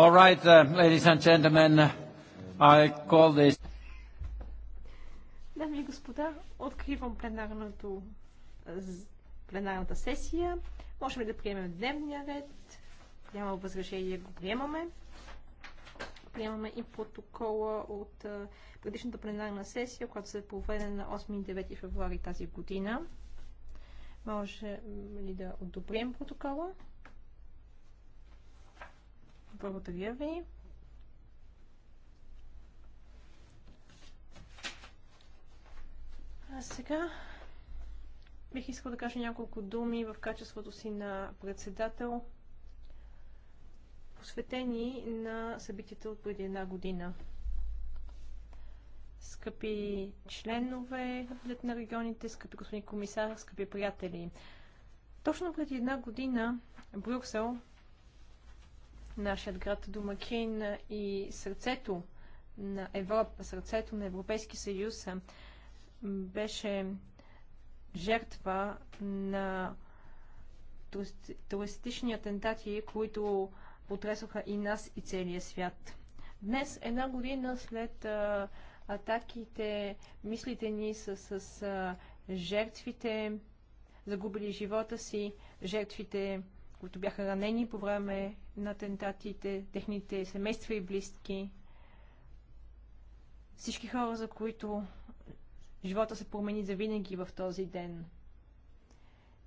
All right, uh, ladies and gentlemen, uh, I call this... Дами и господа, откривам пленарното, пленарната сесия. Можем да приемем дневния ред. Няма възражение, го приемаме. Приемаме и протокола от предишната пленарна сесия, която се е проведе на 8 и 9 февруари тази година. Може ли да одобрим протокола? Благодаря ви. А сега бих искал да кажа няколко думи в качеството си на председател, посветени на събитията от преди една година. Скъпи членове на регионите, скъпи господин комисар, скъпи приятели. Точно преди една година Брюксел нашият град Домакин и сърцето на Европа, сърцето на Европейски съюз беше жертва на туристични атентати, които потресоха и нас и целия свят. Днес, една година след а, атаките, мислите ни са с а, жертвите, загубили живота си, жертвите които бяха ранени по време на атентатите, техните семейства и близки, всички хора, за които живота се промени завинаги в този ден.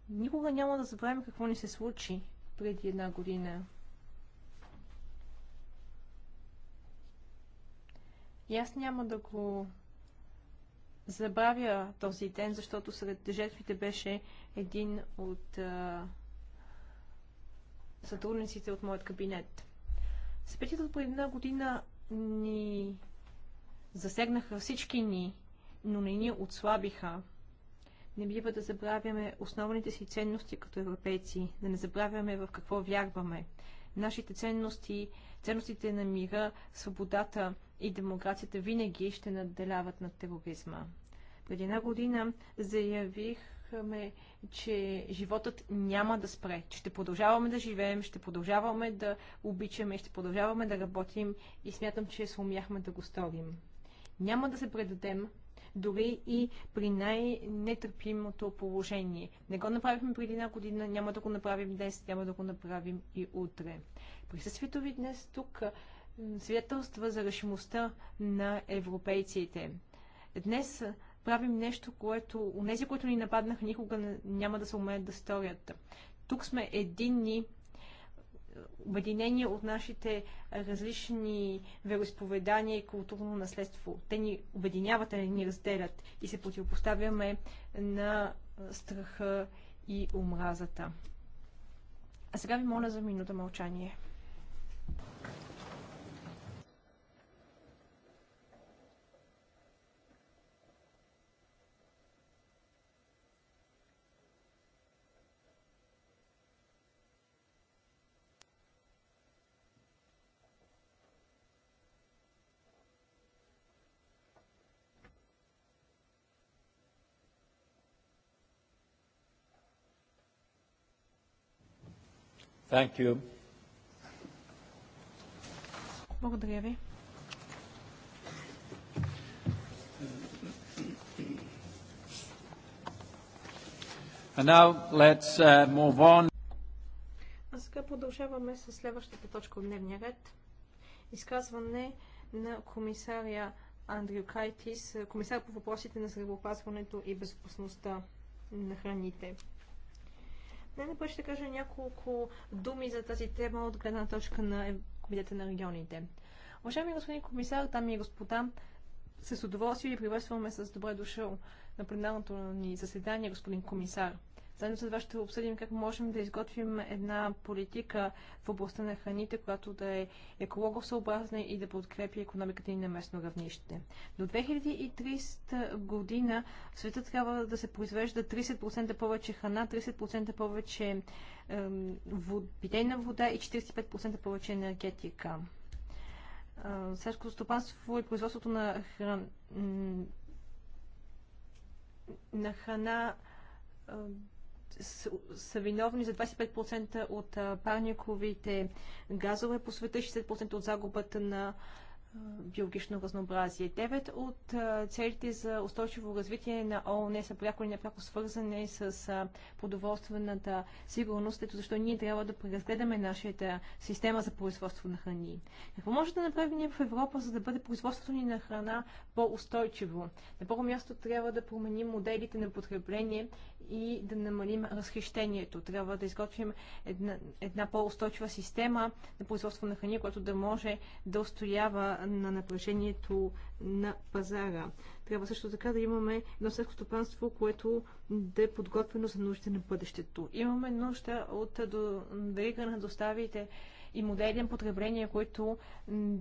Никога няма да забравим какво ни се случи преди една година. И аз няма да го забравя този ден, защото сред жертвите беше един от а, сътрудниците от моят кабинет. Събитията по преди една година ни засегнаха всички ни, но не ни отслабиха. Не бива да забравяме основните си ценности като европейци, да не забравяме в какво вярваме. Нашите ценности, ценностите на мира, свободата и демокрацията винаги ще надделяват над тероризма. Преди една година заявих разбрахме, че животът няма да спре, че ще продължаваме да живеем, ще продължаваме да обичаме, ще продължаваме да работим и смятам, че сломяхме да го сторим. Няма да се предадем, дори и при най-нетърпимото положение. Не го направихме преди една година, няма да го направим днес, няма да го направим и утре. Присъствието ви днес тук свидетелства за решимостта на европейците. Днес правим нещо, което нези, които ни нападнаха, никога няма да се умеят да сторят. Тук сме единни, обединение от нашите различни вероисповедания и културно наследство. Те ни обединяват, а не ни разделят и се противопоставяме на страха и омразата. А сега ви моля за минута мълчание. Thank you. Благодаря ви. And now let's uh, move on. А сега продължаваме с следващата точка от дневния ред. Изказване на комисария Андрю Кайтис, комисар по въпросите на здравеопазването и безопасността на храните най път ще кажа няколко думи за тази тема от гледна точка на Комитета на регионите. Уважаеми господин комисар, дами и господа, с удоволствие ви приветстваме с добре дошъл на пленарното ни заседание, господин комисар. Заедно с вас ще обсъдим как можем да изготвим една политика в областта на храните, която да е екологосъобразна и да подкрепи економиката ни на местно равнище. До 2030 година в света трябва да се произвежда 30% повече храна, 30% повече е, вод, питейна вода и 45% повече енергетика. Е, Селското стопанство и производството на храна на храна са виновни за 25% от парниковите газове по света, 60% от загубата на биологично разнообразие. Девет от целите за устойчиво развитие на ООН са пряко или непряко свързани с продоволствената сигурност, ето защо ние трябва да преразгледаме нашата система за производство на храни. Какво може да направим ние в Европа, за да бъде производството ни на храна по-устойчиво? На първо място трябва да променим моделите на потребление и да намалим разхищението. Трябва да изготвим една, една по-устойчива система на производство на храни, която да може да устоява на напрежението на пазара. Трябва също така да имаме едно селско стопанство, което да е подготвено за нуждите на бъдещето. Имаме нужда от верига на доставите и модели потребления, потребление, които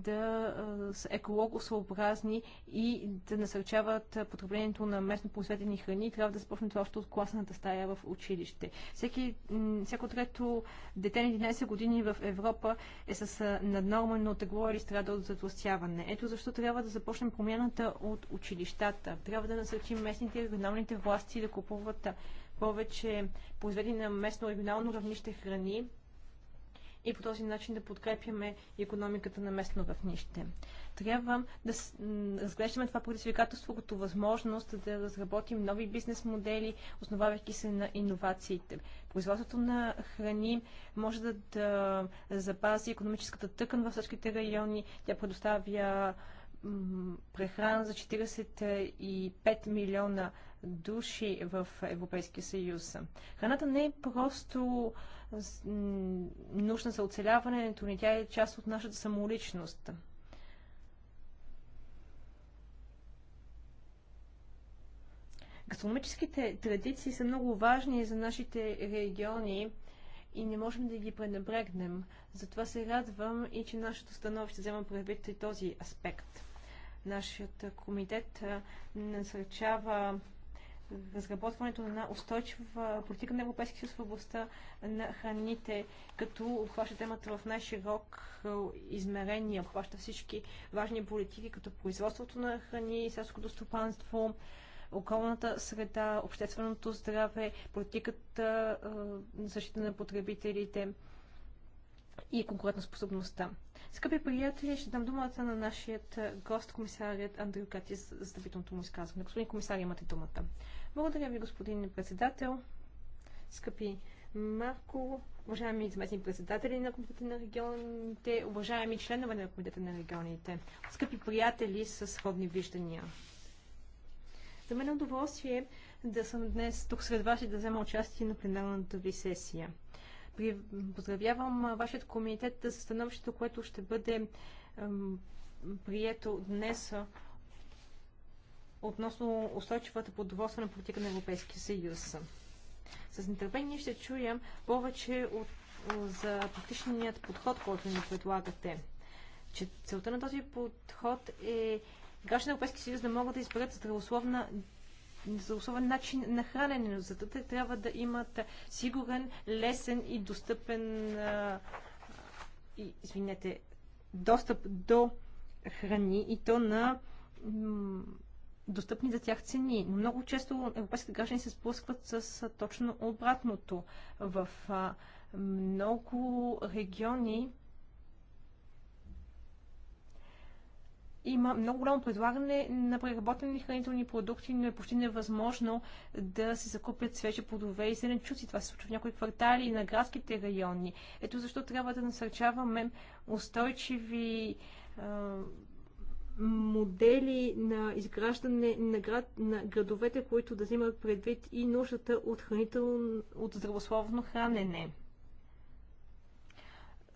да са екологосъобразни и да насърчават потреблението на местно произведени храни, трябва да започне това още от класната стая в училище. Всеки, всяко трето дете на 11 години в Европа е с наднормално тегло или страда от затластяване. Ето защо трябва да започнем промяната от училищата. Трябва да насърчим местните и регионалните власти да купуват повече произведени на местно-регионално равнище храни, и по този начин да подкрепяме економиката на местно равнище. Трябва да разглеждаме това предизвикателство като възможност да разработим нови бизнес модели, основавайки се на иновациите. Производството на храни може да, да запази економическата тъкан във всичките райони. Тя предоставя прехрана за 45 милиона души в Европейския съюз. Храната не е просто нужна за оцеляването ни, тя е част от нашата самоличност. Гастрономическите традиции са много важни за нашите региони и не можем да ги пренебрегнем. Затова се радвам и че нашето становище взема предвид и този аспект. Нашият комитет насърчава разработването на устойчива политика на Европейския съюз в областта на храните, като обхваща темата в най-широк е, измерение, обхваща всички важни политики, като производството на храни, селското стопанство, околната среда, общественото здраве, политиката е, на защита на потребителите и конкурентоспособността. Скъпи приятели, ще дам думата на нашия гост, комисарият Андрю Катис, за стъпителното му изказване. Господин комисар, имате думата. Благодаря ви, господин председател. Скъпи Марко, уважаеми заместни председатели на Комитета на регионите, уважаеми членове на Комитета на регионите, скъпи приятели с сходни виждания. За мен е удоволствие да съм днес тук сред вас и да взема участие на пленарната ви сесия. Поздравявам вашият комитет за становището, което ще бъде прието днес относно устойчивата подоволствена политика на Европейския съюз. С нетърпение ще чуем повече от, за практичният подход, който ни предлагате. Че целта на този подход е граждани на Европейския съюз да могат да изберат здравословна за особен начин на хранене, но за те трябва да имат сигурен, лесен и достъпен а, и, извинете, достъп до храни и то на достъпни за тях цени. Но много често европейските граждани се сблъскват с точно обратното. В много региони има много голямо предлагане на преработени хранителни продукти, но е почти невъзможно да се закупят свежи плодове и зеленчуци. Това се случва в някои квартали на градските райони. Ето защо трябва да насърчаваме устойчиви модели на изграждане на, град, на градовете, които да взимат предвид и нуждата от, хранително, от здравословно хранене.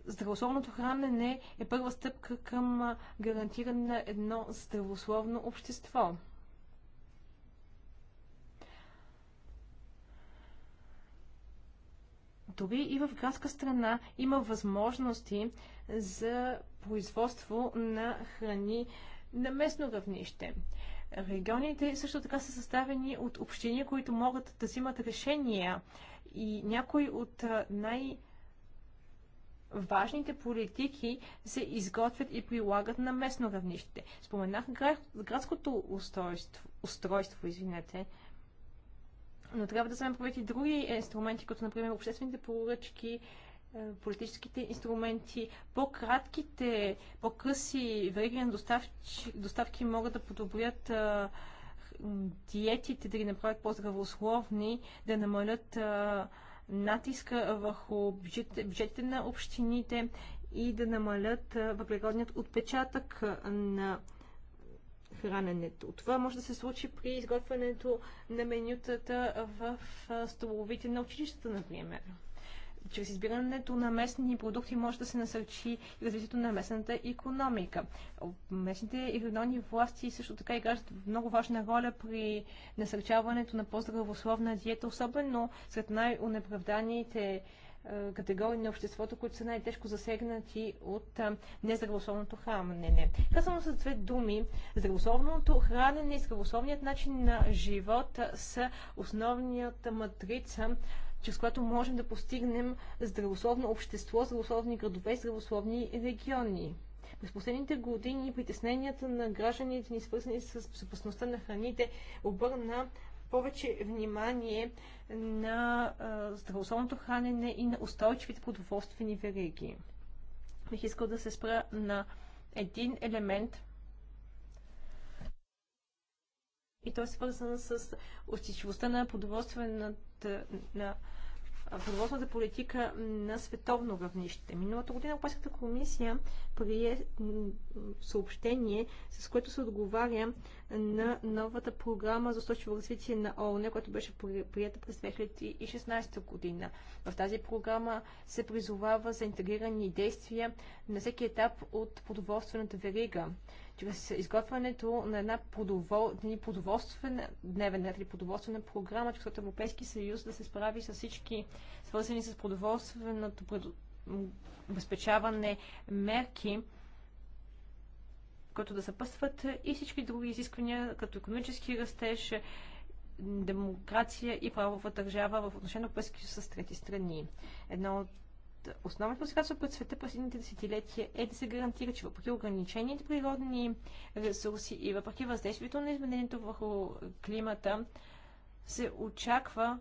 Здравословното хранене е първа стъпка към гарантиране на едно здравословно общество. дори и в градска страна има възможности за производство на храни на местно равнище. Регионите също така са съставени от общини, които могат да взимат решения и някои от най- важните политики се изготвят и прилагат на местно равнище. Споменах градското устройство, устройство извинете, но трябва да вземем правят и други инструменти, като например обществените поръчки, е, политическите инструменти, по-кратките, по-къси вериги на доставки, доставки могат да подобрят а, е, диетите, да ги направят по-здравословни, да намалят а, е, натиска върху бюджетите, бюджетите на общините и да намалят въглеродният отпечатък на храненето. Това може да се случи при изготвянето на менютата в столовите на училищата, например чрез избирането на местни продукти може да се насърчи развитието на местната економика. Местните и регионални власти също така играят много важна роля при насърчаването на по-здравословна диета, особено сред най-унеправданите е, категории на обществото, които са най-тежко засегнати от е, нездравословното хранене. Казано с две думи, здравословното хранене и здравословният начин на живот са основният матрица, чрез която можем да постигнем здравословно общество, здравословни градове, здравословни региони. През последните години притесненията на гражданите ни, свързани с безопасността на храните, обърна повече внимание на здравословното хранене и на устойчивите продоволствени вериги. Бих искал да се спра на един елемент, и той е свързан с устойчивостта на продоволствената на, на продоволствената политика на световно равнище. Миналата година Европейската комисия прие съобщение, с което се отговаря на новата програма за устойчиво развитие на ООН, която беше прията през 2016 година. В тази програма се призовава за интегрирани действия на всеки етап от продоволствената верига. Чрез изготвянето на една продоволствена дневен или продоволствена програма, чрез която Европейски съюз да се справи с всички свързани с продоволственото обезпечаване мерки, които да съпъстват е, и всички други изисквания, като економически растеж, е, демокрация и правова държава в отношение на пръски с трети страни. Едно от основните предсказва пред света през едните десетилетия е да се гарантира, че въпреки ограничените природни ресурси и въпреки въздействието на изменението върху климата, се очаква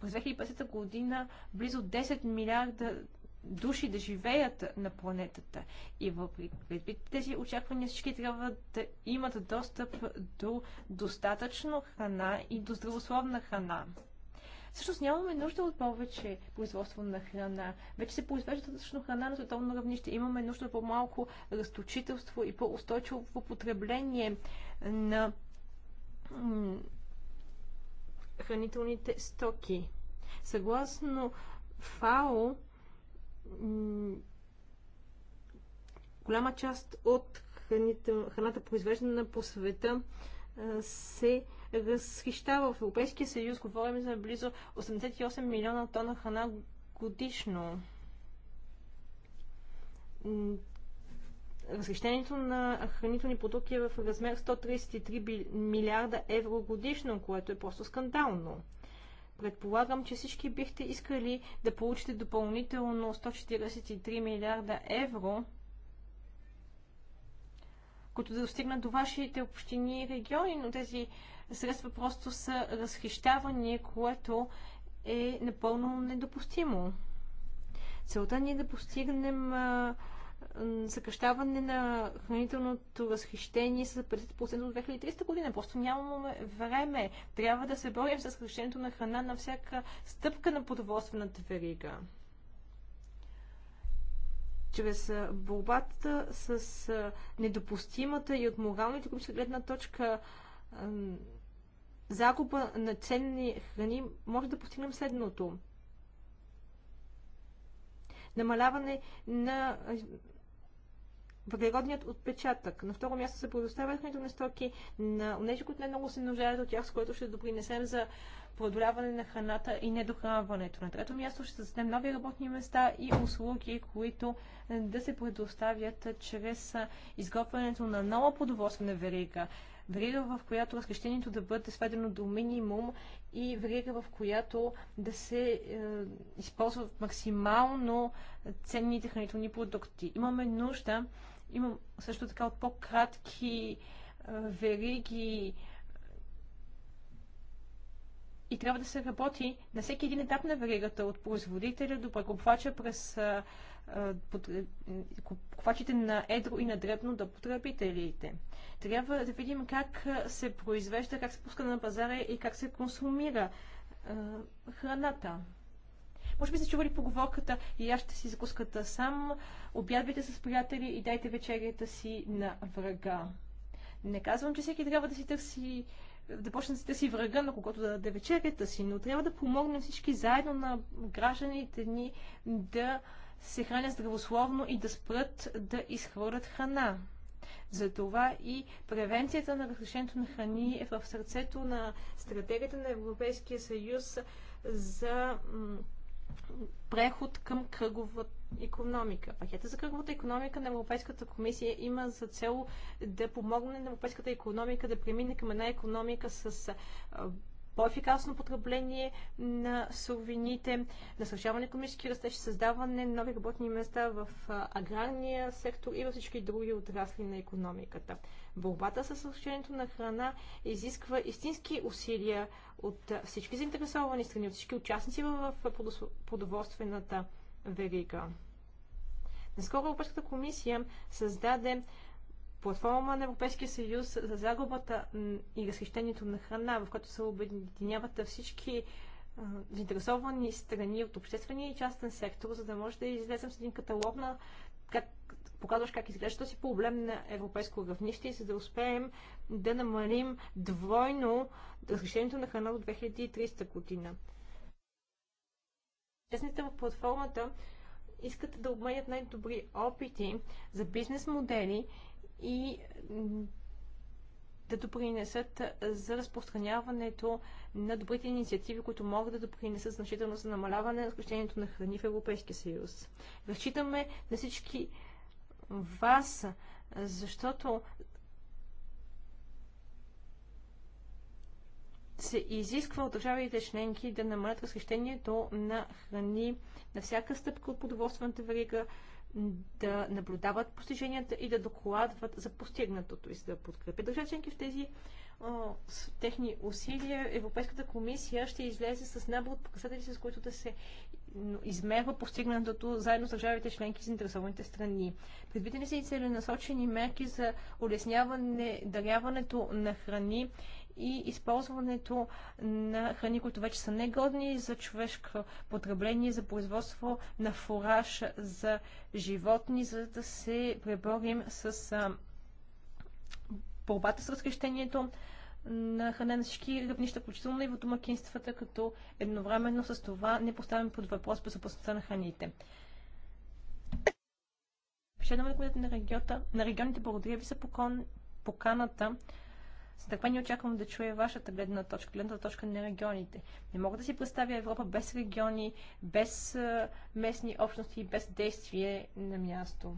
през 2050 година близо 10 милиарда души да живеят на планетата. И въпреки тези очаквания всички трябва да имат достъп до достатъчно храна и до здравословна храна. Всъщност нямаме нужда от повече производство на храна. Вече се произвежда достатъчно храна на световно равнище. Имаме нужда от по-малко разточителство и по-устойчиво потребление на хранителните стоки. Съгласно ФАО, голяма част от храните, храната, произвеждана по света, се разхищава. В Европейския съюз говорим за близо 88 милиона тона храна годишно. Разхищението на хранителни продукти е в размер 133 милиарда евро годишно, което е просто скандално. Предполагам, че всички бихте искали да получите допълнително 143 милиарда евро, които да достигнат до вашите общини и региони, но тези средства просто са разхищавани, което е напълно недопустимо. Целта ни е да постигнем съкръщаване на хранителното разхищение с 50% от 2300 година. Просто нямаме време. Трябва да се борим с разхищението на храна на всяка стъпка на продоволствената верига. Чрез борбата с недопустимата и от моралните към гледна точка загуба на ценни храни може да постигнем следното намаляване на въглеродният отпечатък. На второ място се предоставят хранителни стоки на тези, които не много се нуждаят от тях, с което ще допринесем за преодоляване на храната и недохранването. На трето място ще създадем нови работни места и услуги, които да се предоставят чрез изготвянето на нова продоволствена верига. Верига, в която разхищението да бъде сведено до минимум и верига, в която да се е, използват максимално ценните хранителни продукти. Имаме нужда Имам също така от по-кратки вериги и трябва да се работи на всеки един етап на веригата, от производителя до прекупвача през купвачите е, на едро и на дребно до потребителите. Трябва да видим как се произвежда, как се пуска на пазара и как се консумира храната. Може би сте чували поговорката и аз ще си закуската сам, обядвайте с приятели и дайте вечерята си на врага. Не казвам, че всеки трябва да си търси да почне да си търси врага, на когото да даде вечерята си, но трябва да помогнем всички заедно на гражданите ни да се хранят здравословно и да спрат да изхвърлят храна. Затова и превенцията на разрешението на храни е в сърцето на стратегията на Европейския съюз за преход към кръгова економика. Пакета за кръговата економика на Европейската комисия има за цел да помогне на европейската економика да премине към една економика с по-ефикасно потребление на суровините, насърчаване на економически растеж, създаване на нови работни места в аграрния сектор и във всички други отрасли на економиката. Борбата с разрушението на храна изисква истински усилия от всички заинтересовани страни, от всички участници в продоволствената верига. Наскоро Европейската комисия създаде платформа на Европейския съюз за загубата и разхищението на храна, в която се обединяват всички заинтересовани страни от обществения и частен сектор, за да може да излезем с един каталог на как, показваш как изглежда този проблем на европейско равнище и за да успеем да намалим двойно разрешението на храна до 2300 година. Честните в платформата искат да обменят най-добри опити за бизнес модели и да допринесат за разпространяването на добрите инициативи, които могат да допринесат значително за намаляване на разхищението на храни в Европейския съюз. Разчитаме на всички вас, защото се изисква от държавите членки да намалят разхищението на храни на всяка стъпка от продоволствената верига, да наблюдават постиженията и да докладват за постигнатото и за да подкрепят държави членки в тези с техни усилия Европейската комисия ще излезе с набор от показатели, с които да се измерва постигнатото заедно с държавите членки и заинтересованите страни. Предвидени са и целенасочени мерки за улесняване даряването на храни и използването на храни, които вече са негодни за човешко потребление, за производство на фураж за животни, за да се преборим с а, борбата с разкрещението на храна на всички равнища, включително и в домакинствата, като едновременно с това не поставяме под въпрос безопасността на храните. Членове на на регионите, благодаря ви за поканата с търпение очаквам да чуя вашата гледна точка, гледната точка на регионите. Не мога да си представя Европа без региони, без местни общности и без действие на място.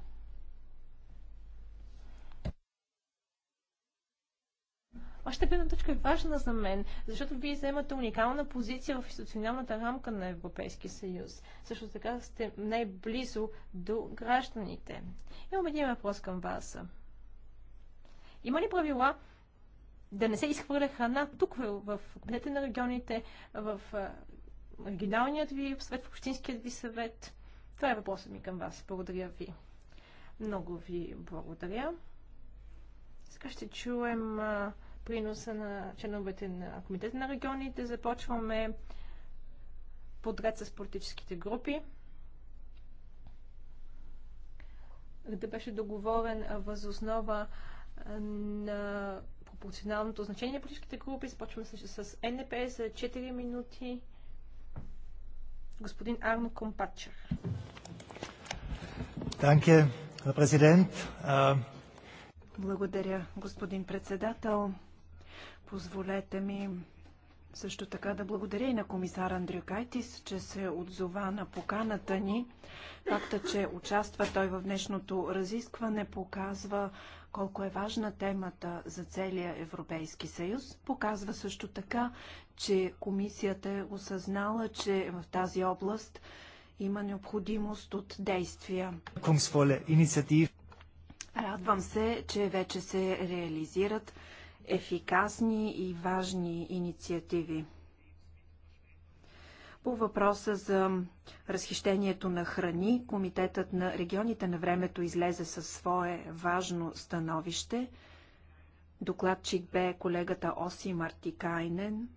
Вашата гледна точка е важна за мен, защото вие заемате уникална позиция в институционалната рамка на Европейския съюз. Също така сте най-близо до гражданите. Имам един въпрос към вас. Има ли правила, да не се изхвърля храна тук в кметите на регионите, в регионалният ви съвет, в общинският ви съвет. Това е въпросът ми към вас. Благодаря ви. Много ви благодаря. Сега ще чуем приноса на членовете на Комитета на регионите. Започваме подред с политическите групи. Да беше договорен възоснова на пропорционалното значение на политическите групи. Започваме с, с НП за 4 минути. Господин Арно Компачер. Данке, президент. Благодаря, господин председател. Позволете ми също така да благодаря и на комисар Андрю Кайтис, че се отзова на поканата ни. Факта, че участва той в днешното разискване, показва колко е важна темата за целия Европейски съюз. Показва също така, че комисията е осъзнала, че в тази област има необходимост от действия. Радвам се, че вече се реализират ефикасни и важни инициативи. По въпроса за разхищението на храни, Комитетът на регионите на времето излезе със свое важно становище. Докладчик бе колегата Оси Мартикайнен.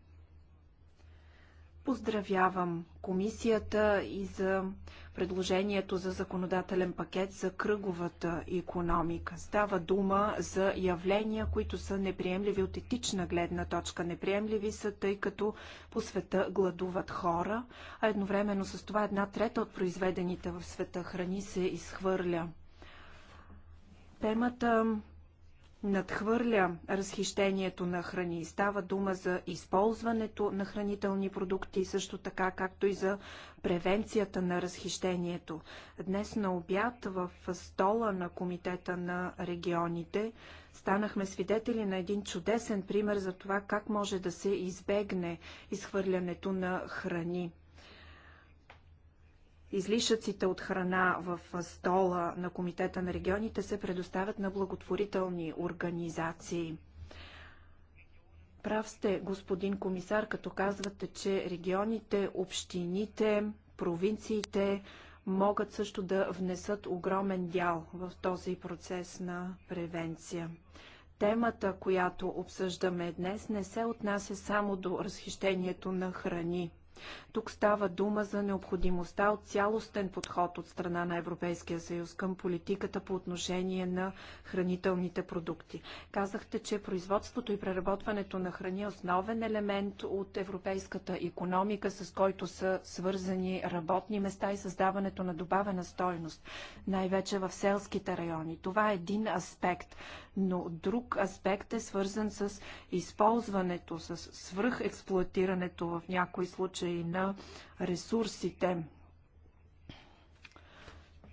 Поздравявам комисията и за предложението за законодателен пакет за кръговата економика. Става дума за явления, които са неприемливи от етична гледна точка. Неприемливи са, тъй като по света гладуват хора, а едновременно с това една трета от произведените в света храни се изхвърля. Темата надхвърля разхищението на храни. Става дума за използването на хранителни продукти, също така както и за превенцията на разхищението. Днес на обяд в стола на Комитета на регионите станахме свидетели на един чудесен пример за това как може да се избегне изхвърлянето на храни излишъците от храна в стола на Комитета на регионите се предоставят на благотворителни организации. Прав сте, господин комисар, като казвате, че регионите, общините, провинциите могат също да внесат огромен дял в този процес на превенция. Темата, която обсъждаме днес, не се отнася само до разхищението на храни. Тук става дума за необходимостта от цялостен подход от страна на Европейския съюз към политиката по отношение на хранителните продукти. Казахте, че производството и преработването на храни е основен елемент от европейската економика, с който са свързани работни места и създаването на добавена стойност, най-вече в селските райони. Това е един аспект но друг аспект е свързан с използването, с свръхексплуатирането в някои случаи на ресурсите.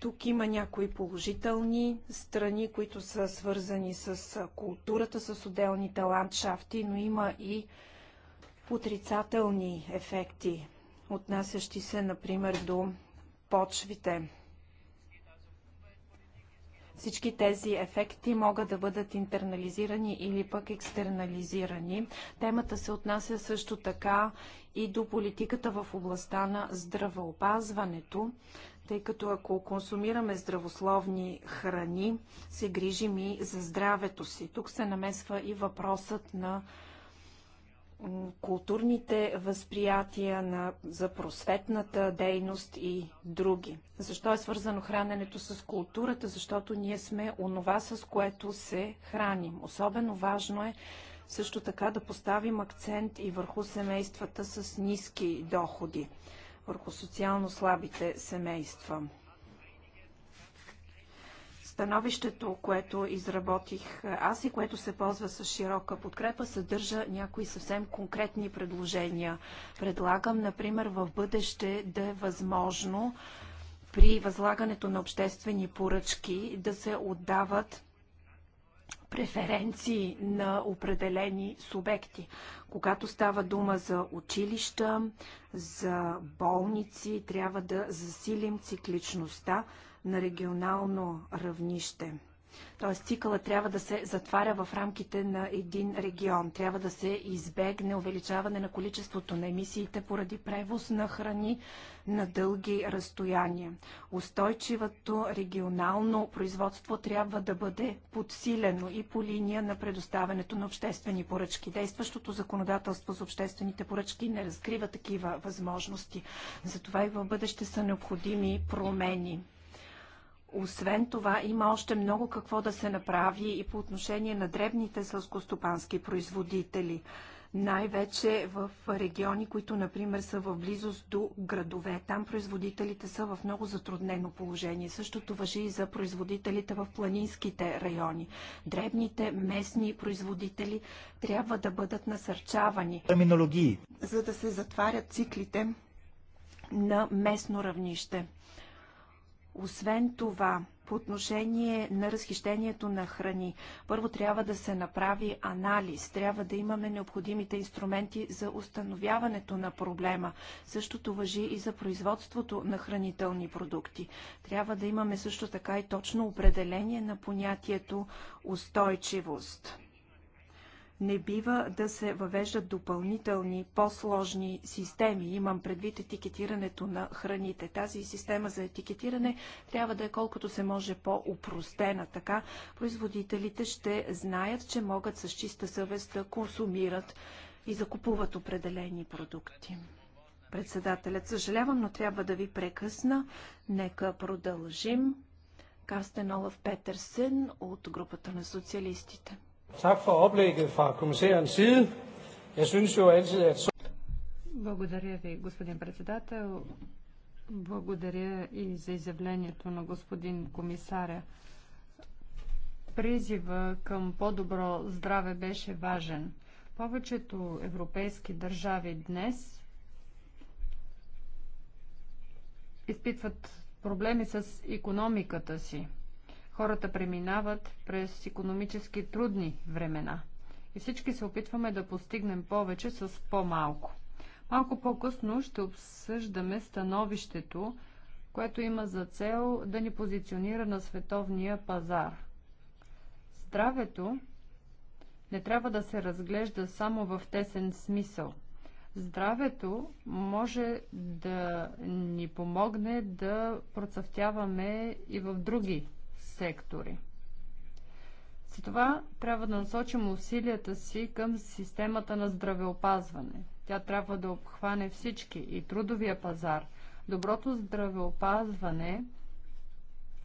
Тук има някои положителни страни, които са свързани с културата, с отделните ландшафти, но има и отрицателни ефекти, отнасящи се, например, до почвите. Всички тези ефекти могат да бъдат интернализирани или пък екстернализирани. Темата се отнася също така и до политиката в областта на здравеопазването, тъй като ако консумираме здравословни храни, се грижим и за здравето си. Тук се намесва и въпросът на културните възприятия, на, за просветната дейност и други. Защо е свързано храненето с културата? Защото ние сме онова, с което се храним. Особено важно е също така да поставим акцент и върху семействата с ниски доходи, върху социално слабите семейства. Становището, което изработих аз и което се ползва с широка подкрепа, съдържа някои съвсем конкретни предложения. Предлагам, например, в бъдеще да е възможно при възлагането на обществени поръчки да се отдават преференции на определени субекти. Когато става дума за училища, за болници, трябва да засилим цикличността, на регионално равнище. Тоест цикъла трябва да се затваря в рамките на един регион. Трябва да се избегне увеличаване на количеството на емисиите поради превоз на храни на дълги разстояния. Устойчивото регионално производство трябва да бъде подсилено и по линия на предоставянето на обществени поръчки. Действащото законодателство за обществените поръчки не разкрива такива възможности. Затова и в бъдеще са необходими промени. Освен това, има още много какво да се направи и по отношение на дребните сълскостопански производители. Най-вече в региони, които, например, са в близост до градове. Там производителите са в много затруднено положение. Същото въжи и за производителите в планинските райони. Дребните местни производители трябва да бъдат насърчавани. Терминологии. За да се затварят циклите на местно равнище. Освен това, по отношение на разхищението на храни, първо трябва да се направи анализ, трябва да имаме необходимите инструменти за установяването на проблема. Същото въжи и за производството на хранителни продукти. Трябва да имаме също така и точно определение на понятието устойчивост не бива да се въвеждат допълнителни, по-сложни системи. Имам предвид етикетирането на храните. Тази система за етикетиране трябва да е колкото се може по-упростена. Така производителите ще знаят, че могат с чиста съвест да консумират и закупуват определени продукти. Председателят, съжалявам, но трябва да ви прекъсна. Нека продължим. Карстен Олаф Петърсен от групата на социалистите. Tak for oplægget fra kommissærens side. Jeg synes jo altid, at... Благодаря ви, господин председател. Благодаря и за изявлението на господин комисаря. Призива към по-добро здраве беше важен. Повечето европейски държави днес изпитват проблеми с економиката си. Хората преминават през економически трудни времена. И всички се опитваме да постигнем повече с по-малко. Малко по-късно ще обсъждаме становището, което има за цел да ни позиционира на световния пазар. Здравето не трябва да се разглежда само в тесен смисъл. Здравето може да ни помогне да процъфтяваме и в други сектори. Затова трябва да насочим усилията си към системата на здравеопазване. Тя трябва да обхване всички и трудовия пазар. Доброто здравеопазване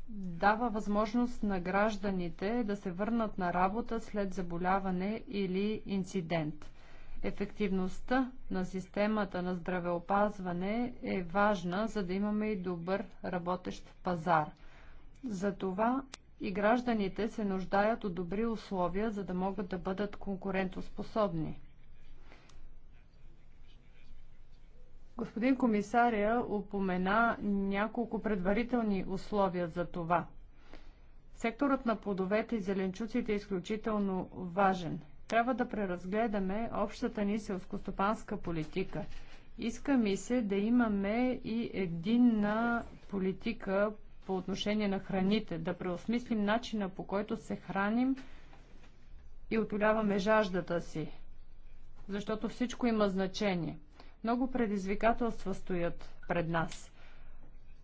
дава възможност на гражданите да се върнат на работа след заболяване или инцидент. Ефективността на системата на здравеопазване е важна, за да имаме и добър работещ пазар – затова и гражданите се нуждаят от добри условия, за да могат да бъдат конкурентоспособни. Господин комисаря упомена няколко предварителни условия за това. Секторът на плодовете и зеленчуците е изключително важен. Трябва да преразгледаме общата ни селскостопанска политика. Иска ми се да имаме и единна политика по отношение на храните, да преосмислим начина по който се храним и отоляваме жаждата си, защото всичко има значение. Много предизвикателства стоят пред нас.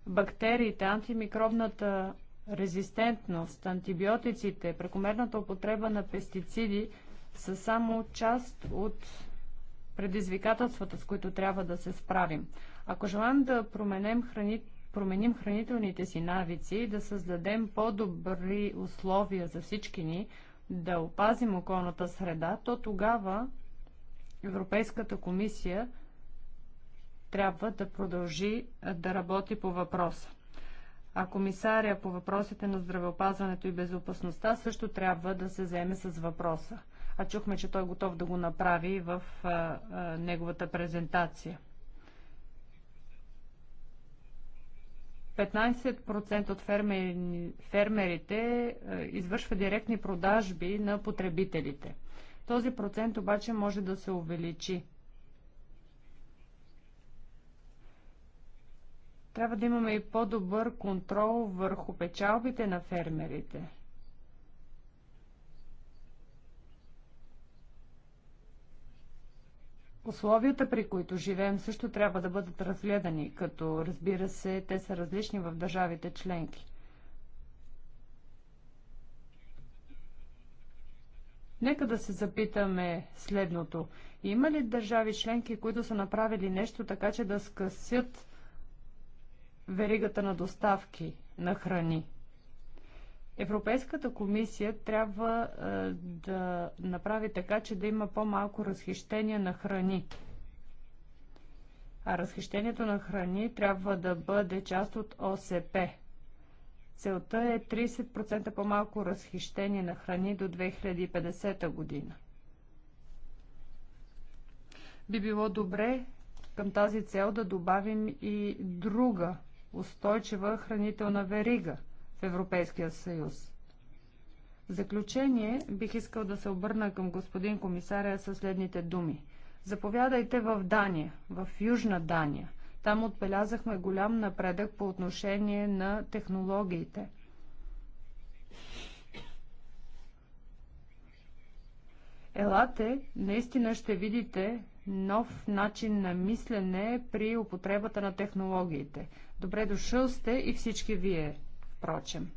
Бактериите, антимикробната резистентност, антибиотиците, прекомерната употреба на пестициди са само част от предизвикателствата, с които трябва да се справим. Ако желаем да променем храните, променим хранителните си навици и да създадем по-добри условия за всички ни, да опазим околната среда, то тогава Европейската комисия трябва да продължи да работи по въпроса. А комисаря по въпросите на здравеопазването и безопасността също трябва да се заеме с въпроса. А чухме, че той е готов да го направи в а, а, неговата презентация. 15% от фермери, фермерите е, извършва директни продажби на потребителите. Този процент обаче може да се увеличи. Трябва да имаме и по-добър контрол върху печалбите на фермерите. Условията, при които живеем, също трябва да бъдат разгледани, като разбира се, те са различни в държавите членки. Нека да се запитаме следното. Има ли държави членки, които са направили нещо така, че да скъсят веригата на доставки на храни? Европейската комисия трябва е, да направи така, че да има по-малко разхищение на храни. А разхищението на храни трябва да бъде част от ОСП. Целта е 30% по-малко разхищение на храни до 2050 година. Би било добре към тази цел да добавим и друга устойчива хранителна верига – в Европейския съюз. В заключение бих искал да се обърна към господин комисаря със следните думи. Заповядайте в Дания, в Южна Дания. Там отбелязахме голям напредък по отношение на технологиите. Елате, наистина ще видите нов начин на мислене при употребата на технологиите. Добре дошъл сте и всички вие впрочем.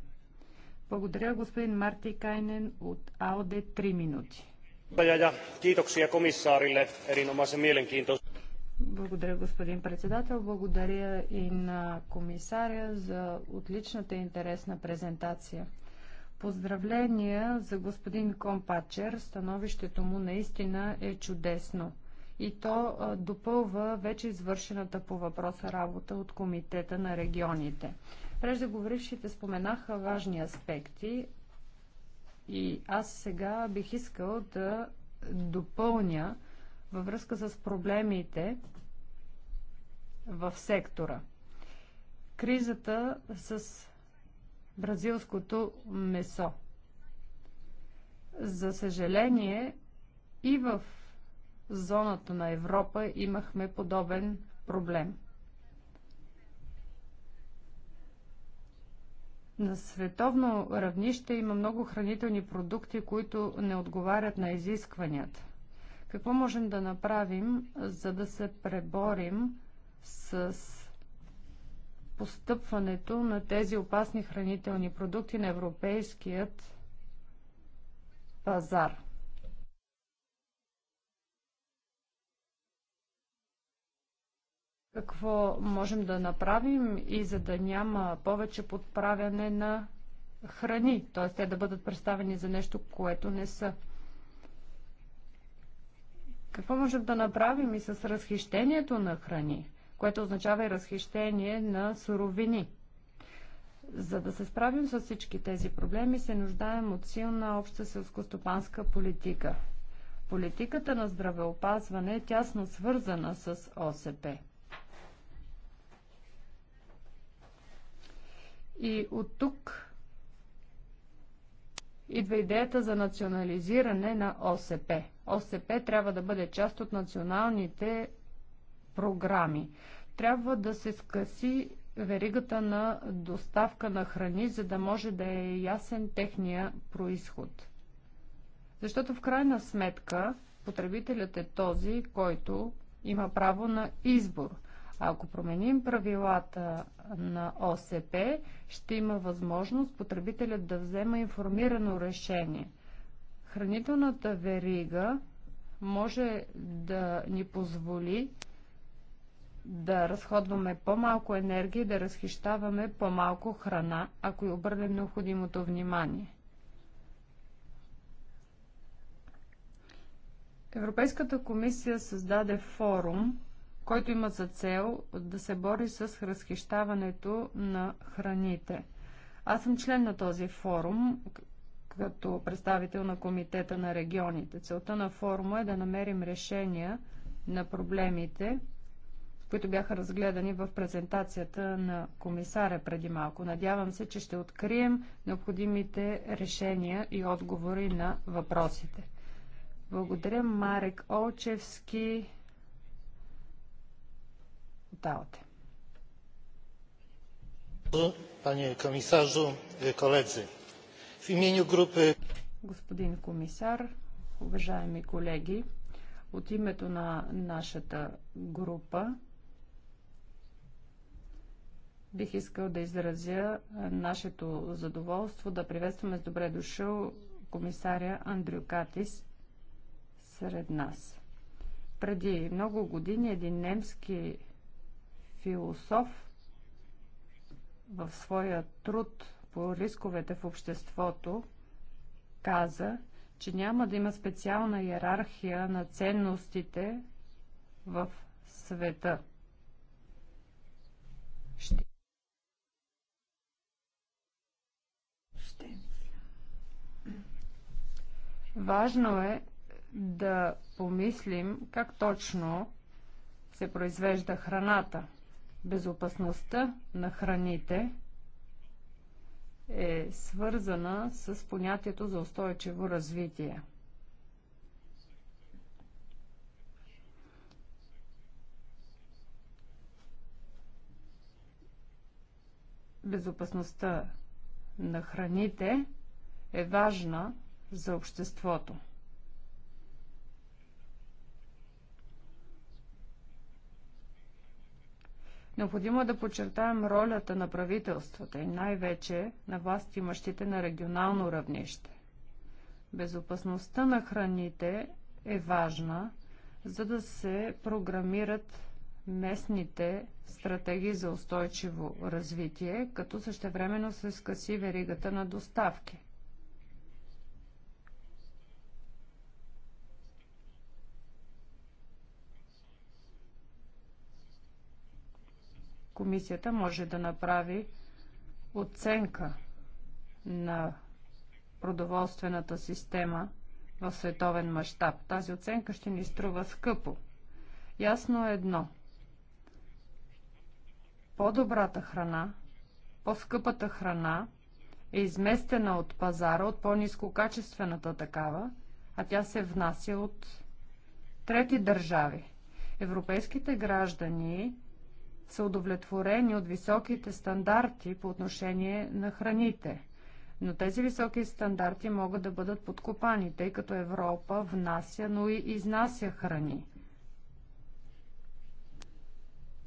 Благодаря, господин Марти Кайнен от АОДЕ 3 минути. Благодаря, господин председател. Благодаря и на комисаря за отличната и интересна презентация. Поздравления за господин Компачер. Становището му наистина е чудесно. И то допълва вече извършената по въпроса работа от Комитета на регионите. Преждеговорившите споменаха важни аспекти и аз сега бих искал да допълня във връзка с проблемите в сектора. Кризата с бразилското месо. За съжаление, и в зоната на Европа имахме подобен проблем. На световно равнище има много хранителни продукти, които не отговарят на изискванията. Какво можем да направим, за да се преборим с постъпването на тези опасни хранителни продукти на европейският пазар? какво можем да направим и за да няма повече подправяне на храни, т.е. те да бъдат представени за нещо, което не са. Какво можем да направим и с разхищението на храни, което означава и разхищение на суровини? За да се справим с всички тези проблеми, се нуждаем от силна обща селскостопанска политика. Политиката на здравеопазване е тясно свързана с ОСП. И от тук идва идеята за национализиране на ОСП. ОСП трябва да бъде част от националните програми. Трябва да се скъси веригата на доставка на храни, за да може да е ясен техния происход. Защото в крайна сметка потребителят е този, който има право на избор – ако променим правилата на ОСП, ще има възможност потребителят да взема информирано решение. Хранителната верига може да ни позволи да разходваме по-малко енергия и да разхищаваме по-малко храна, ако и обърнем необходимото внимание. Европейската комисия създаде форум който има за цел да се бори с разхищаването на храните. Аз съм член на този форум като представител на Комитета на регионите. Целта на форума е да намерим решения на проблемите, които бяха разгледани в презентацията на комисаря преди малко. Надявам се, че ще открием необходимите решения и отговори на въпросите. Благодаря, Марек Олчевски. Давате. Panie komisarzu, koledzy. W imieniu grupy... Господин комисар, уважаеми колеги, от името на нашата група бих искал да изразя нашето задоволство да приветстваме с добре дошъл комисаря Андрю Катис сред нас. Преди много години един немски философ в своя труд по рисковете в обществото каза, че няма да има специална иерархия на ценностите в света. Ще. Ще. Важно е да помислим как точно се произвежда храната. Безопасността на храните е свързана с понятието за устойчиво развитие. Безопасността на храните е важна за обществото. Необходимо е да подчертаем ролята на правителствата и най-вече на власт имащите на регионално равнище. Безопасността на храните е важна, за да се програмират местните стратегии за устойчиво развитие, като същевременно се скъси веригата на доставки. комисията може да направи оценка на продоволствената система в световен мащаб. Тази оценка ще ни струва скъпо. Ясно е едно. По-добрата храна, по-скъпата храна е изместена от пазара, от по-низкокачествената такава, а тя се внася от трети държави. Европейските граждани са удовлетворени от високите стандарти по отношение на храните. Но тези високи стандарти могат да бъдат подкопани, тъй като Европа внася, но и изнася храни.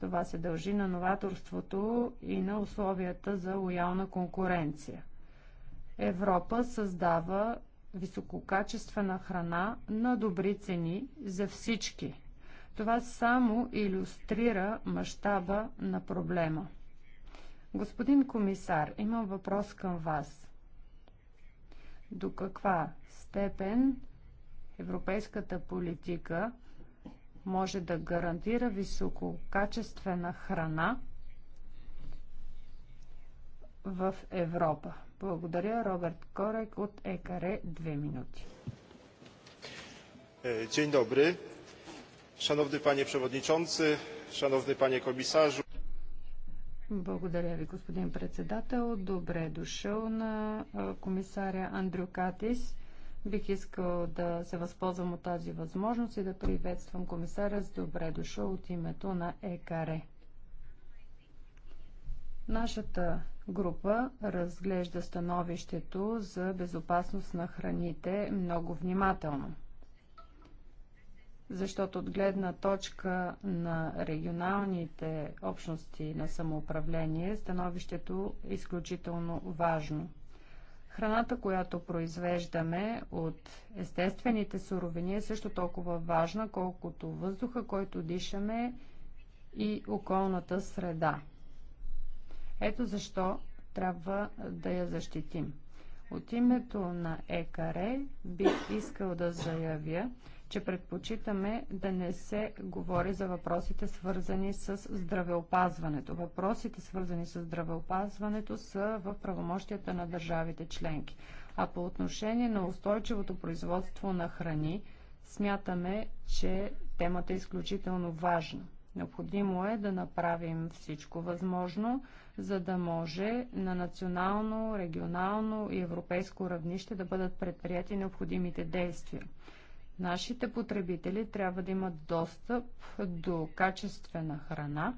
Това се дължи на новаторството и на условията за лоялна конкуренция. Европа създава висококачествена храна на добри цени за всички – това само иллюстрира мащаба на проблема. Господин комисар, имам въпрос към вас. До каква степен европейската политика може да гарантира висококачествена храна в Европа? Благодаря, Роберт Корек от ЕКАРЕ. Две минути. Dzień е, добре. Шановни пане Преводничонци, шановни пане комисажу. Благодаря ви, господин председател. Добре дошъл на комисаря Андрю Катис. Бих искал да се възползвам от тази възможност и да приветствам комисаря с добре дошъл от името на ЕКАРЕ. Нашата група разглежда становището за безопасност на храните много внимателно защото от гледна точка на регионалните общности на самоуправление становището е изключително важно. Храната, която произвеждаме от естествените суровини е също толкова важна, колкото въздуха, който дишаме и околната среда. Ето защо трябва да я защитим. От името на ЕКАРЕ бих искал да заявя, че предпочитаме да не се говори за въпросите свързани с здравеопазването. Въпросите свързани с здравеопазването са в правомощията на държавите членки. А по отношение на устойчивото производство на храни, смятаме, че темата е изключително важна. Необходимо е да направим всичко възможно, за да може на национално, регионално и европейско равнище да бъдат предприяти необходимите действия. Нашите потребители трябва да имат достъп до качествена храна,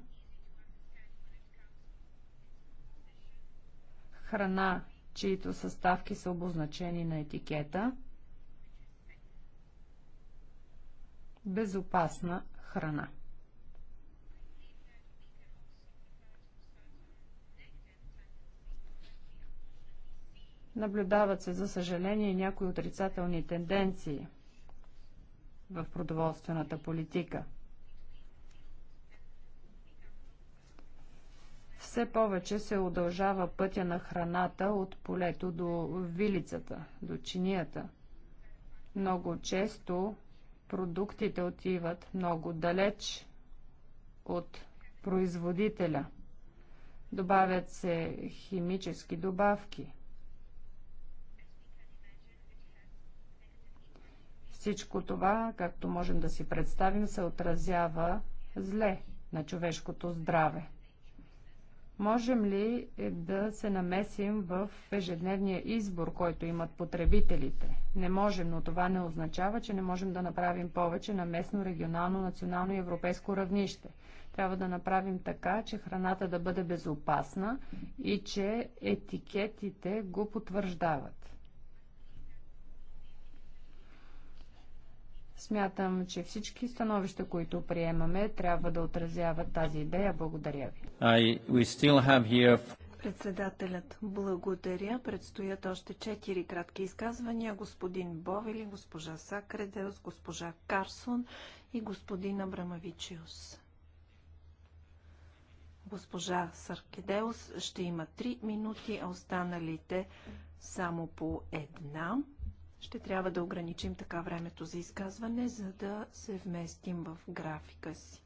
храна, чието съставки са обозначени на етикета, безопасна храна. Наблюдават се, за съжаление, някои отрицателни тенденции – в продоволствената политика. Все повече се удължава пътя на храната от полето до вилицата, до чинията. Много често продуктите отиват много далеч от производителя. Добавят се химически добавки – Всичко това, както можем да си представим, се отразява зле на човешкото здраве. Можем ли е да се намесим в ежедневния избор, който имат потребителите? Не можем, но това не означава, че не можем да направим повече на местно, регионално, национално и европейско равнище. Трябва да направим така, че храната да бъде безопасна и че етикетите го потвърждават. Смятам, че всички становища, които приемаме, трябва да отразяват тази идея. Благодаря ви. I, we still have here... Председателят, благодаря. Предстоят още четири кратки изказвания. Господин Бовели, госпожа Сакредеус, госпожа Карсон и господин Абрамавичиус. Госпожа Саркедеус ще има три минути, а останалите само по една. Ще трябва да ограничим така времето за изказване, за да се вместим в графика си.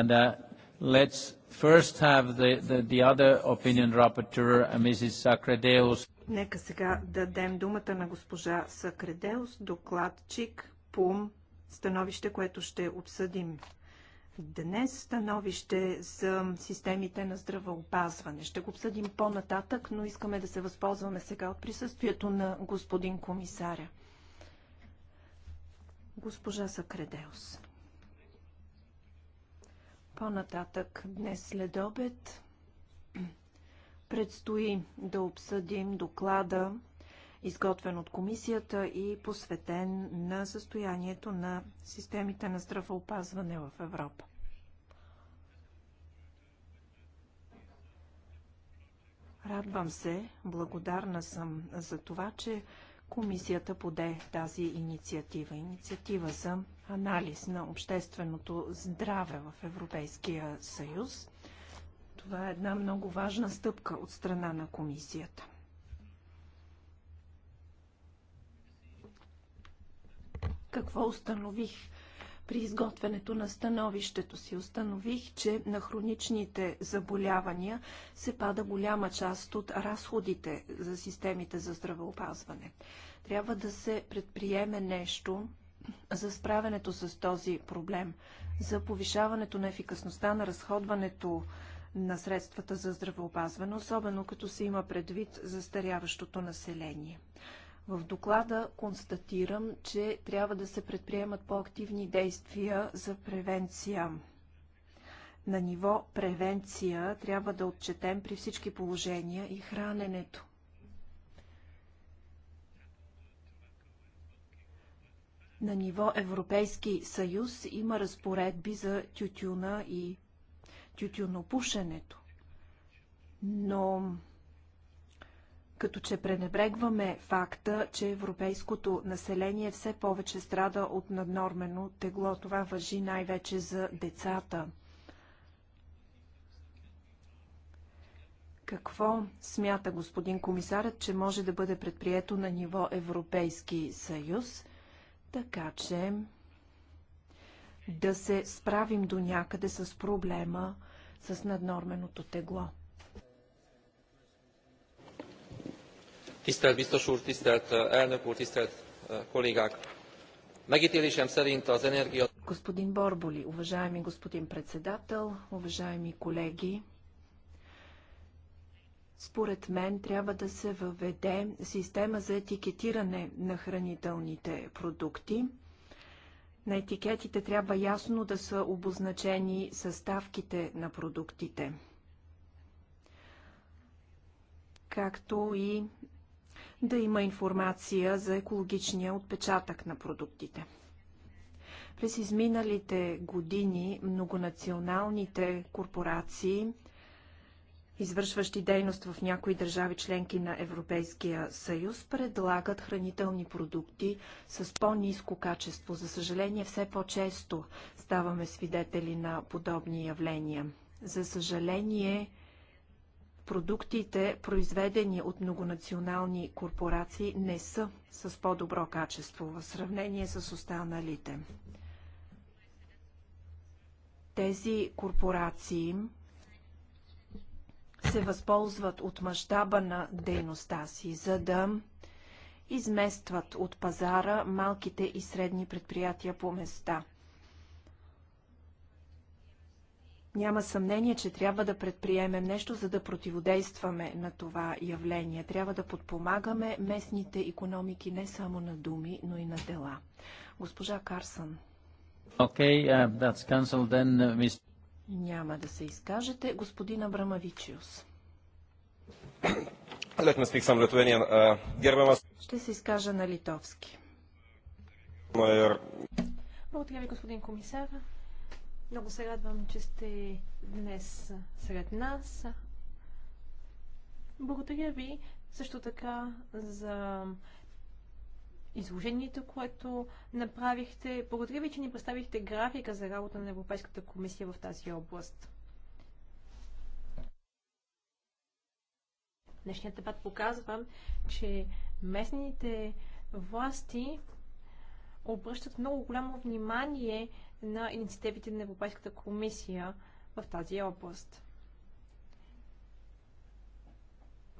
And uh, let's first have the, the, the other opinion rapporteur, uh, Mrs. Sacredeus. Нека сега дадем думата на госпожа Сакредеус, докладчик пум, становище, което ще обсъдим Днес становище за системите на здравеопазване. Ще го обсъдим по-нататък, но искаме да се възползваме сега от присъствието на господин комисаря. Госпожа Сакредеус. По-нататък днес след обед предстои да обсъдим доклада изготвен от комисията и посветен на състоянието на системите на здравеопазване в Европа. Радвам се, благодарна съм за това, че комисията поде тази инициатива. Инициатива за анализ на общественото здраве в Европейския съюз. Това е една много важна стъпка от страна на комисията. Какво установих при изготвянето на становището си? Установих, че на хроничните заболявания се пада голяма част от разходите за системите за здравеопазване. Трябва да се предприеме нещо за справянето с този проблем, за повишаването на ефикасността на разходването на средствата за здравеопазване, особено като се има предвид застаряващото население. В доклада констатирам, че трябва да се предприемат по-активни действия за превенция. На ниво превенция трябва да отчетем при всички положения и храненето. На ниво Европейски съюз има разпоредби за тютюна и тютюнопушенето. Но като че пренебрегваме факта, че европейското население все повече страда от наднормено тегло. Това въжи най-вече за децата. Какво смята господин комисарът, че може да бъде предприето на ниво Европейски съюз, така че да се справим до някъде с проблема с наднорменото тегло? Tisztelt biztos úr, tisztelt eh, elnök úr, tisztelt eh, kollégák! Megítélésem szerint az energia... Господин Борболи, уважаеми господин председател, уважаеми колеги, според мен трябва да се въведе система за етикетиране на хранителните продукти. На етикетите трябва ясно да са обозначени съставките на продуктите, както и да има информация за екологичния отпечатък на продуктите. През изминалите години многонационалните корпорации, извършващи дейност в някои държави членки на Европейския съюз, предлагат хранителни продукти с по-низко качество. За съжаление, все по-често ставаме свидетели на подобни явления. За съжаление, продуктите, произведени от многонационални корпорации, не са с по-добро качество в сравнение с останалите. Тези корпорации се възползват от мащаба на дейността си, за да изместват от пазара малките и средни предприятия по места – Няма съмнение, че трябва да предприемем нещо, за да противодействаме на това явление. Трябва да подпомагаме местните економики не само на думи, но и на дела. Госпожа Карсън. Okay, uh, that's canceled then, uh, Mr. Няма да се изкажете. Господин Абрамавичиус. Ще се изкажа на литовски. Благодаря ви, господин комисар. Много се радвам, че сте днес сред нас. Благодаря ви също така за изложението, което направихте. Благодаря ви, че ни представихте графика за работа на Европейската комисия в тази област. Днешният дебат показва, че местните власти обръщат много голямо внимание на инициативите на Европейската комисия в тази област.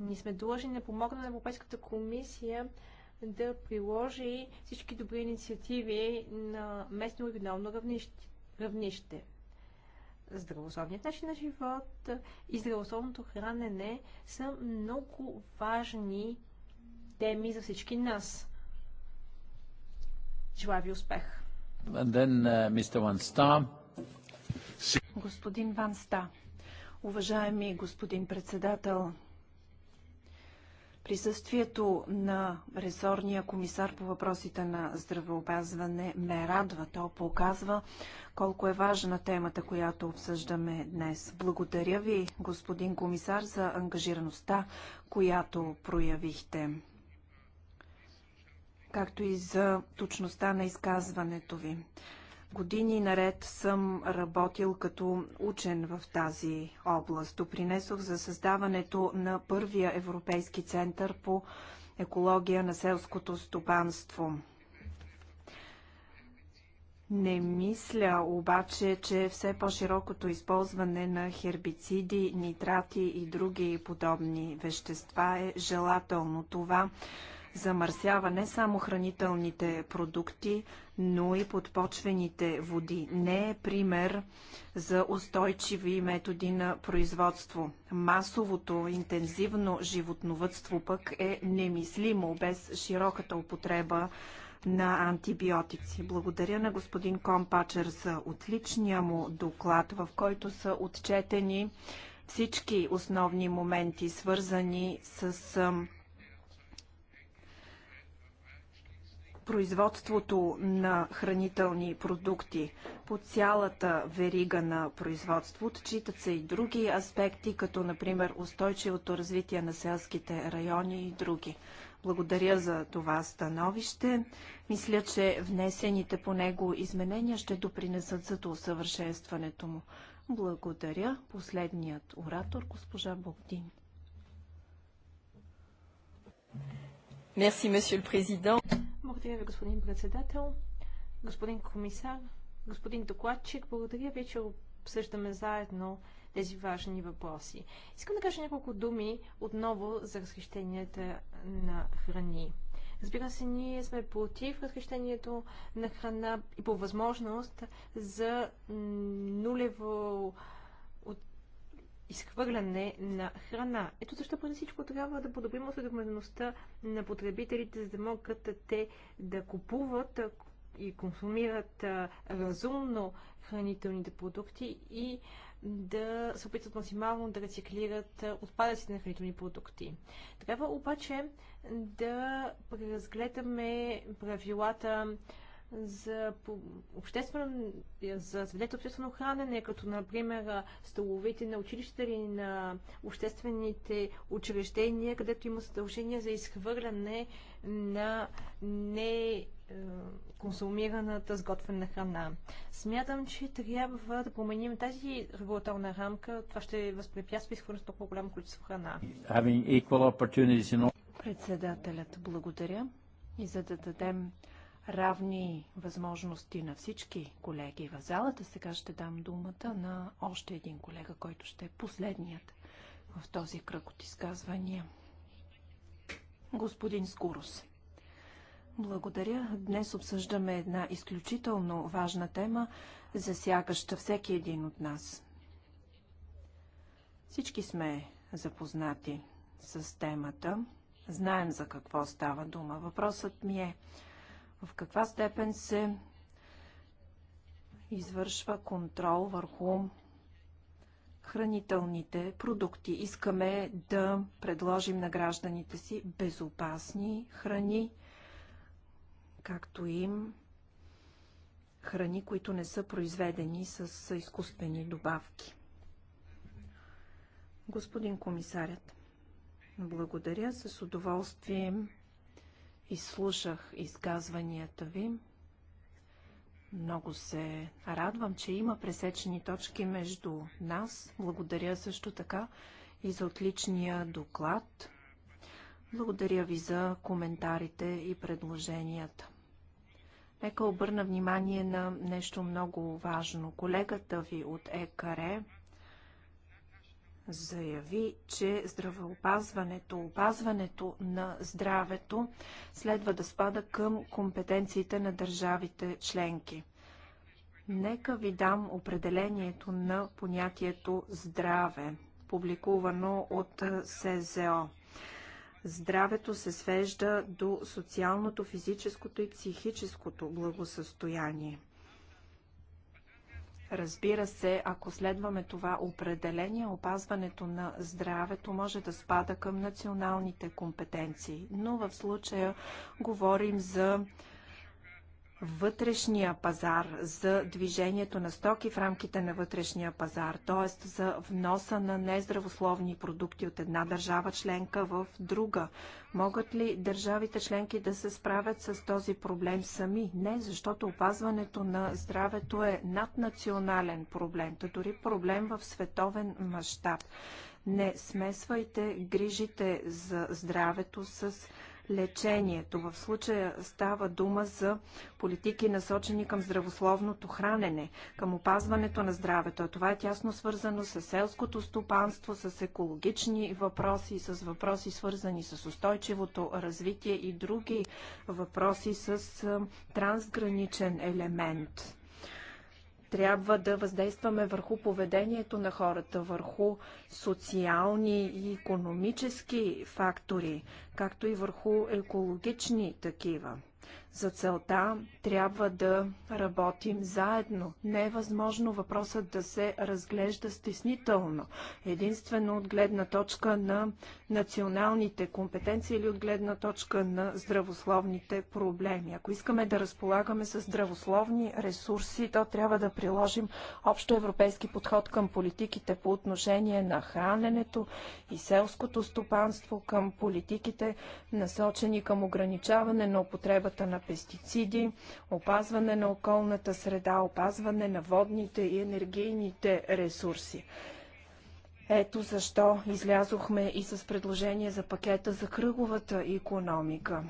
Ние сме длъжни да помогнем на Европейската комисия да приложи всички добри инициативи на местно и регионално равнище. Здравословният начин на живот и здравословното хранене са много важни теми за всички нас. Желая ви успех! Uh, господин Ван Ста, уважаеми господин председател, присъствието на ресорния комисар по въпросите на здравеопазване ме радва. То показва колко е важна темата, която обсъждаме днес. Благодаря ви, господин комисар, за ангажираността, която проявихте както и за точността на изказването ви. Години наред съм работил като учен в тази област. Допринесох за създаването на първия Европейски център по екология на селското стопанство. Не мисля обаче, че все по-широкото използване на хербициди, нитрати и други подобни вещества е желателно. Това замърсява не само хранителните продукти, но и подпочвените води. Не е пример за устойчиви методи на производство. Масовото интензивно животновътство пък е немислимо без широката употреба на антибиотици. Благодаря на господин Компачер за отличния му доклад, в който са отчетени всички основни моменти, свързани с производството на хранителни продукти по цялата верига на производство. Отчитат се и други аспекти, като например устойчивото развитие на селските райони и други. Благодаря за това становище. Мисля, че внесените по него изменения ще допринесат за усъвършенстването му. Благодаря. Последният оратор, госпожа Богдин. Merci, monsieur le президент. Благодаря ви, господин председател, господин комисар, господин докладчик. Благодаря ви, че обсъждаме заедно тези важни въпроси. Искам да кажа няколко думи отново за разхищенията на храни. Разбира се, ние сме против разхищението на храна и по възможност за нулево изхвърляне на храна. Ето защо преди всичко трябва да подобрим осведомеността на потребителите, за да могат те да купуват и консумират разумно хранителните продукти и да се опитват максимално да рециклират отпадъците на хранителни продукти. Трябва обаче да преразгледаме правилата за, обществено, за свидетел обществено хранене, като например столовете на училищата или на обществените учреждения, където има задължение за изхвърляне на не консумираната сготвена храна. Смятам, че трябва да променим тази регулаторна рамка. Това ще възпрепятства изхвърлянето по голямо количество храна. Председателят, благодаря. И за да дадем равни възможности на всички колеги в залата. Сега ще дам думата на още един колега, който ще е последният в този кръг от изказвания. Господин Скурус. Благодаря. Днес обсъждаме една изключително важна тема, засягаща всеки един от нас. Всички сме запознати с темата. Знаем за какво става дума. Въпросът ми е, в каква степен се извършва контрол върху хранителните продукти. Искаме да предложим на гражданите си безопасни храни, както им храни, които не са произведени с изкуствени добавки. Господин комисарят, благодаря. С удоволствие изслушах изказванията ви. Много се радвам, че има пресечени точки между нас. Благодаря също така и за отличния доклад. Благодаря ви за коментарите и предложенията. Нека обърна внимание на нещо много важно. Колегата ви от ЕКАРЕ заяви, че здравеопазването, опазването на здравето следва да спада към компетенциите на държавите членки. Нека ви дам определението на понятието здраве, публикувано от СЗО. Здравето се свежда до социалното, физическото и психическото благосъстояние. Разбира се, ако следваме това определение, опазването на здравето може да спада към националните компетенции, но в случая говорим за вътрешния пазар, за движението на стоки в рамките на вътрешния пазар, т.е. за вноса на нездравословни продукти от една държава членка в друга. Могат ли държавите членки да се справят с този проблем сами? Не, защото опазването на здравето е наднационален проблем, то дори проблем в световен мащаб. Не смесвайте грижите за здравето с лечението. В случая става дума за политики насочени към здравословното хранене, към опазването на здравето. А това е тясно свързано с селското стопанство, с екологични въпроси, с въпроси свързани с устойчивото развитие и други въпроси с трансграничен елемент. Трябва да въздействаме върху поведението на хората, върху социални и економически фактори, както и върху екологични такива. За целта трябва да работим заедно. Не е възможно въпросът да се разглежда стеснително, единствено от гледна точка на националните компетенции или от гледна точка на здравословните проблеми. Ако искаме да разполагаме с здравословни ресурси, то трябва да приложим общо европейски подход към политиките по отношение на храненето и селското стопанство, към политиките насочени към ограничаване на употребата на пестициди, опазване на околната среда, опазване на водните и енергийните ресурси. Ето защо излязохме и с предложение за пакета за кръговата економика.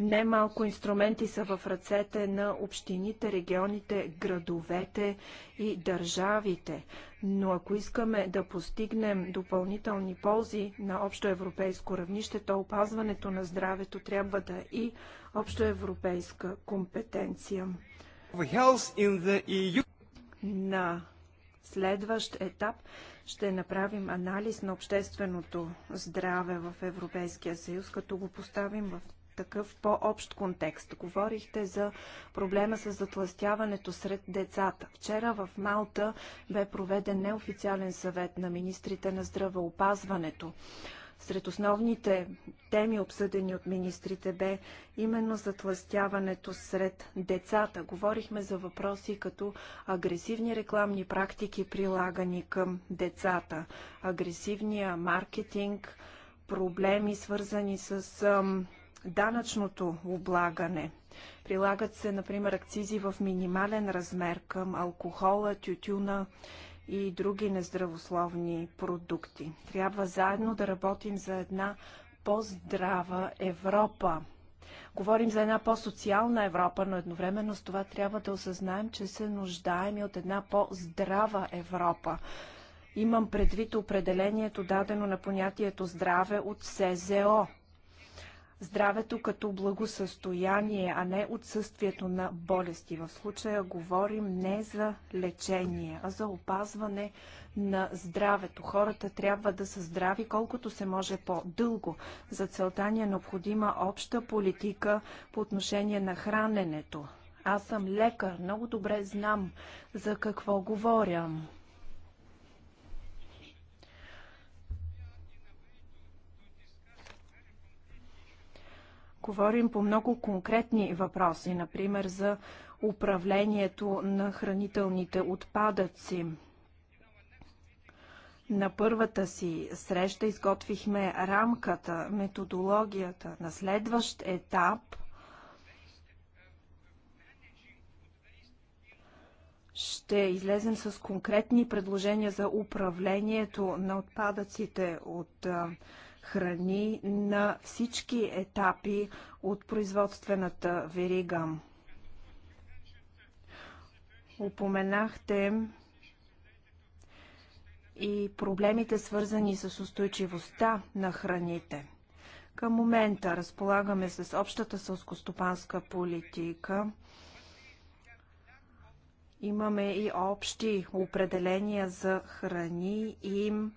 Немалко инструменти са в ръцете на общините, регионите, градовете и държавите. Но ако искаме да постигнем допълнителни ползи на общо европейско равнище, то опазването на здравето трябва да и е и общоевропейска компетенция. E на следващ етап ще направим анализ на общественото здраве в Европейския съюз, като го поставим в такъв по-общ контекст. Говорихте за проблема с затластяването сред децата. Вчера в Малта бе проведен неофициален съвет на министрите на здравеопазването. Сред основните теми, обсъдени от министрите, бе именно затластяването сред децата. Говорихме за въпроси като агресивни рекламни практики, прилагани към децата, агресивния маркетинг, проблеми свързани с данъчното облагане. Прилагат се, например, акцизи в минимален размер към алкохола, тютюна и други нездравословни продукти. Трябва заедно да работим за една по-здрава Европа. Говорим за една по-социална Европа, но едновременно с това трябва да осъзнаем, че се нуждаем и от една по-здрава Европа. Имам предвид определението дадено на понятието здраве от СЗО здравето като благосъстояние, а не отсъствието на болести. В случая говорим не за лечение, а за опазване на здравето. Хората трябва да са здрави колкото се може по-дълго. За целта ни е необходима обща политика по отношение на храненето. Аз съм лекар, много добре знам за какво говоря. Говорим по много конкретни въпроси, например за управлението на хранителните отпадъци. На първата си среща изготвихме рамката, методологията. На следващ етап ще излезем с конкретни предложения за управлението на отпадъците от храни на всички етапи от производствената верига. Упоменахте и проблемите свързани с устойчивостта на храните. Към момента разполагаме с общата сълскостопанска политика. Имаме и общи определения за храни и им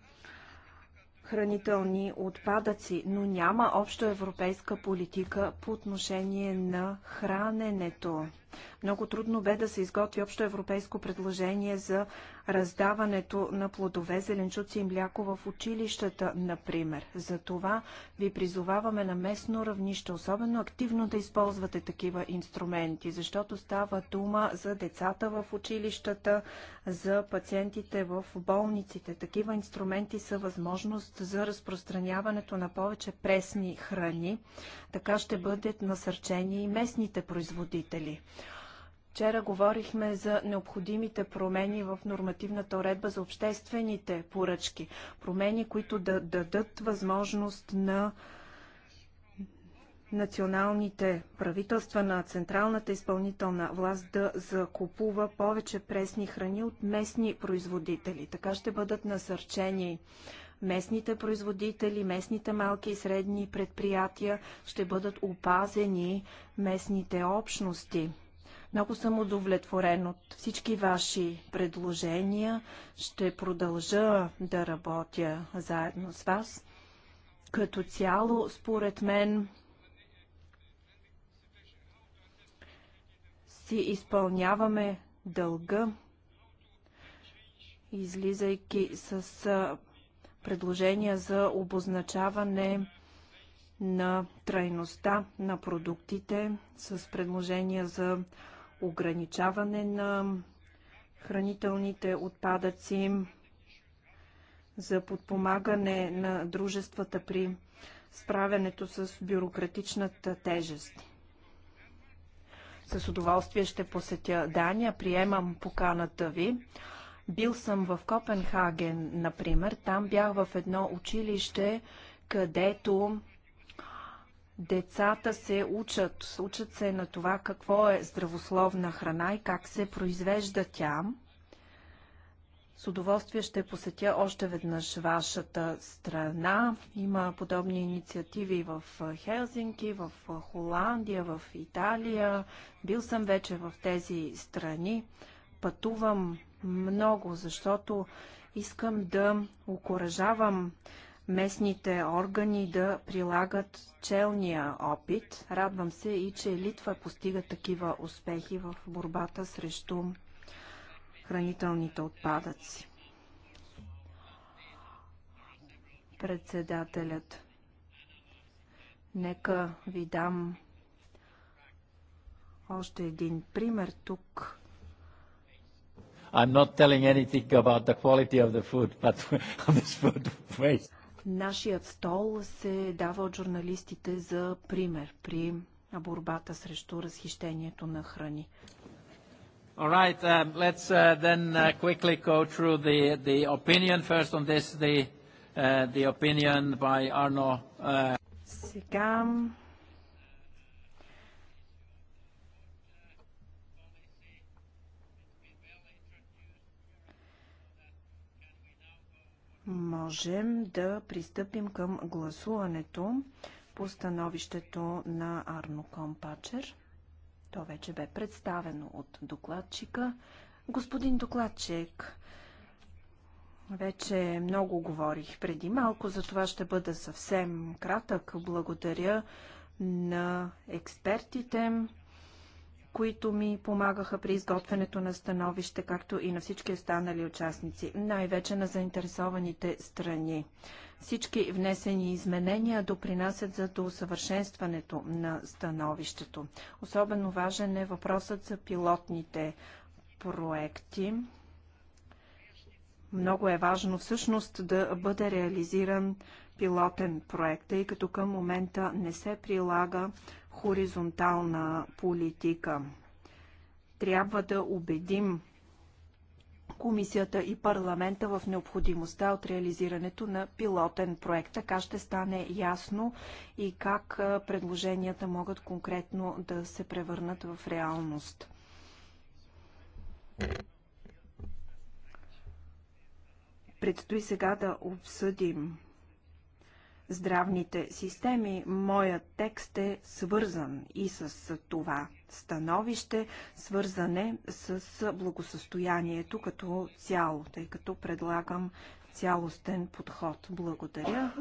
хранителни отпадъци, но няма общо европейска политика по отношение на храненето. Много трудно бе да се изготви общо европейско предложение за раздаването на плодове, зеленчуци и мляко в училищата, например. За това ви призоваваме на местно равнище, особено активно да използвате такива инструменти, защото става дума за децата в училищата, за пациентите в болниците. Такива инструменти са възможност за разпространяването на повече пресни храни. Така ще бъдат насърчени и местните производители. Вчера говорихме за необходимите промени в нормативната уредба за обществените поръчки. Промени, които да дадат възможност на националните правителства на Централната изпълнителна власт да закупува повече пресни храни от местни производители. Така ще бъдат насърчени местните производители, местните малки и средни предприятия, ще бъдат опазени местните общности. Много съм удовлетворен от всички ваши предложения. Ще продължа да работя заедно с вас. Като цяло, според мен, си изпълняваме дълга, излизайки с предложения за обозначаване на трайността на продуктите, с предложения за ограничаване на хранителните отпадъци, за подпомагане на дружествата при справянето с бюрократичната тежест. С удоволствие ще посетя Дания, приемам поканата ви. Бил съм в Копенхаген, например. Там бях в едно училище, където Децата се учат. Учат се на това какво е здравословна храна и как се произвежда тя. С удоволствие ще посетя още веднъж вашата страна. Има подобни инициативи в Хелзинки, в Холандия, в Италия. Бил съм вече в тези страни. Пътувам много, защото искам да окоръжавам местните органи да прилагат челния опит. Радвам се и, че Литва постига такива успехи в борбата срещу хранителните отпадъци. Председателят. Нека ви дам още един пример тук. I'm not telling anything about the quality of the food, but of this food waste. Нашият стол се дава от журналистите за пример при борбата срещу разхищението на храни. All right, uh, let's uh, then uh, quickly go through the, the opinion. First on this, the, uh, the opinion by Arno. Uh... Сега можем да пристъпим към гласуването по становището на Арно Компачер. То вече бе представено от докладчика. Господин докладчик, вече много говорих преди малко, за това ще бъда съвсем кратък. Благодаря на експертите, които ми помагаха при изготвянето на становище, както и на всички останали участници, най-вече на заинтересованите страни. Всички внесени изменения допринасят за доусъвършенстването на становището. Особено важен е въпросът за пилотните проекти. Много е важно всъщност да бъде реализиран пилотен проект, тъй като към момента не се прилага хоризонтална политика. Трябва да убедим комисията и парламента в необходимостта от реализирането на пилотен проект. Така ще стане ясно и как предложенията могат конкретно да се превърнат в реалност. Предстои сега да обсъдим здравните системи. Моят текст е свързан и с това становище, свързане с благосъстоянието като цяло, тъй като предлагам цялостен подход. Благодаря.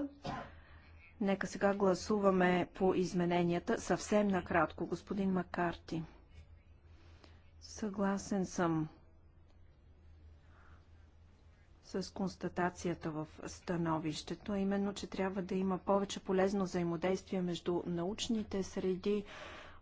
Нека сега гласуваме по измененията съвсем накратко, господин Макарти. Съгласен съм с констатацията в становището, а именно, че трябва да има повече полезно взаимодействие между научните среди,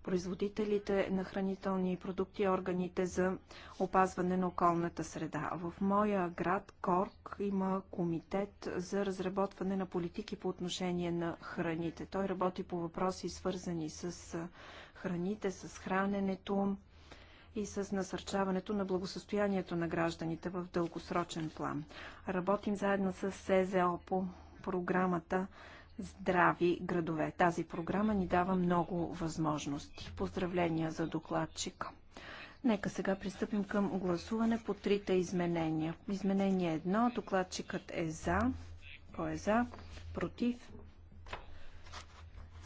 производителите на хранителни продукти и органите за опазване на околната среда. В моя град Корк има комитет за разработване на политики по отношение на храните. Той работи по въпроси свързани с храните, с храненето, и с насърчаването на благосъстоянието на гражданите в дългосрочен план. Работим заедно с СЗО по програмата здрави градове. Тази програма ни дава много възможности. Поздравления за докладчика. Нека сега пристъпим към гласуване по трите изменения. Изменение едно, Докладчикът е за. Кой е за? Против?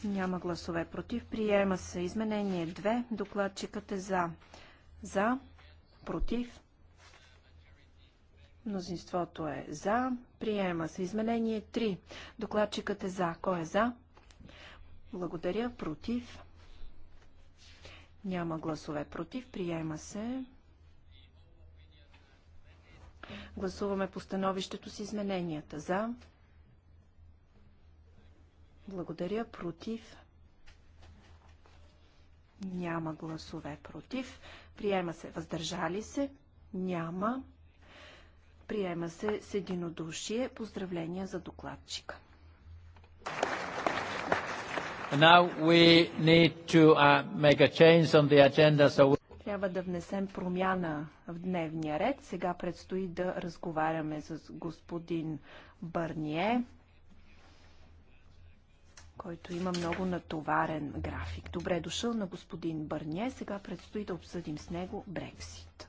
Няма гласове против. Приема се. Изменение 2. Докладчикът е за. За. Против. Мнозинството е за. Приема се. Изменение 3. Докладчикът е за. Кой е за? Благодаря. Против. Няма гласове против. Приема се. Гласуваме по становището с измененията. За. Благодаря. Против. Няма гласове против. Приема се. Въздържали се? Няма. Приема се с единодушие. Поздравления за докладчика. Uh, agenda, so... Трябва да внесем промяна в дневния ред. Сега предстои да разговаряме с господин Бърние който има много натоварен график. Добре е дошъл на господин Бърние. Сега предстои да обсъдим с него Брексит.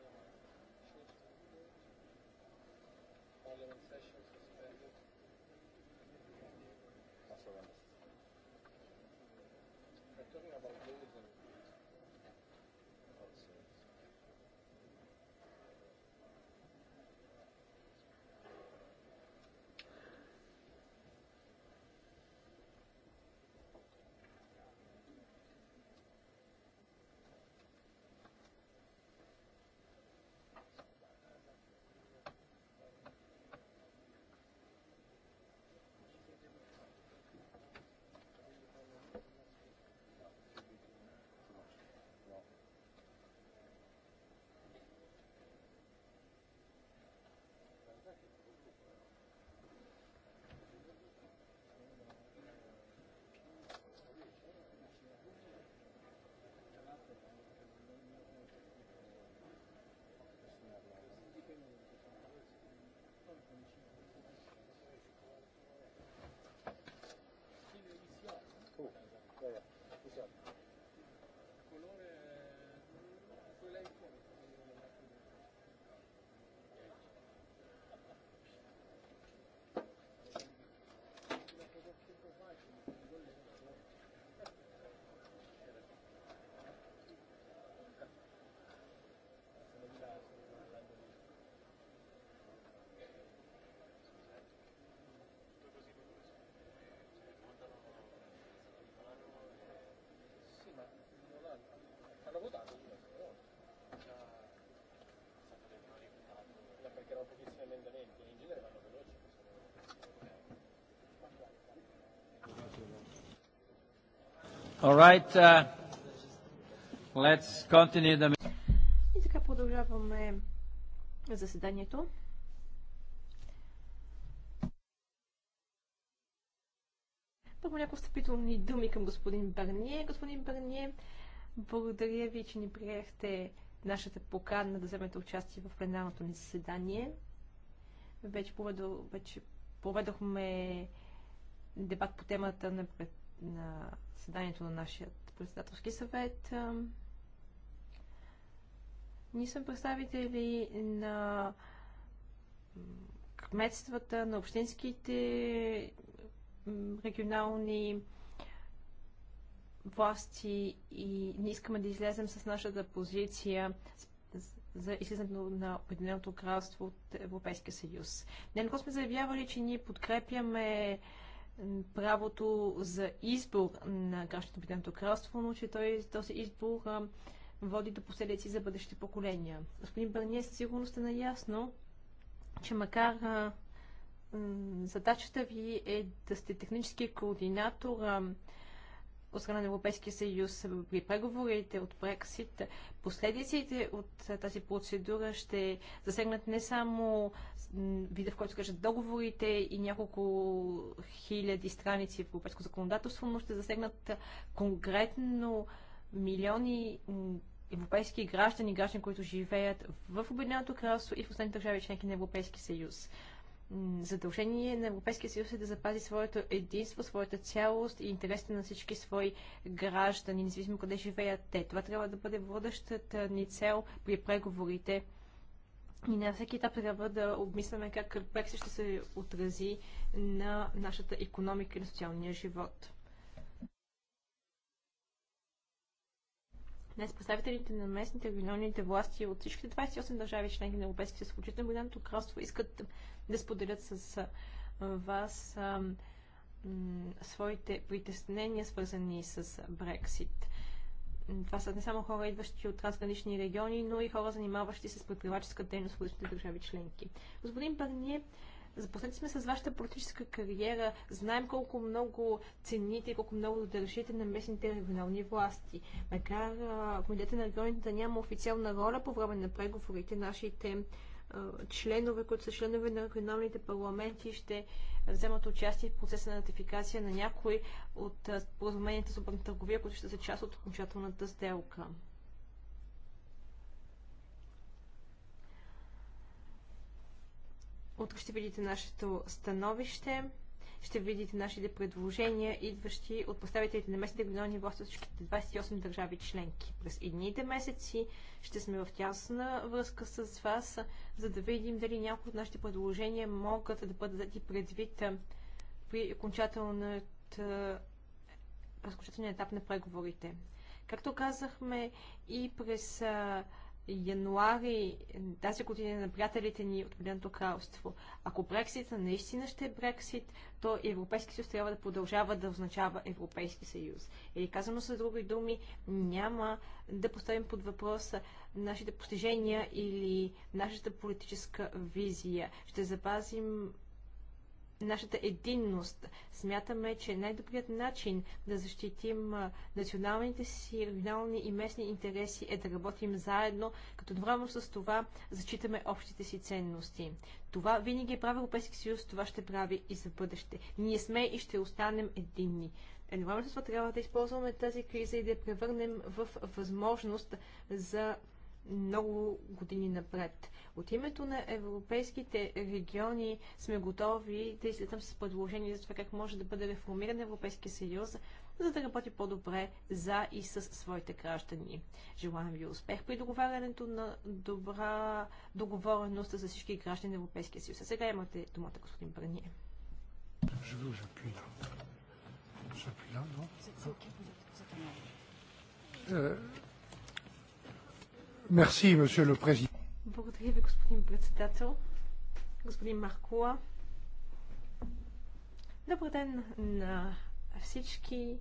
Right, uh, the... И така продължаваме заседанието. Първо някои встъпителни думи към господин Бърние. Господин Бърние, благодаря ви, че ни приехте нашата покана да вземете участие в пленарното ни заседание. Вече, поведох, вече проведохме дебат по темата на пред на съданието на нашия председателски съвет. Ние сме представители на кметствата, на общинските регионални власти и не искаме да излезем с нашата позиция за излизането на Обединеното кралство от Европейския съюз. Ненко сме заявявали, че ние подкрепяме правото за избор на гражданите на Обединеното кралство, но че той, този избор а, води до последици за бъдещите поколения. Господин Бърние със сигурност е наясно, че макар а, задачата ви е да сте технически координатор а, от страна на Европейския съюз при преговорите от Брексит, последиците от тази процедура ще засегнат не само вида, в който кажат договорите и няколко хиляди страници в европейско законодателство, но ще засегнат конкретно милиони европейски граждани, граждани, които живеят в Обединеното кралство и в останалите държави членки на Европейския съюз задължение на Европейския съюз е да запази своето единство, своята цялост и интересите на всички свои граждани, независимо къде живеят те. Това трябва да бъде водещата ни цел при преговорите. И на всеки етап трябва да обмисляме как Брексит ще се отрази на нашата економика и на социалния живот. Днес представителите на местните регионалните власти от всичките 28 държави членки на Европейския съюз, включително Голямото кралство, искат да споделят с вас своите притеснения, свързани с Брексит. Това са не само хора, идващи от трансгранични региони, но и хора, занимаващи се с предприемаческа дейност в различните държави членки. Господин Барние, запознати сме с вашата политическа кариера, знаем колко много цените и колко много държите на местните регионални власти. Макар комитета на регионите да няма официална роля по време на преговорите, нашите членове, които са членове на регионалните парламенти, ще вземат участие в процеса на ратификация на някои от споразуменията за търговия, които ще са част от окончателната сделка. Утре ще видите нашето становище ще видите нашите предложения, идващи от представителите на местните регионални власти от всичките 28 държави членки. През едните месеци ще сме в тясна връзка с вас, за да видим дали някои от нашите предложения могат да бъдат взети предвид при окончателната етап на преговорите. Както казахме и през януари тази година на приятелите ни от Обединеното кралство. Ако Брексит наистина ще е Брексит, то Европейски съюз трябва да продължава да означава Европейски съюз. Или казано с други думи, няма да поставим под въпрос нашите постижения или нашата политическа визия. Ще запазим нашата единност. Смятаме, че най-добрият начин да защитим националните си, регионални и местни интереси е да работим заедно, като едновременно с това зачитаме общите си ценности. Това винаги е прави Европейски съюз, това ще прави и за бъдеще. Ние сме и ще останем единни. Едновременно с това трябва да използваме тази криза и да я превърнем в възможност за много години напред. От името на европейските региони сме готови да излетам с предложение за това как може да бъде реформиран Европейския съюз, за да работи по-добре за и с своите граждани. Желаем ви успех при договарянето на добра договореност за всички граждани на Европейския съюз. А сега имате думата, господин Брани. Je Merci, monsieur le président. Благодаря ви, господин председател. Господин Маркула. Добър ден на всички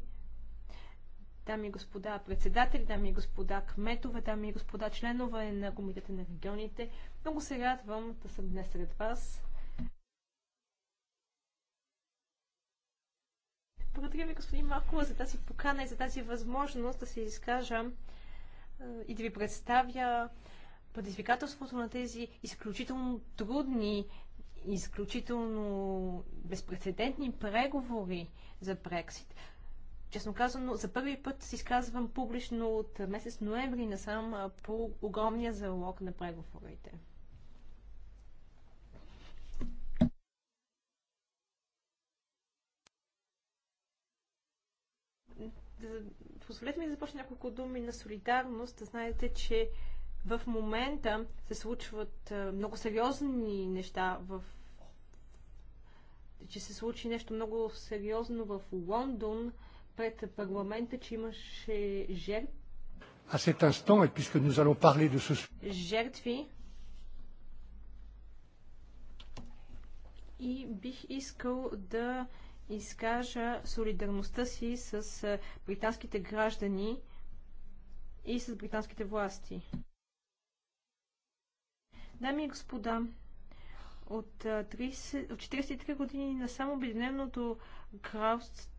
дами и господа председатели, дами и господа кметове, дами и господа членове на Комитета на регионите. Много се радвам да съм днес сред вас. Благодаря ви, господин Маркова, за тази покана и за тази възможност да се изкажа е, и да ви представя предизвикателството на тези изключително трудни, изключително безпредседентни преговори за Брексит. Честно казано, за първи път се изказвам публично от месец ноември насам по огромния залог на преговорите. Позволете ми да започна няколко думи на солидарност. Да знаете, че в момента се случват много сериозни неща в че се случи нещо много сериозно в Лондон пред парламента, че имаше жертви. À cet instant, et puisque nous allons parler de ce жертви. И бих искал да изкажа солидарността си с британските граждани и с британските власти. Дами и господа, от, 30, от 43 години на само Обединеното кралство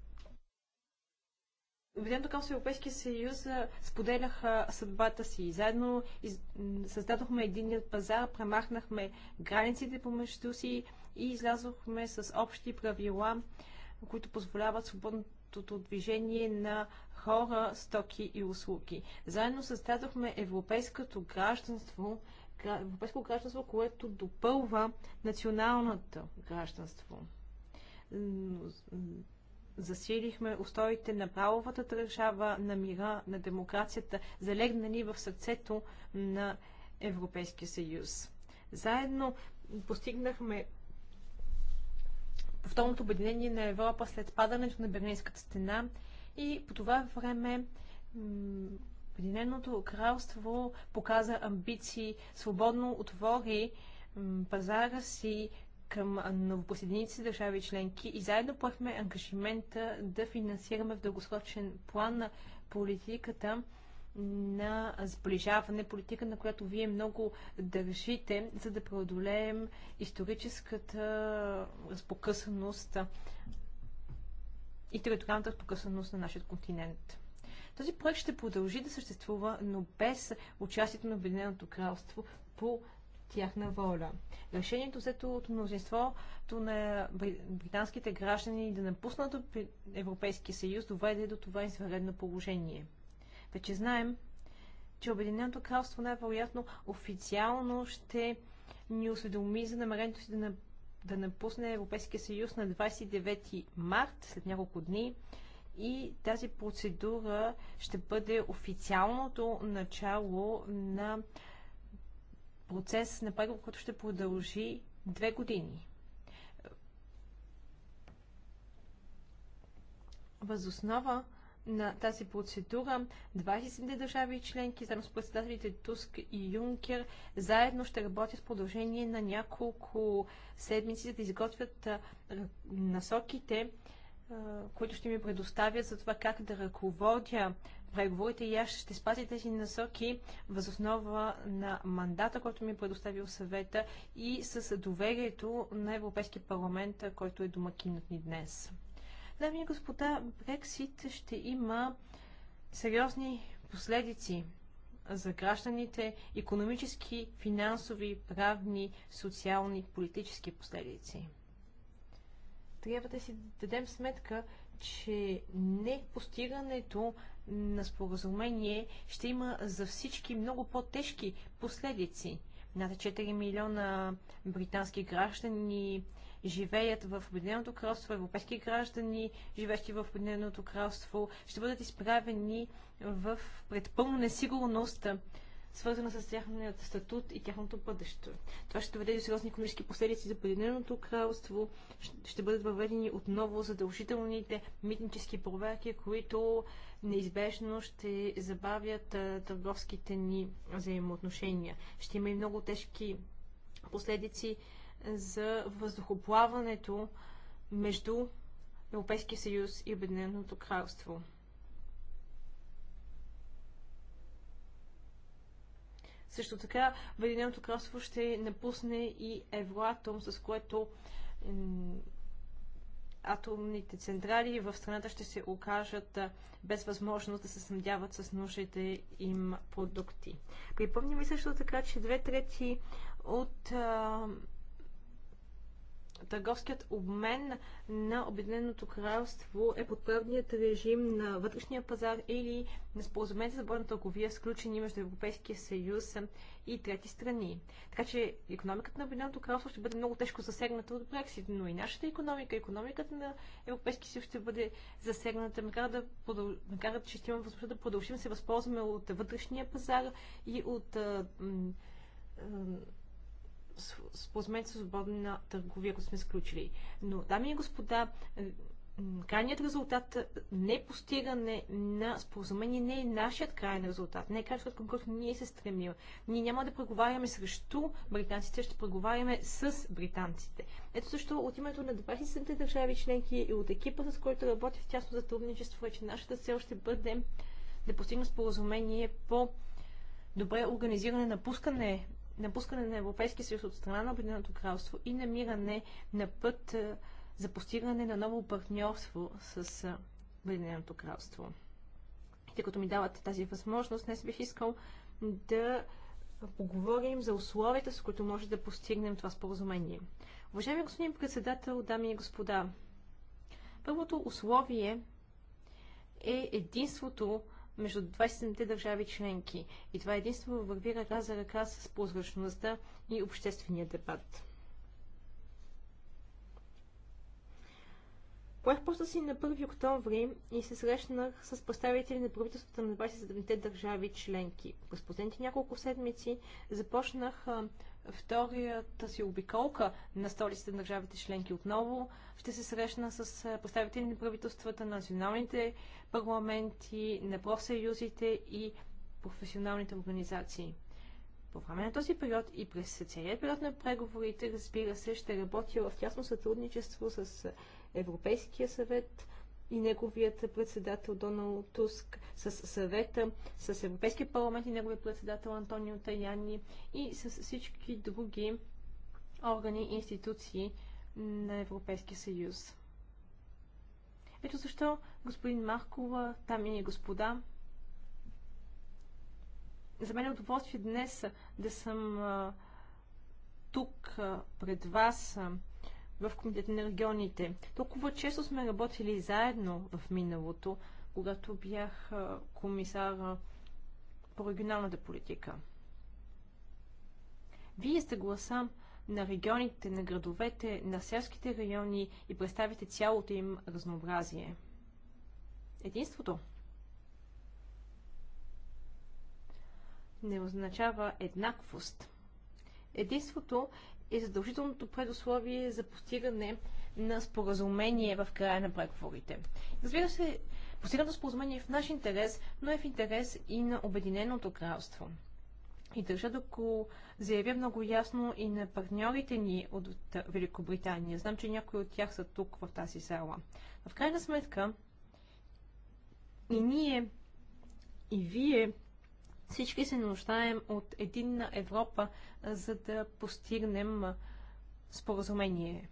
Обединеното кралство Европейския съюз споделяха съдбата си. Заедно из... създадохме единният пазар, премахнахме границите помежду си и излязохме с общи правила които позволяват свободното движение на хора, стоки и услуги. Заедно създадохме европейското гражданство, европейско гражданство, което допълва националното гражданство. Засилихме устоите на правовата държава, на мира, на демокрацията, залегнали в сърцето на Европейския съюз. Заедно постигнахме повторното обединение на Европа след падането на Берлинската стена и по това време Обединеното кралство показа амбиции, свободно отвори пазара си към новопоседеници държави членки и заедно поехме ангажимента да финансираме в дългосрочен план на политиката на сближаване, политика, на която вие много държите, за да преодолеем историческата разпокъсаност и териториалната разпокъсаност на нашия континент. Този проект ще продължи да съществува, но без участието на Обединеното кралство по тяхна воля. Решението взето от мнозинството на британските граждани да напуснат Европейския съюз доведе до това извънредно положение – вече знаем, че Обединеното кралство най-вероятно официално ще ни осведоми за намерението си да, на, да напусне Европейския съюз на 29 март, след няколко дни. И тази процедура ще бъде официалното начало на процес на преговор, който ще продължи две години. Възоснова на тази процедура. 27 държави и членки, заедно с председателите Туск и Юнкер, заедно ще работят в продължение на няколко седмици, за да изготвят насоките, които ще ми предоставят за това как да ръководя преговорите и аз ще спазя тези насоки въз основа на мандата, който ми е предоставил съвета и с доверието на Европейския парламент, който е домакинът ни днес. Дами и господа, Брексит ще има сериозни последици за гражданите, економически, финансови, правни, социални, политически последици. Трябва да си дадем сметка, че не постигането на споразумение ще има за всички много по-тежки последици. Над 4 милиона британски граждани живеят в Обединеното кралство, европейски граждани, живещи в Обединеното кралство, ще бъдат изправени в предпълна несигурност свързана с тяхният статут и тяхното бъдеще. Това ще доведе до сериозни економически последици за Обединеното кралство. Ще бъдат въведени отново задължителните митнически проверки, които неизбежно ще забавят търговските ни взаимоотношения. Ще има и много тежки последици за въздухоплаването между Европейския съюз и Обединеното кралство. Също така, Обединеното кралство ще напусне и Евроатом, с което атомните централи в страната ще се окажат без възможност да се съмдяват с нужните им продукти. Припомним и също така, че две трети от а, търговският обмен на Обединеното кралство е под правният режим на вътрешния пазар или на споразумение за борна търговия, сключени между Европейския съюз и трети страни. Така че економиката на Обединеното кралство ще бъде много тежко засегната от Брексит, но и нашата економика, економиката на Европейския съюз ще бъде засегната, макар да, макар да че ще имаме възможност да продължим да се възползваме от вътрешния пазар и от споразумението за свободна търговия, ако сме сключили. Но, дами и господа, крайният резултат е, не постигане на споразумение не е нашият крайен резултат. Не е качеството, към който ние се стремим. Ние няма да преговаряме срещу британците, ще преговаряме с британците. Ето също от името на 27-те държави членки и от екипа, с който работи в тясно сътрудничество, е, че нашата цел ще бъде да постигнем споразумение по добре организиране на пускане напускане на Европейския съюз от страна на Обединеното кралство и намиране на път е, за постигане на ново партньорство с е, Обединеното кралство. И тъй като ми дават тази възможност, днес бих искал да поговорим за условията, с които може да постигнем това споразумение. Уважаеми господин председател, дами и господа, първото условие е единството между 27-те държави членки. И това е единство върви ръка за ръка с прозрачността и обществения дебат. Поех поста си на 1 октомври и се срещнах с представители на правителствата на 27-те държави членки. През последните няколко седмици започнах вторията си обиколка на столиците на държавите членки отново. Ще се срещна с представители на правителствата, на националните парламенти, на профсъюзите и професионалните организации. По време на този период и през целият период на преговорите, разбира се, ще работя в тясно сътрудничество с Европейския съвет и неговият председател Доналд Туск, с съвета, с Европейския парламент и неговият председател Антонио Таяни и с всички други органи и институции на Европейския съюз. Ето защо, господин Маркова, там и господа, за мен е удоволствие днес да съм тук пред вас в Комитета на регионите. Толкова често сме работили заедно в миналото, когато бях комисар по регионалната политика. Вие сте гласа на регионите, на градовете, на селските райони и представите цялото им разнообразие. Единството не означава еднаквост. Единството е задължителното предусловие за постигане на споразумение в края на преговорите. Разбира се, постигнато споразумение е в наш интерес, но е в интерес и на Обединеното кралство. И държа да го заявя много ясно и на партньорите ни от Великобритания. Знам, че някои от тях са тук в тази зала. В крайна сметка, и ние, и вие всички се нуждаем от единна Европа, за да постигнем споразумение.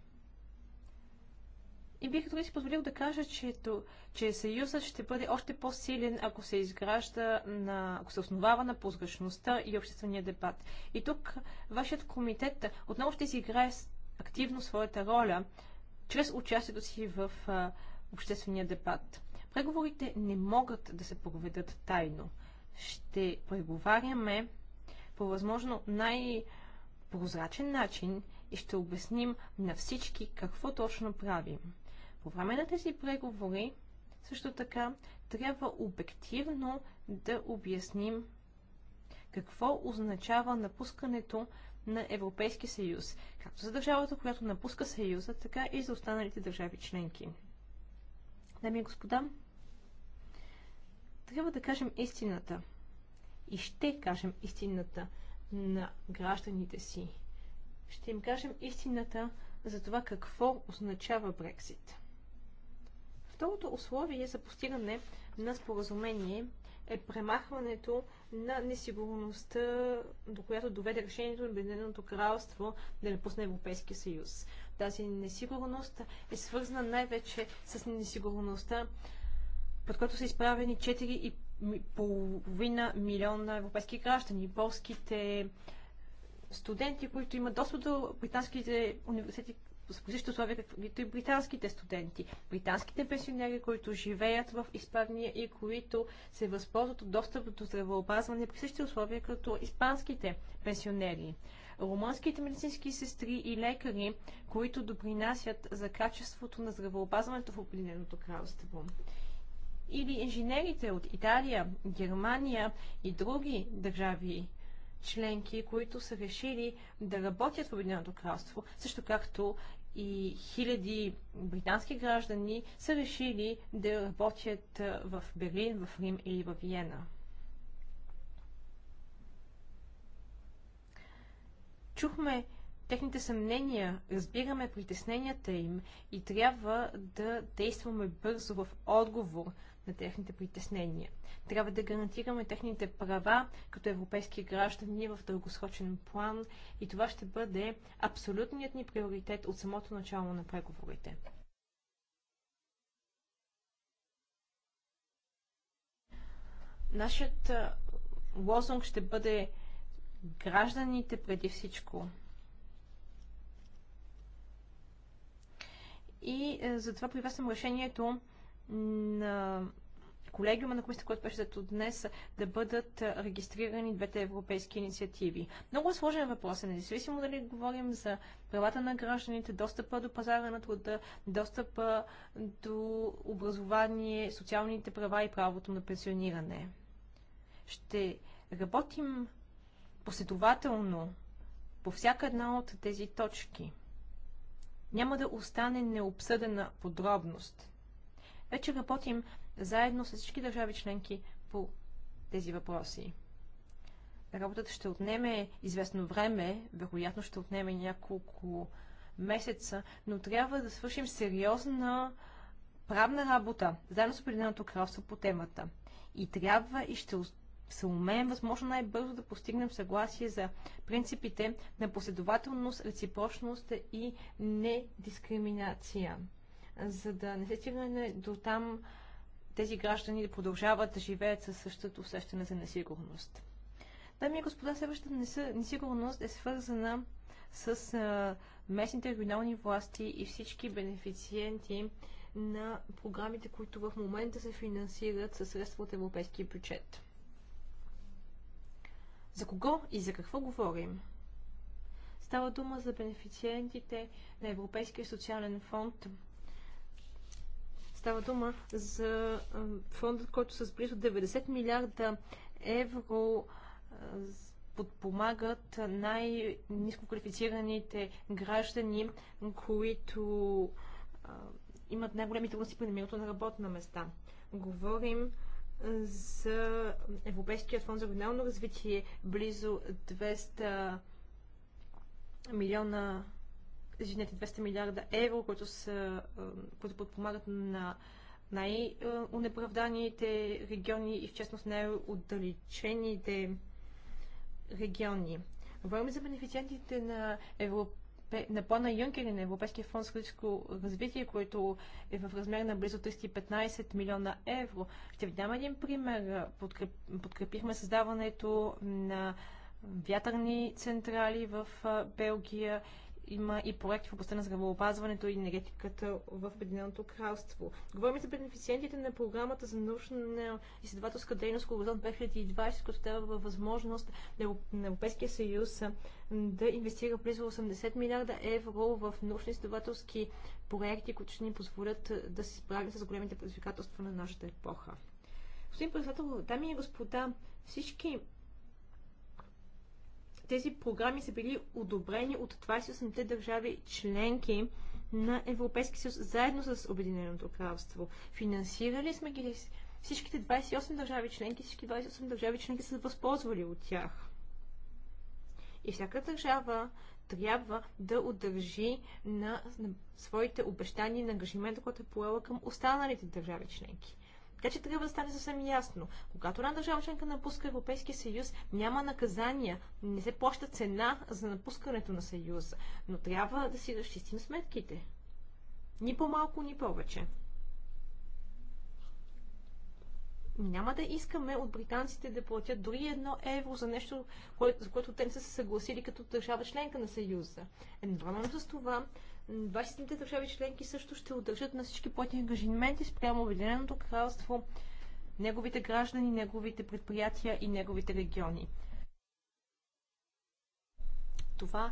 И бих дори си позволил да кажа, че, то, че съюзът ще бъде още по-силен, ако се изгражда на, ако се основава на прозрачността и обществения дебат. И тук вашият комитет отново ще си играе активно своята роля, чрез участието си в а, обществения дебат. Преговорите не могат да се проведат тайно ще преговаряме по възможно най-прозрачен начин и ще обясним на всички какво точно правим. По време на тези преговори също така трябва обективно да обясним какво означава напускането на Европейски съюз, както за държавата, която напуска съюза, така и за останалите държави членки. Дами и господа, трябва да кажем истината. И ще кажем истината на гражданите си. Ще им кажем истината за това какво означава Брексит. Второто условие за постигане на споразумение е премахването на несигурността, до която доведе решението на Обединеното кралство да напусне Европейския съюз. Тази несигурност е свързана най-вече с несигурността под който са изправени 4,5 милиона европейски граждани. Полските студенти, които имат достъп до британските университети, са по същите условия, каквито и британските студенти. Британските пенсионери, които живеят в Испания и които се възползват от достъп до здравеопазване при същите условия, като испанските пенсионери. Румънските медицински сестри и лекари, които допринасят за качеството на здравеопазването в определеното кралство или инженерите от Италия, Германия и други държави членки, които са решили да работят в Обединеното кралство, също както и хиляди британски граждани са решили да работят в Берлин, в Рим или в Виена. Чухме техните съмнения, разбираме притесненията им и трябва да действаме бързо в отговор на техните притеснения. Трябва да гарантираме техните права като европейски граждани в дългосрочен план и това ще бъде абсолютният ни приоритет от самото начало на преговорите. Нашият лозунг ще бъде гражданите преди всичко. И затова приветствам решението на колегиума на комисията, който беше от днес, да бъдат регистрирани двете европейски инициативи. Много е сложен въпрос е, независимо дали говорим за правата на гражданите, достъпа до пазара на труда, достъпа до образование, социалните права и правото на пенсиониране. Ще работим последователно по всяка една от тези точки. Няма да остане необсъдена подробност – вече работим заедно с всички държави членки по тези въпроси. Работата ще отнеме известно време, вероятно ще отнеме няколко месеца, но трябва да свършим сериозна правна работа, заедно с Обединеното кралство по темата. И трябва и ще се умеем възможно най-бързо да постигнем съгласие за принципите на последователност, реципрочност и недискриминация за да не се стигне до там тези граждани да продължават да живеят със същото усещане за несигурност. Дами и господа, следващата несигурност е свързана с а, местните регионални власти и всички бенефициенти на програмите, които в момента се финансират със средства от европейския бюджет. За кого и за какво говорим? Става дума за бенефициентите на Европейския социален фонд – Става дума за фондът, който с близо 90 милиарда евро подпомагат най-низко квалифицираните граждани, които имат най-големи трудности при намирането на работна места. Говорим за Европейския фонд за регионално развитие близо 200 милиона извинете, 200 милиарда евро, които, са, които подпомагат на най-унеправданите региони и в частност най-отдалечените региони. Говорим за бенефициентите на Европе, на плана Юнкер и на Европейския фонд за физическо развитие, който е в размер на близо 315 милиона евро. Ще ви дам един пример. Подкреп, подкрепихме създаването на вятърни централи в Белгия има и проекти в областта на здравеопазването и енергетиката в Обединеното кралство. Говорим за бенефициентите на програмата за научна изследователска дейност Хоризонт 2020, която дава възможност на Европейския съюз да инвестира близо 80 милиарда евро в научно-изследователски проекти, които ще ни позволят да се справим с големите предизвикателства на нашата епоха. Господин председател, дами и господа, всички тези програми са били одобрени от 28-те държави членки на Европейски съюз, заедно с Обединеното кралство. Финансирали сме ги всичките 28 държави членки, всички 28 държави членки са възползвали от тях. И всяка държава трябва да удържи на, своите обещания и на ангажимента, който е поела към останалите държави членки. Така че трябва да стане съвсем ясно. Когато една държава членка напуска Европейския съюз, няма наказания, не се плаща цена за напускането на съюза, но трябва да си разчистим сметките. Ни по-малко, ни повече. Няма да искаме от британците да платят дори едно евро за нещо, кое, за което те не са се съгласили като държава членка на Съюза. Едновременно с това 27-те държави членки също ще удържат на всички платни ангажименти спрямо Обединеното кралство, неговите граждани, неговите предприятия и неговите региони. Това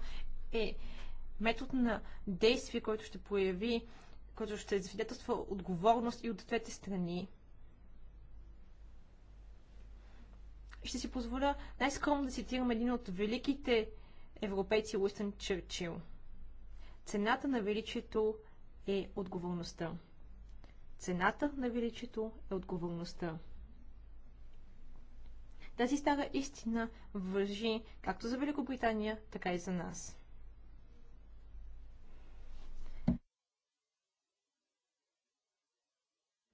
е метод на действие, който ще прояви, който ще свидетелства отговорност и от двете страни. Ще си позволя най-скромно да цитирам един от великите европейци Уистън Черчил. Цената на величието е отговорността. Цената на величието е отговорността. Тази стара истина въжи както за Великобритания, така и за нас.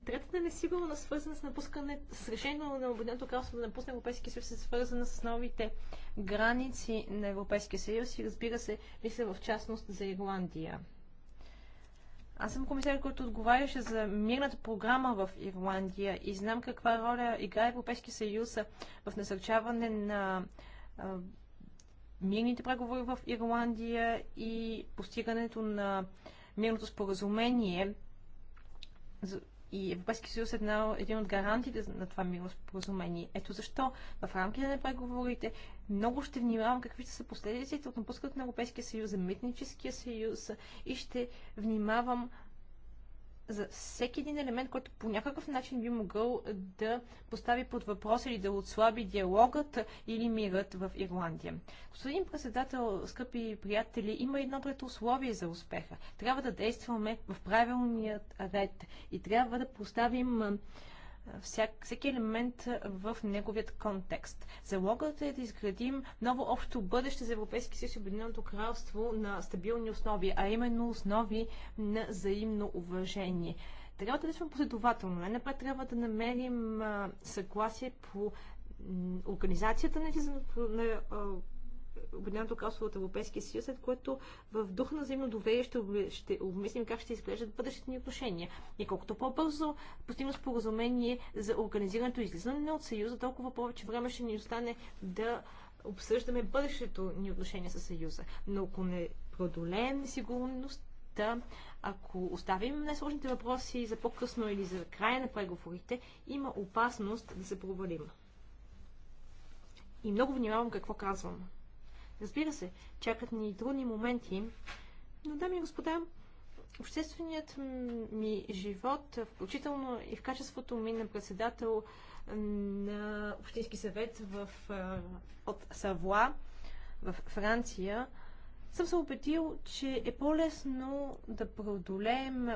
Третата несигурност, свързана с напускане, с решението на Обединеното кралство да напусне Европейския съюз, е свързана с новите граници на Европейския съюз и разбира се, мисля в частност за Ирландия. Аз съм комисар, който отговаряше за мирната програма в Ирландия и знам каква роля играе Европейския съюз в насърчаване на а, мирните преговори в Ирландия и постигането на мирното споразумение и Европейския съюз е една, един от гарантите на това споразумение. Ето защо в рамките на преговорите много ще внимавам какви ще са последиците от напускането на Европейския съюз, за митническия съюз и ще внимавам за всеки един елемент, който по някакъв начин би могъл да постави под въпрос или да отслаби диалогът или мирът в Ирландия. Господин председател, скъпи приятели, има едно предусловие за успеха. Трябва да действаме в правилният ред и трябва да поставим всяк, всеки елемент в неговият контекст. Залогът е да изградим ново общо бъдеще за Европейски съюз и Обединеното кралство на стабилни основи, а именно основи на взаимно уважение. Трябва да действаме последователно. Най-напред трябва да намерим съгласие по организацията на Обединеното кралство от Европейския съюз, след което в дух на взаимно доверие ще, ще обмислим как ще изглеждат бъдещите ни отношения. И колкото по-бързо постигна споразумение за организирането и излизане от съюза, толкова повече време ще ни остане да обсъждаме бъдещето ни отношение с съюза. Но ако не продолеем сигурност, да, ако оставим най-сложните въпроси за по-късно или за края на преговорите, има опасност да се провалим. И много внимавам какво казвам. Разбира се, чакат ни трудни моменти, но, дами и господа, общественият ми живот, включително и в качеството ми на председател на Общински съвет в, от Савла в Франция, съм се убедил, че е по-лесно да преодолеем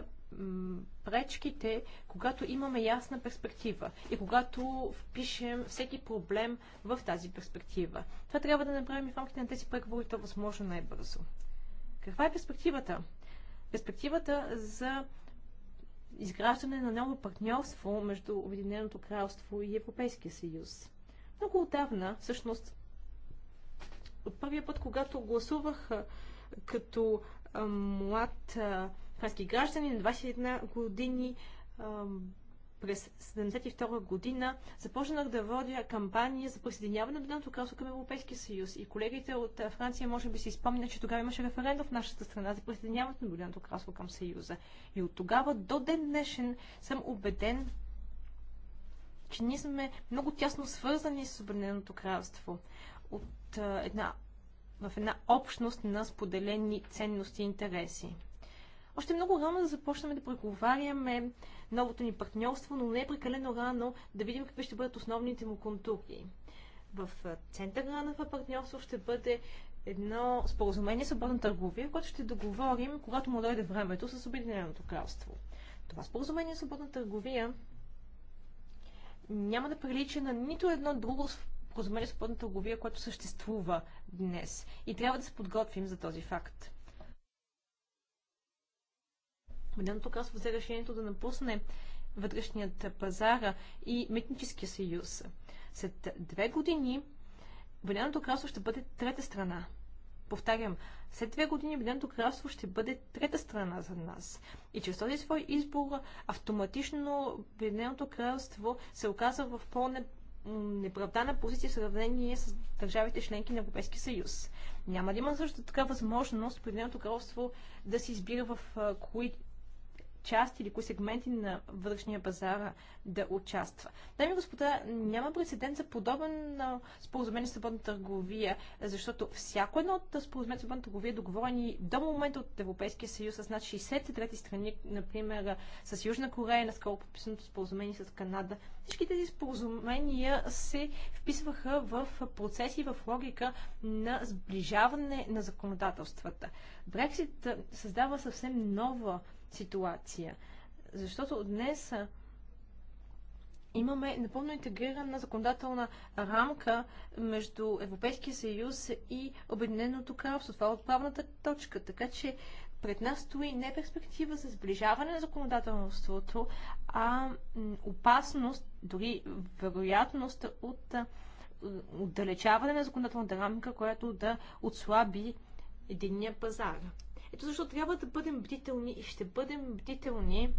пречките, когато имаме ясна перспектива и когато впишем всеки проблем в тази перспектива. Това трябва да направим и в рамките на тези преговори, то възможно най-бързо. Каква е перспективата? Перспективата за изграждане на ново партньорство между Обединеното кралство и Европейския съюз. Много отдавна, всъщност, от първия път, когато гласувах като млад френски граждани на 21 години през 1972 година започнах да водя кампания за присъединяване на Обединеното кралство към Европейския съюз. И колегите от Франция може би си спомнят, че тогава имаше референдум в нашата страна за присъединяването на Обединеното кралство към съюза. И от тогава до ден днешен съм убеден, че ние сме много тясно свързани с Обединеното кралство. От, една, в една общност на споделени ценности и интереси. Още много рано да започнем да преговаряме новото ни партньорство, но не е прекалено рано да видим какви ще бъдат основните му контури. В центъра на това партньорство ще бъде едно споразумение с свободна търговия, което ще договорим, когато му дойде времето с Обединеното кралство. Това споразумение с свободна търговия няма да прилича на нито едно друго споразумение с свободна търговия, което съществува днес. И трябва да се подготвим за този факт. Обединеното кралство взе решението да напусне вътрешният пазар и митническия съюз. След две години Обединеното кралство ще бъде трета страна. Повтарям, след две години Обединеното кралство ще бъде трета страна за нас. И чрез този свой избор автоматично Обединеното кралство се оказа в пълна неправдана позиция в сравнение с държавите членки на Европейския съюз. Няма да има също така възможност Обединеното кралство да се избира в кои части или кои сегменти на вътрешния пазар да участва. Дами и господа, няма прецедент за подобен споразумение за свободна търговия, защото всяко едно от споразумение за свободна търговия е договорени до момента от Европейския съюз с над 63 страни, например с Южна Корея, наскоро подписаното споразумение с Канада. Всички тези споразумения се вписваха в процеси, в логика на сближаване на законодателствата. Брексит създава съвсем нова ситуация. Защото днес имаме напълно интегрирана законодателна рамка между Европейския съюз и Обединеното кралство. Това е отправната точка. Така че пред нас стои не перспектива за сближаване на законодателството, а опасност, дори вероятност от отдалечаване на законодателната рамка, която да отслаби единния пазар. Ето защо трябва да бъдем бдителни и ще бъдем бдителни,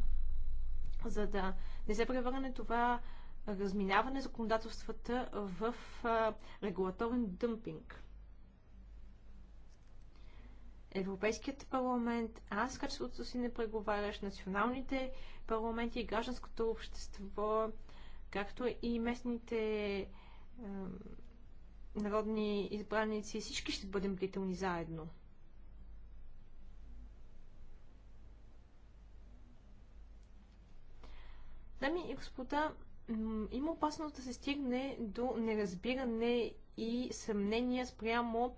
за да не се превърне това разминаване законодателствата в регулаторен дъмпинг. Европейският парламент, аз качеството си не преговаряш, националните парламенти и гражданското общество, както и местните е, народни избраници, всички ще бъдем бдителни заедно. Дами и господа, има опасност да се стигне до неразбиране и съмнения спрямо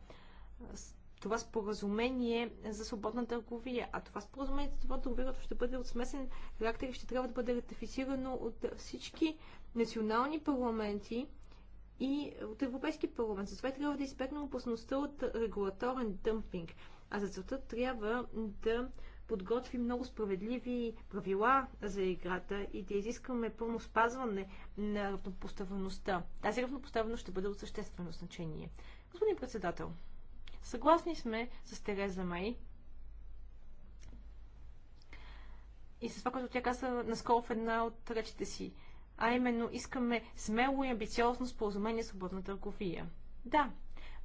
това споразумение за свободна търговия. А това споразумение за свободна търговия ще бъде от смесен характер и ще трябва да бъде ратифицирано от всички национални парламенти и от Европейски парламент. това трябва да избегнем опасността от регулаторен дъмпинг. А за целта трябва да подготви много справедливи правила за играта и да изискаме пълно спазване на равнопоставеността. Тази равнопоставеност ще бъде от съществено значение. Господин председател, съгласни сме с Тереза Май и с това, което тя каза наскоро в една от речите си, а именно искаме смело и амбициозно споразумение с свободна търговия. Да,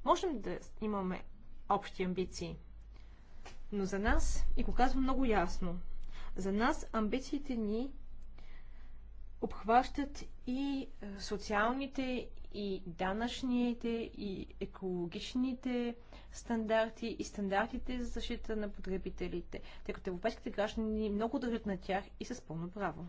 можем да имаме общи амбиции – но за нас, и го казвам много ясно, за нас амбициите ни обхващат и е, социалните, и данъчните, и екологичните стандарти, и стандартите за защита на потребителите, тъй като европейските граждани много държат на тях и с пълно право.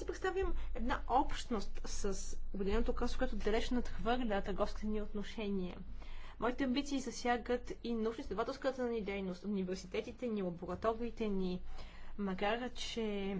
си представим една общност с Обединеното кралство, което далеч надхвърля търговските ни отношения. Моите амбиции засягат и научно-изследователската ни дейност, университетите ни, лабораториите ни, макар че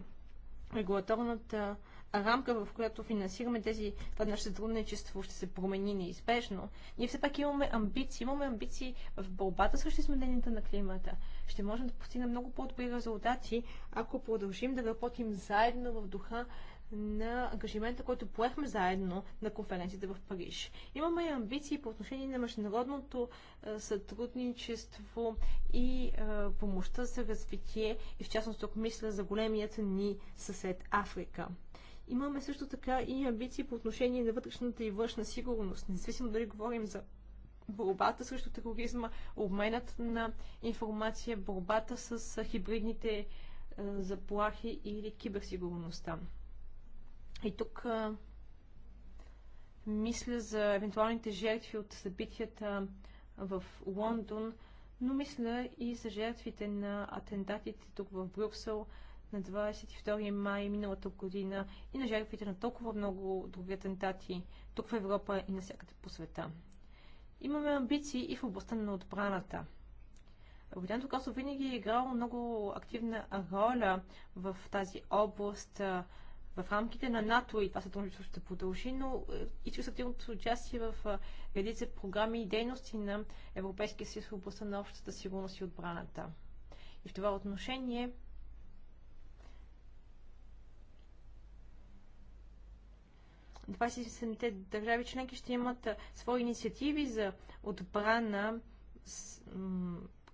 регулаторната рамка, в която финансираме тези, това наше сътрудничество ще се промени неизбежно. Ние все пак имаме амбиции, имаме амбиции в борбата срещу измененията на климата ще можем да постигнем много по-добри резултати, ако продължим да работим заедно в духа на ангажимента, който поехме заедно на конференцията в Париж. Имаме и амбиции по отношение на международното е, сътрудничество и е, помощта за развитие, и в частност тук мисля за големият ни съсед Африка. Имаме също така и амбиции по отношение на вътрешната и външна сигурност, независимо дали говорим за борбата срещу тероризма, обменът на информация, борбата с хибридните заплахи или киберсигурността. И тук а, мисля за евентуалните жертви от събитията в Лондон, но мисля и за жертвите на атентатите тук в Брюксел на 22 май миналата година и на жертвите на толкова много други атентати тук в Европа и навсякъде по света. Имаме амбиции и в областта на отбраната. Обединеното Касо винаги е играл много активна роля в тази област в рамките на НАТО и това сътрудничество ще продължи, но е, и чрез активното участие в редица програми и дейности на Европейския съюз в областта на общата сигурност и отбраната. И в това отношение 27-те държави членки ще имат свои инициативи за отбрана,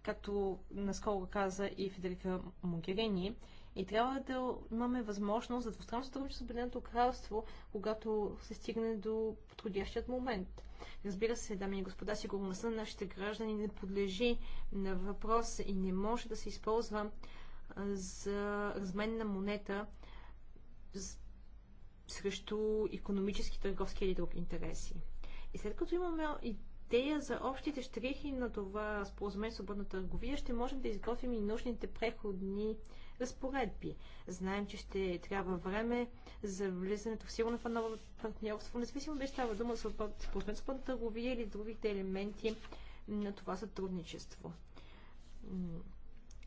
както наскоро каза и Федерика Могерини. И трябва да имаме възможност за двустранно сътрудничество с Обединеното кралство, когато се стигне до подходящият момент. Разбира се, дами и господа, сигурността на нашите граждани не подлежи на въпрос и не може да се използва за размен на монета срещу економически, търговски или друг интереси. И след като имаме идея за общите штрихи на това споразумение свободна търговия, ще можем да изготвим и нужните преходни разпоредби. Знаем, че ще трябва време за влизането в сила на ново партньорство, независимо дали става дума за споразумение свободна търговия или другите елементи на това сътрудничество.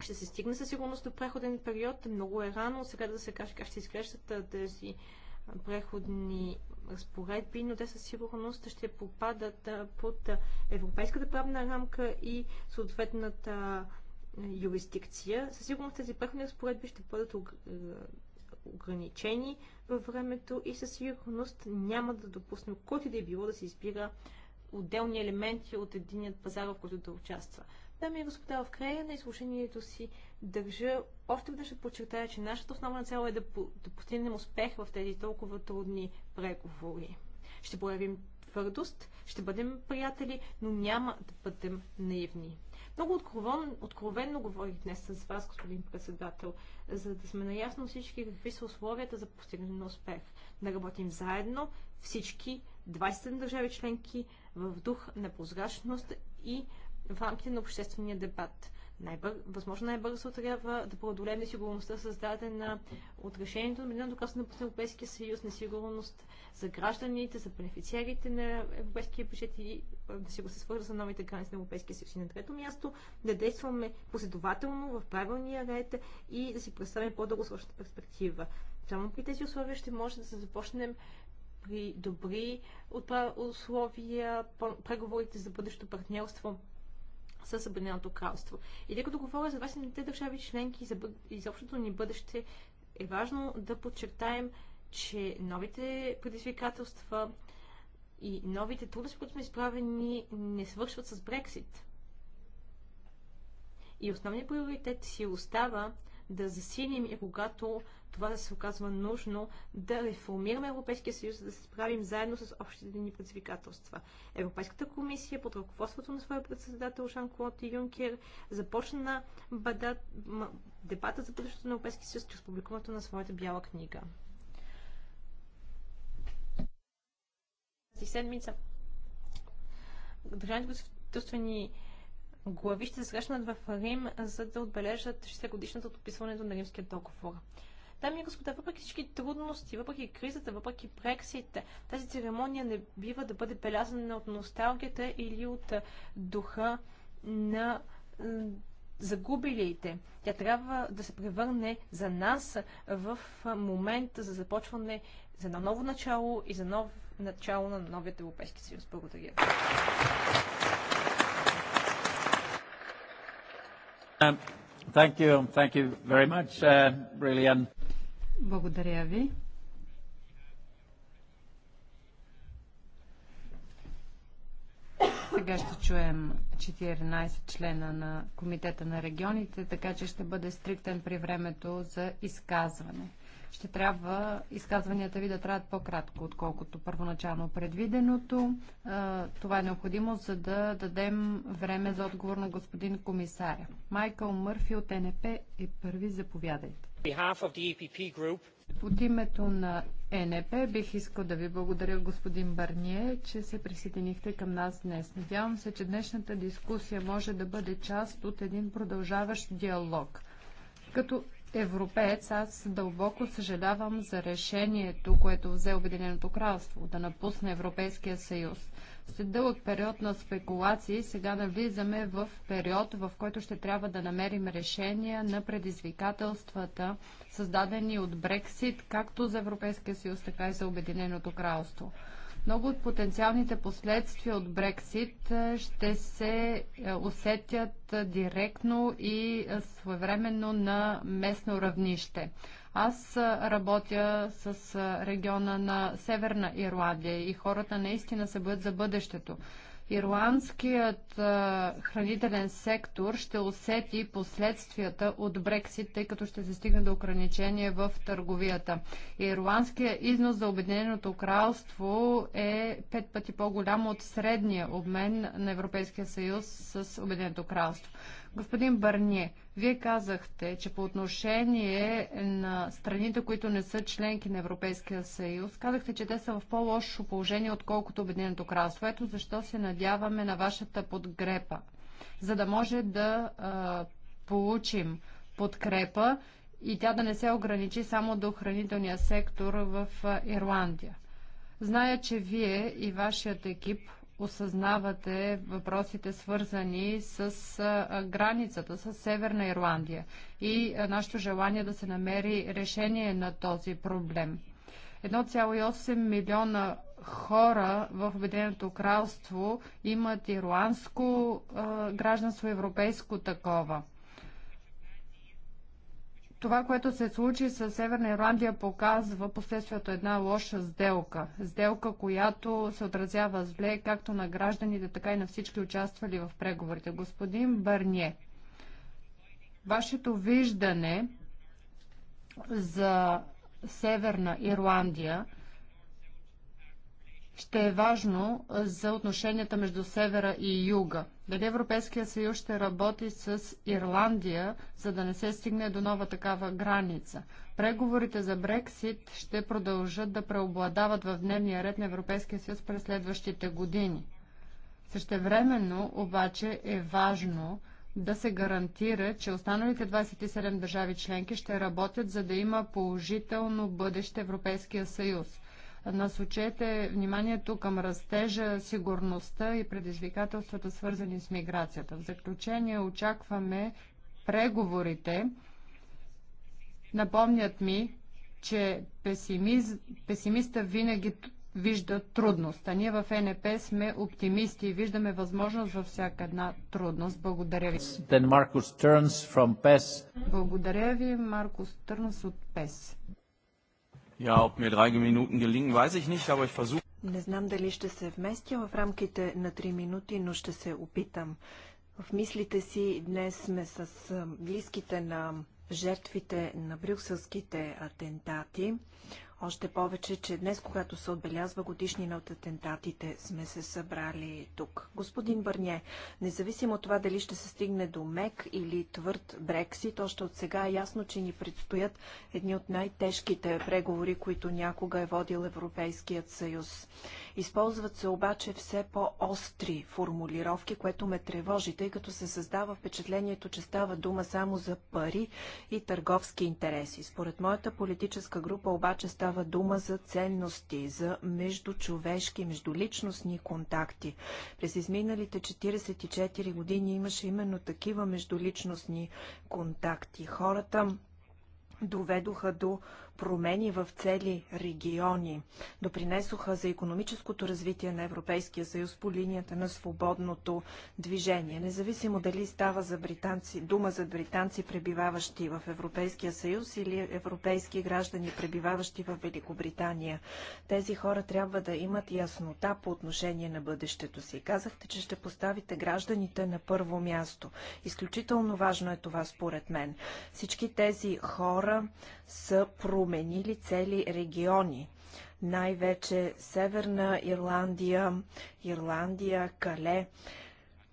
Ще се стигне със сигурност до преходен период. Много е рано сега да се каже как ще изглеждат тези преходни разпоредби, но те със сигурност ще попадат под европейската правна рамка и съответната юрисдикция. Със сигурност тези преходни разпоредби ще бъдат ограничени във времето и със сигурност няма да допуснем който и да е било да се избира отделни елементи от единият пазар, в който да участва. Дами и господа, в края на изслушението си Държа още веднъж да подчертая, че нашата основна цел е да, по да постигнем успех в тези толкова трудни преговори. Ще проявим твърдост, ще бъдем приятели, но няма да бъдем наивни. Много откровен, откровенно говорих днес с вас, господин председател, за да сме наясно всички какви са условията за постигане на успех. Да работим заедно, всички 27 държави членки, в дух на прозрачност и в рамките на обществения дебат най-бър... възможно най-бързо трябва да преодолеем несигурността, създадена от решението на Обединеното кралство на Европейския съюз, несигурност за гражданите, за бенефициарите на европейския бюджет и да си го се свърза с новите граници на Европейския съюз. И на трето място да действаме последователно в правилния ред и да си представим по-дългосрочна перспектива. Само при тези условия ще може да се започнем при добри условия преговорите за бъдещо партньорство с Обединеното кралство. И тъй като говоря за 27-те държави членки за и за ни бъдеще, е важно да подчертаем, че новите предизвикателства и новите трудности, които сме изправени, не свършват с Брексит. И основният приоритет си остава да засилим и когато това да се оказва нужно да реформираме Европейския съюз, да се справим заедно с общите ни предизвикателства. Европейската комисия под ръководството на своя председател Жан-Клод Юнкер започна бада... дебата за бъдещето на Европейския съюз чрез публикуването на своята бяла книга. Тази седмица държавните государствени глави ще се срещнат в Рим, за да отбележат 60 годишната от подписването на Римския договор. Дами и господа, въпреки всички трудности, въпреки кризата, въпреки прексите, тази церемония не бива да бъде белязана от носталгията или от духа на загубилите. Тя трябва да се превърне за нас в момент за започване за едно ново начало и за нов начало на новият Европейски съюз. Благодаря. Um, thank you, thank you very much, uh, благодаря ви. Сега ще чуем 14 члена на Комитета на регионите, така че ще бъде стриктен при времето за изказване. Ще трябва изказванията ви да траят по-кратко, отколкото първоначално предвиденото. Това е необходимо, за да дадем време за отговор на господин комисаря. Майкъл Мърфи от НП е първи. Заповядайте. E от името на ЕНП бих искал да ви благодаря, господин Барние, че се присъединихте към нас днес. Надявам се, че днешната дискусия може да бъде част от един продължаващ диалог. Като европеец, аз дълбоко съжалявам за решението, което взе Обединеното кралство да напусне Европейския съюз. След дълъг период на спекулации, сега навлизаме в период, в който ще трябва да намерим решения на предизвикателствата, създадени от Брексит, както за Европейския съюз, така и за Обединеното кралство. Много от потенциалните последствия от Брексит ще се усетят директно и своевременно на местно равнище. Аз работя с региона на Северна Ирландия и хората наистина се бъдат за бъдещето. Ирландският а, хранителен сектор ще усети последствията от Брексит, тъй като ще се стигне до ограничение в търговията. Ирландският износ за Обединеното кралство е пет пъти по-голям от средния обмен на Европейския съюз с Обединеното кралство. Господин Барние, вие казахте, че по отношение на страните, които не са членки на Европейския съюз, казахте, че те са в по-лошо положение, отколкото Обединеното кралство. Ето защо се надяваме на вашата подгрепа, за да може да а, получим подкрепа и тя да не се ограничи само до хранителния сектор в Ирландия. Зная, че вие и вашият екип осъзнавате въпросите свързани с границата с Северна Ирландия и нашето желание да се намери решение на този проблем. 1,8 милиона хора в Обединеното кралство имат ирландско а, гражданство, европейско такова. Това, което се случи с Северна Ирландия, показва последствието една лоша сделка. Сделка, която се отразява зле както на гражданите, така и на всички участвали в преговорите. Господин Барние, вашето виждане за Северна Ирландия – ще е важно за отношенията между севера и юга. Дали Европейския съюз ще работи с Ирландия, за да не се стигне до нова такава граница? Преговорите за Брексит ще продължат да преобладават в дневния ред на Европейския съюз през следващите години. Същевременно обаче е важно да се гарантира, че останалите 27 държави членки ще работят, за да има положително бъдеще Европейския съюз – насочете вниманието към растежа, сигурността и предизвикателствата, свързани с миграцията. В заключение очакваме преговорите. Напомнят ми, че песимиз... песимиста винаги вижда трудност. А ние в НП сме оптимисти и виждаме възможност във всяка една трудност. Благодаря ви. Then Marcus Turns from PES. Благодаря ви, Маркус Търнс от ПЕС. Не знам дали ще се вместя в рамките на 3 минути, но ще се опитам. В мислите си днес сме с близките на жертвите на брюкселските атентати. Още повече, че днес, когато се отбелязва годишнина от атентатите, сме се събрали тук. Господин Бърне, независимо от това дали ще се стигне до мек или твърд Брексит, още от сега е ясно, че ни предстоят едни от най-тежките преговори, които някога е водил Европейският съюз. Използват се обаче все по-остри формулировки, което ме тревожи, тъй като се създава впечатлението, че става дума само за пари и търговски интереси. Според моята политическа група обаче става дума за ценности, за междучовешки, междуличностни контакти. През изминалите 44 години имаше именно такива междуличностни контакти. Хората доведоха до промени в цели региони. Допринесоха за економическото развитие на Европейския съюз по линията на свободното движение. Независимо дали става за британци, дума за британци, пребиваващи в Европейския съюз или европейски граждани, пребиваващи в Великобритания. Тези хора трябва да имат яснота по отношение на бъдещето си. Казахте, че ще поставите гражданите на първо място. Изключително важно е това според мен. Всички тези хора са промени променили цели региони. Най-вече Северна Ирландия, Ирландия, Кале,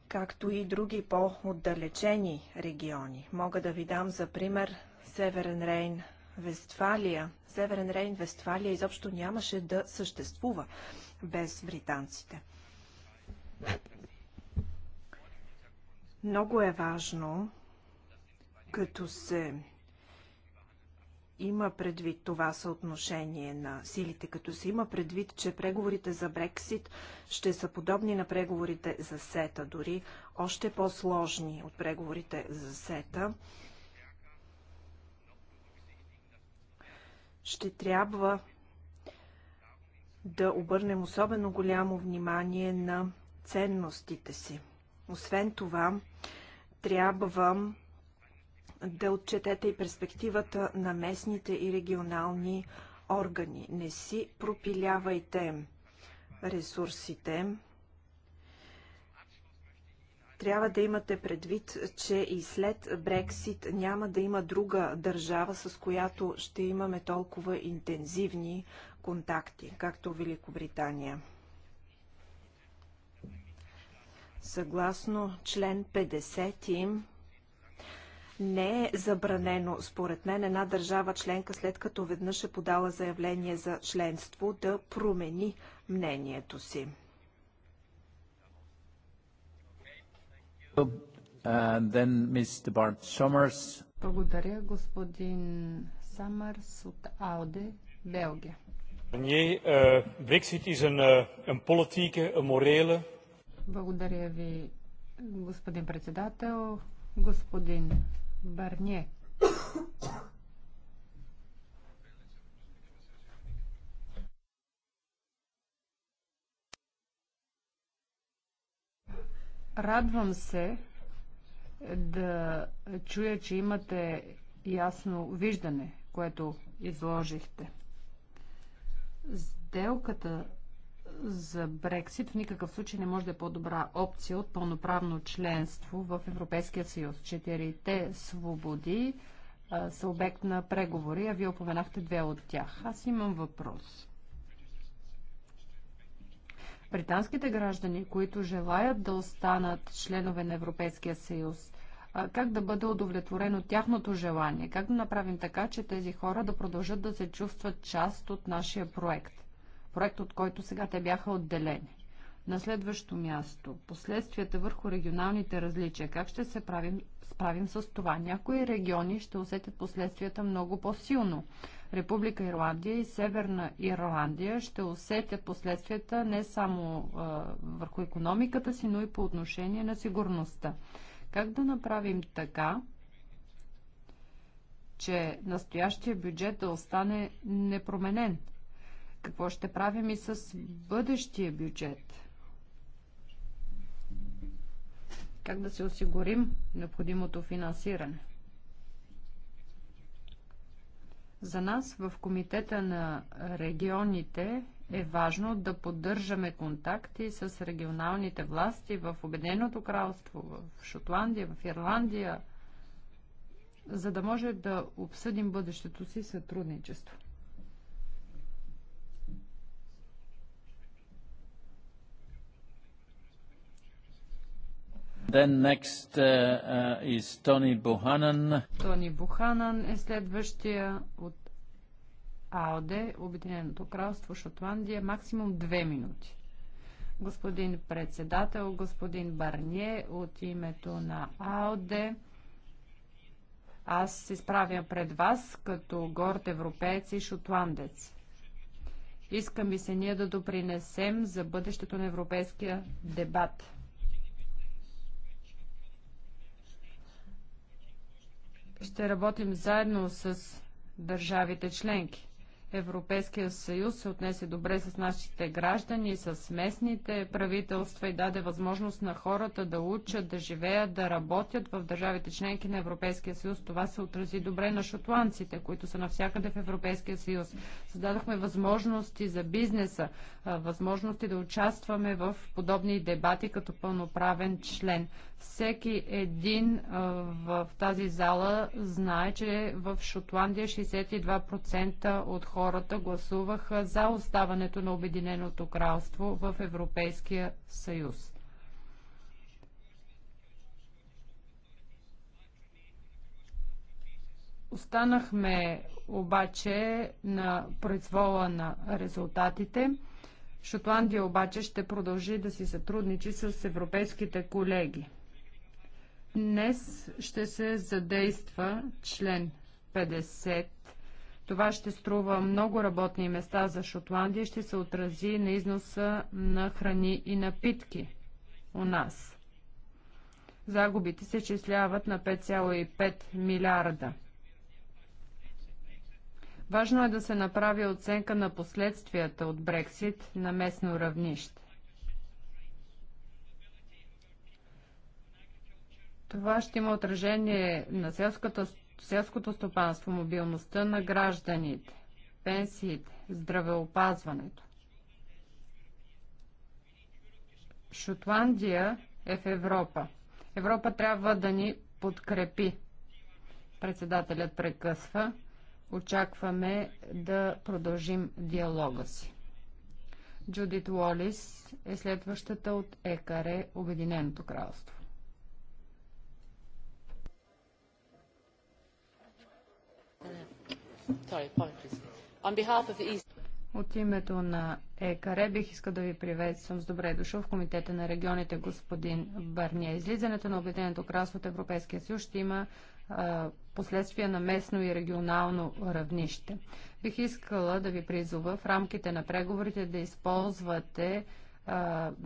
както и други по-отдалечени региони. Мога да ви дам за пример Северен Рейн, Вестфалия. Северен Рейн, Вестфалия изобщо нямаше да съществува без британците. Много е важно, като се има предвид това съотношение на силите, като се има предвид, че преговорите за Брексит ще са подобни на преговорите за СЕТА, дори още по-сложни от преговорите за СЕТА, ще трябва да обърнем особено голямо внимание на ценностите си. Освен това, трябва да отчетете и перспективата на местните и регионални органи. Не си пропилявайте ресурсите. Трябва да имате предвид, че и след Брексит няма да има друга държава, с която ще имаме толкова интензивни контакти, както Великобритания. Съгласно член 50 не е забранено, според мен, една държава членка, след като веднъж е подала заявление за членство, да промени мнението си. Uh, Благодаря, господин Самърс от Ауде, Белгия. Брексит uh, een, uh, een Благодаря ви, господин председател, господин Барне. Радвам се да чуя, че имате ясно виждане, което изложихте. Сделката за Брексит в никакъв случай не може да е по-добра опция от пълноправно членство в Европейския съюз. Четирите свободи а, са обект на преговори, а вие опоменахте две от тях. Аз имам въпрос. Британските граждани, които желаят да останат членове на Европейския съюз, как да бъде удовлетворено тяхното желание, как да направим така, че тези хора да продължат да се чувстват част от нашия проект проект, от който сега те бяха отделени. На следващо място, последствията върху регионалните различия. Как ще се правим, справим с това? Някои региони ще усетят последствията много по-силно. Република Ирландия и Северна Ирландия ще усетят последствията не само а, върху економиката си, но и по отношение на сигурността. Как да направим така, че настоящия бюджет да остане непроменен? какво ще правим и с бъдещия бюджет. Как да се осигурим необходимото финансиране. За нас в Комитета на регионите е важно да поддържаме контакти с регионалните власти в Обединеното кралство, в Шотландия, в Ирландия, за да може да обсъдим бъдещето си сътрудничество. Then next uh, is Tony Buchanan. Тони Буханан е следващия от АОДЕ, Обединеното кралство, Шотландия, максимум две минути. Господин председател, господин Барние, от името на АОДЕ, аз се справя пред вас като горд европеец и шотландец. Искам и се ние да допринесем за бъдещето на европейския дебат – ще работим заедно с държавите членки. Европейския съюз се отнесе добре с нашите граждани, с местните правителства и даде възможност на хората да учат, да живеят, да работят в държавите членки на Европейския съюз. Това се отрази добре на шотландците, които са навсякъде в Европейския съюз създадохме възможности за бизнеса, възможности да участваме в подобни дебати като пълноправен член. Всеки един в тази зала знае, че в Шотландия 62% от хората гласуваха за оставането на Обединеното кралство в Европейския съюз. останахме обаче на произвола на резултатите. Шотландия обаче ще продължи да си сътрудничи с европейските колеги. Днес ще се задейства член 50. Това ще струва много работни места за Шотландия и ще се отрази на износа на храни и напитки у нас. Загубите се числяват на 5,5 милиарда – Важно е да се направи оценка на последствията от Брексит на местно равнище. Това ще има отражение на селското стопанство, мобилността на гражданите, пенсиите, здравеопазването. Шотландия е в Европа. Европа трябва да ни подкрепи. Председателят прекъсва. Очакваме да продължим диалога си. Джудит Уолис е следващата от ЕКАРЕ Обединеното кралство. От името на ЕКАРЕ бих искал да ви приветствам с добре е дошъл в Комитета на регионите господин Барния. Излизането на Обединеното кралство от Европейския съюз ще има последствия на местно и регионално равнище. Бих искала да ви призова в рамките на преговорите да използвате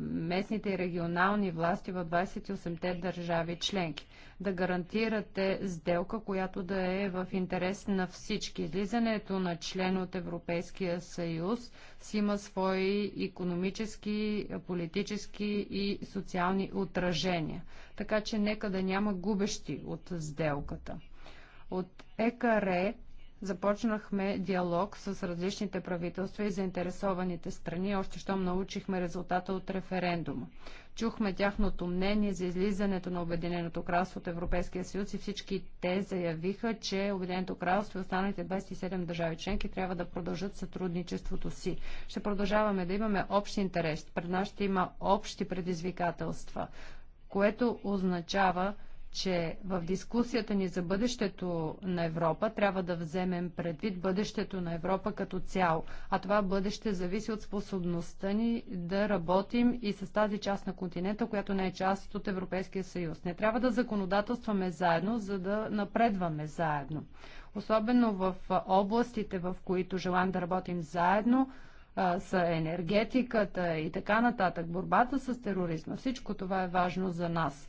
местните и регионални власти в 28-те държави членки. Да гарантирате сделка, която да е в интерес на всички. Излизането на член от Европейския съюз си има свои економически, политически и социални отражения. Така че нека да няма губещи от сделката. От ЕКАРЕ Започнахме диалог с различните правителства и заинтересованите страни, още щом научихме резултата от референдума. Чухме тяхното мнение за излизането на Обединеното кралство от Европейския съюз и всички те заявиха, че Обединеното кралство и останалите 27 държави членки трябва да продължат сътрудничеството си. Ще продължаваме да имаме общ интерес. Пред нас ще има общи предизвикателства, което означава, че в дискусията ни за бъдещето на Европа трябва да вземем предвид бъдещето на Европа като цяло. А това бъдеще зависи от способността ни да работим и с тази част на континента, която не е част от Европейския съюз. Не трябва да законодателстваме заедно, за да напредваме заедно. Особено в областите, в които желаем да работим заедно, са енергетиката и така нататък, борбата с тероризма. Всичко това е важно за нас.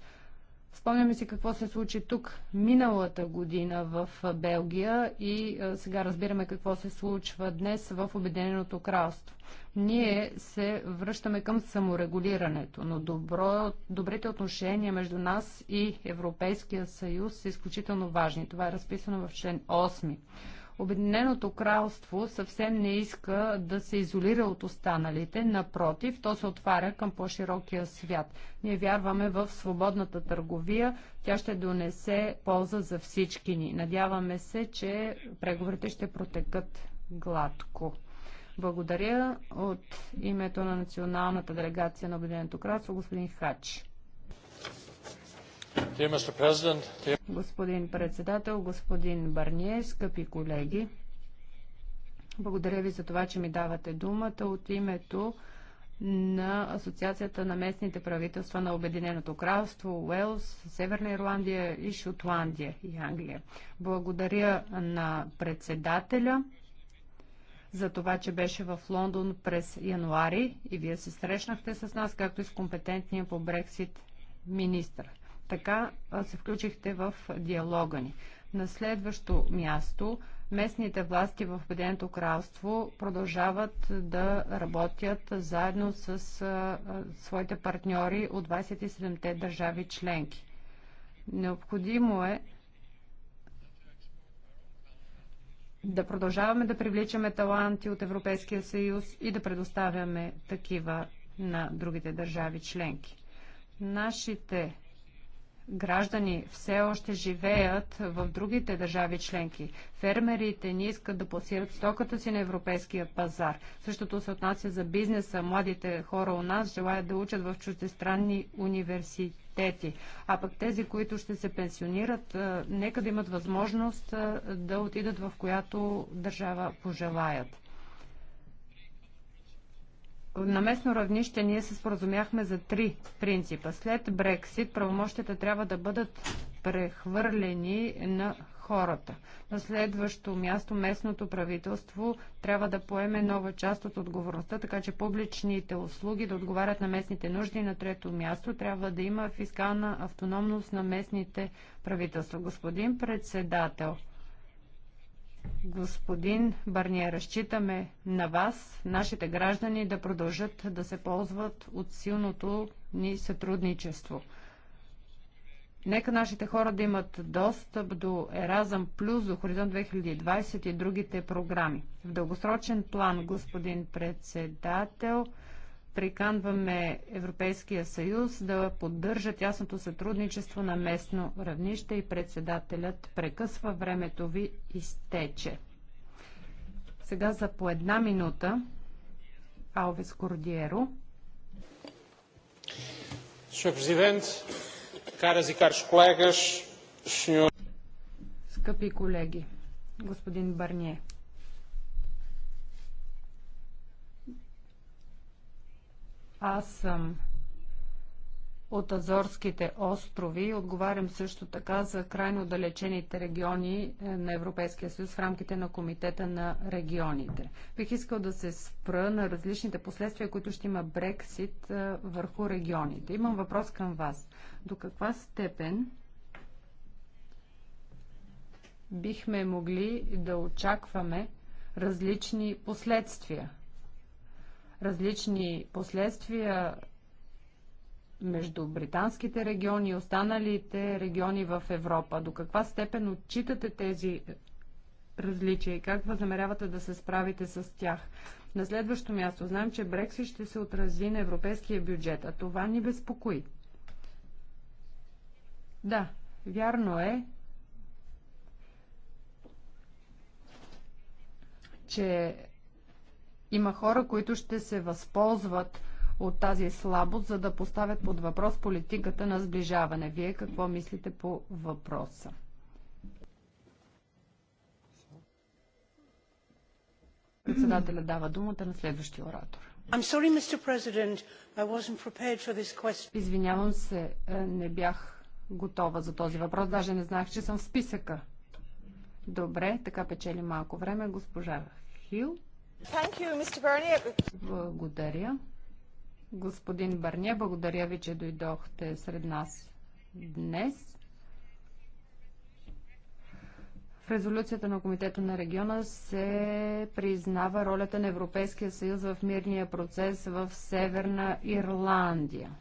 Спомняме си какво се случи тук миналата година в Белгия и сега разбираме какво се случва днес в Обединеното кралство. Ние се връщаме към саморегулирането, но добро, добрите отношения между нас и Европейския съюз са изключително важни. Това е разписано в член 8. Обединеното кралство съвсем не иска да се изолира от останалите, напротив, то се отваря към по-широкия свят. Ние вярваме в свободната търговия, тя ще донесе полза за всички ни. Надяваме се, че преговорите ще протекат гладко. Благодаря от името на Националната делегация на Обединеното кралство, господин Хач. Господин председател, господин Барние, скъпи колеги, благодаря ви за това, че ми давате думата от името на Асоциацията на местните правителства на Обединеното кралство, Уелс, Северна Ирландия и Шотландия и Англия. Благодаря на председателя за това, че беше в Лондон през януари и вие се срещнахте с нас, както и с компетентния по Брексит министър. Така се включихте в диалога ни. На следващо място местните власти в Обединеното кралство продължават да работят заедно с а, своите партньори от 27-те държави членки. Необходимо е да продължаваме да привличаме таланти от Европейския съюз и да предоставяме такива на другите държави членки. Нашите граждани все още живеят в другите държави членки. Фермерите не искат да пласират стоката си на европейския пазар. Същото се отнася за бизнеса. Младите хора у нас желаят да учат в чуждестранни университети. А пък тези, които ще се пенсионират, нека да имат възможност да отидат в която държава пожелаят на местно равнище ние се споразумяхме за три принципа. След Брексит правомощите трябва да бъдат прехвърлени на хората. На следващо място местното правителство трябва да поеме нова част от отговорността, така че публичните услуги да отговарят на местните нужди. На трето място трябва да има фискална автономност на местните правителства. Господин председател, Господин Барния, разчитаме на вас, нашите граждани, да продължат да се ползват от силното ни сътрудничество. Нека нашите хора да имат достъп до Еразъм Плюс, до Хоризонт 2020 и другите програми. В дългосрочен план, господин председател, приканваме Европейския съюз да поддържа тясното сътрудничество на местно равнище и председателят прекъсва времето ви изтече. Сега за по една минута Алвес Кордиеро. Senhor президент, caras и карш колегаш, Скъпи колеги, господин Барние, Аз съм от Азорските острови. Отговарям също така за крайно далечените региони е, на Европейския съюз в рамките на Комитета на регионите. Бих искал да се спра на различните последствия, които ще има Брексит е, върху регионите. Имам въпрос към вас. До каква степен бихме могли да очакваме различни последствия – различни последствия между британските региони и останалите региони в Европа. До каква степен отчитате тези различия и как възнамерявате да се справите с тях? На следващо място, знаем, че Брексит ще се отрази на европейския бюджет, а това ни безпокои. Да, вярно е, че има хора, които ще се възползват от тази слабост, за да поставят под въпрос политиката на сближаване. Вие какво мислите по въпроса? Председателя дава думата на следващия оратор. Sorry, Извинявам се, е, не бях готова за този въпрос. Даже не знаех, че съм в списъка. Добре, така печели малко време. Госпожа Хил благодаря. Господин Бърне, благодаря ви, че дойдохте сред нас днес. В резолюцията на Комитета на региона се признава ролята на Европейския съюз в мирния процес в Северна Ирландия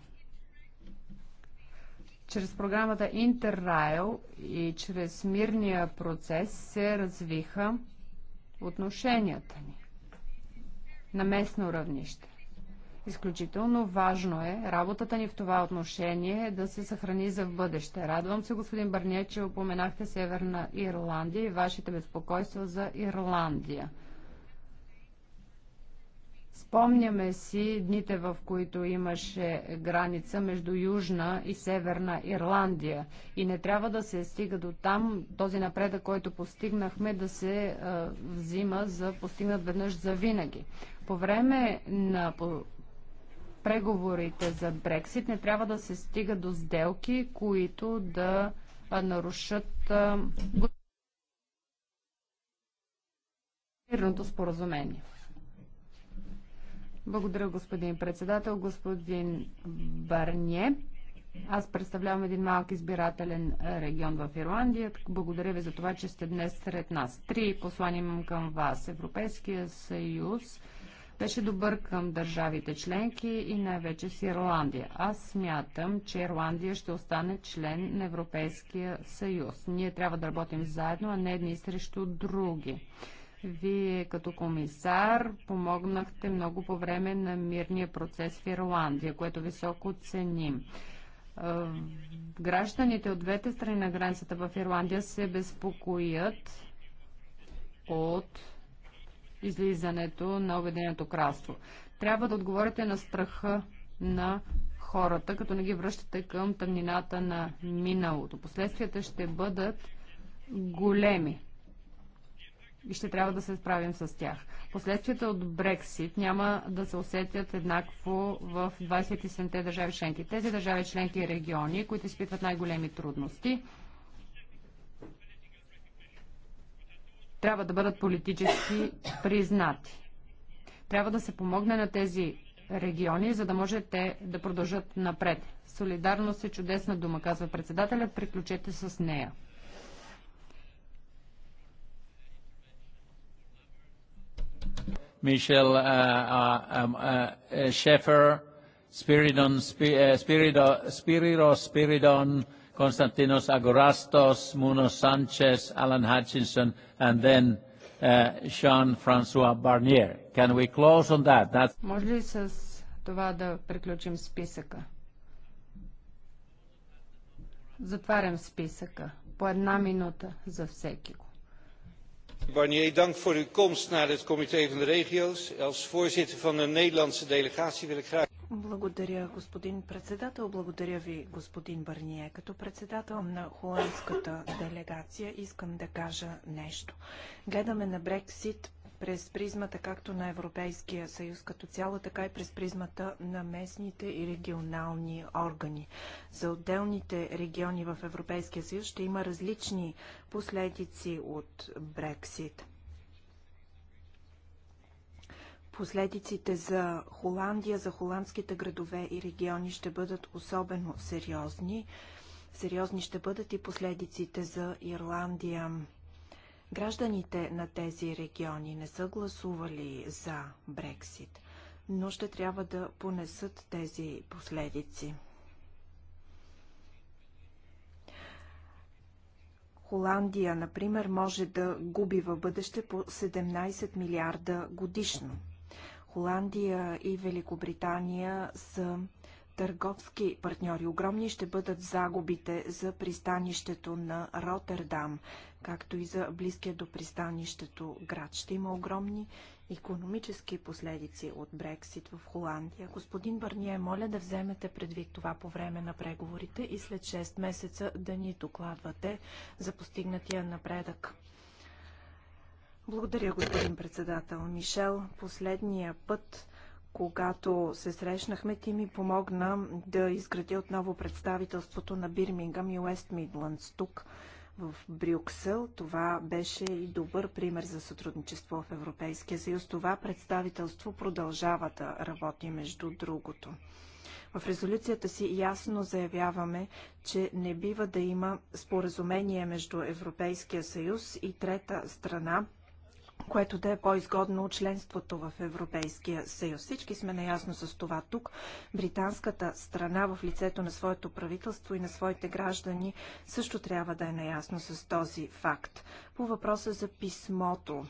чрез програмата Интеррайл и чрез мирния процес се развиха отношенията ни на местно равнище. Изключително важно е работата ни в това отношение да се съхрани за в бъдеще. Радвам се, господин Барния, че упоменахте Северна Ирландия и вашите безпокойства за Ирландия. Спомняме си дните, в които имаше граница между Южна и Северна Ирландия. И не трябва да се стига до там този напредък, който постигнахме, да се а, взима за постигнат веднъж за винаги. По време на по, преговорите за Брексит не трябва да се стига до сделки, които да а, нарушат. А, споразумение. Благодаря, господин председател. Господин Барние, аз представлявам един малък избирателен е, регион в Ирландия. Благодаря ви за това, че сте днес сред нас. Три послания имам към вас. Европейския съюз беше добър към държавите членки и най-вече с Ирландия. Аз смятам, че Ирландия ще остане член на Европейския съюз. Ние трябва да работим заедно, а не едни срещу други. Вие като комисар помогнахте много по време на мирния процес в Ирландия, което високо ценим. Гражданите от двете страни на границата в Ирландия се безпокоят от излизането на Обединеното кралство. Трябва да отговорите на страха на хората, като не ги връщате към тъмнината на миналото. Последствията ще бъдат големи и ще трябва да се справим с тях. Последствията от Брексит няма да се усетят еднакво в 27-те държави членки. Тези държави членки и региони, които изпитват най-големи трудности, трябва да бъдат политически признати. Трябва да се помогне на тези региони, за да може те да продължат напред. Солидарност е чудесна дума, казва председателят. Приключете с нея. Michel Schaeffer, Spyridon Spiridon, Konstantinos Agorastos, Muno Sanchez, Alan Hutchinson, and then Jean-François Barnier. Can we close on that? That's- Може ли с това да приключим списъка? Затварям списъка. По една минута за всеки го. Barnier, dank voor uw komst naar het comité van de regio's. Als voorzitter van de Nederlandse delegatie wil ik graag... Благодаря, господин председател. Благодаря ви, господин Барние. Като председател на холандската делегация искам да кажа нещо. Гледаме на Брексит през призмата както на Европейския съюз като цяло, така и през призмата на местните и регионални органи. За отделните региони в Европейския съюз ще има различни последици от Брексит. Последиците за Холандия, за холандските градове и региони ще бъдат особено сериозни. Сериозни ще бъдат и последиците за Ирландия. Гражданите на тези региони не са гласували за Брексит, но ще трябва да понесат тези последици. Холандия, например, може да губи в бъдеще по 17 милиарда годишно. Холандия и Великобритания са търговски партньори. Огромни ще бъдат загубите за пристанището на Роттердам както и за близкия до пристанището град. Ще има огромни економически последици от Брексит в Холандия. Господин Барние, моля да вземете предвид това по време на преговорите и след 6 месеца да ни докладвате за постигнатия напредък. Благодаря, господин председател. Мишел, последния път, когато се срещнахме, ти ми помогна да изградя отново представителството на Бирмингам и Уест Мидландс тук в Брюксел. Това беше и добър пример за сътрудничество в Европейския съюз. Това представителство продължава да работи между другото. В резолюцията си ясно заявяваме, че не бива да има споразумение между Европейския съюз и трета страна, което да е по-изгодно от членството в Европейския съюз. Всички сме наясно с това тук. Британската страна в лицето на своето правителство и на своите граждани също трябва да е наясно с този факт. По въпроса за писмото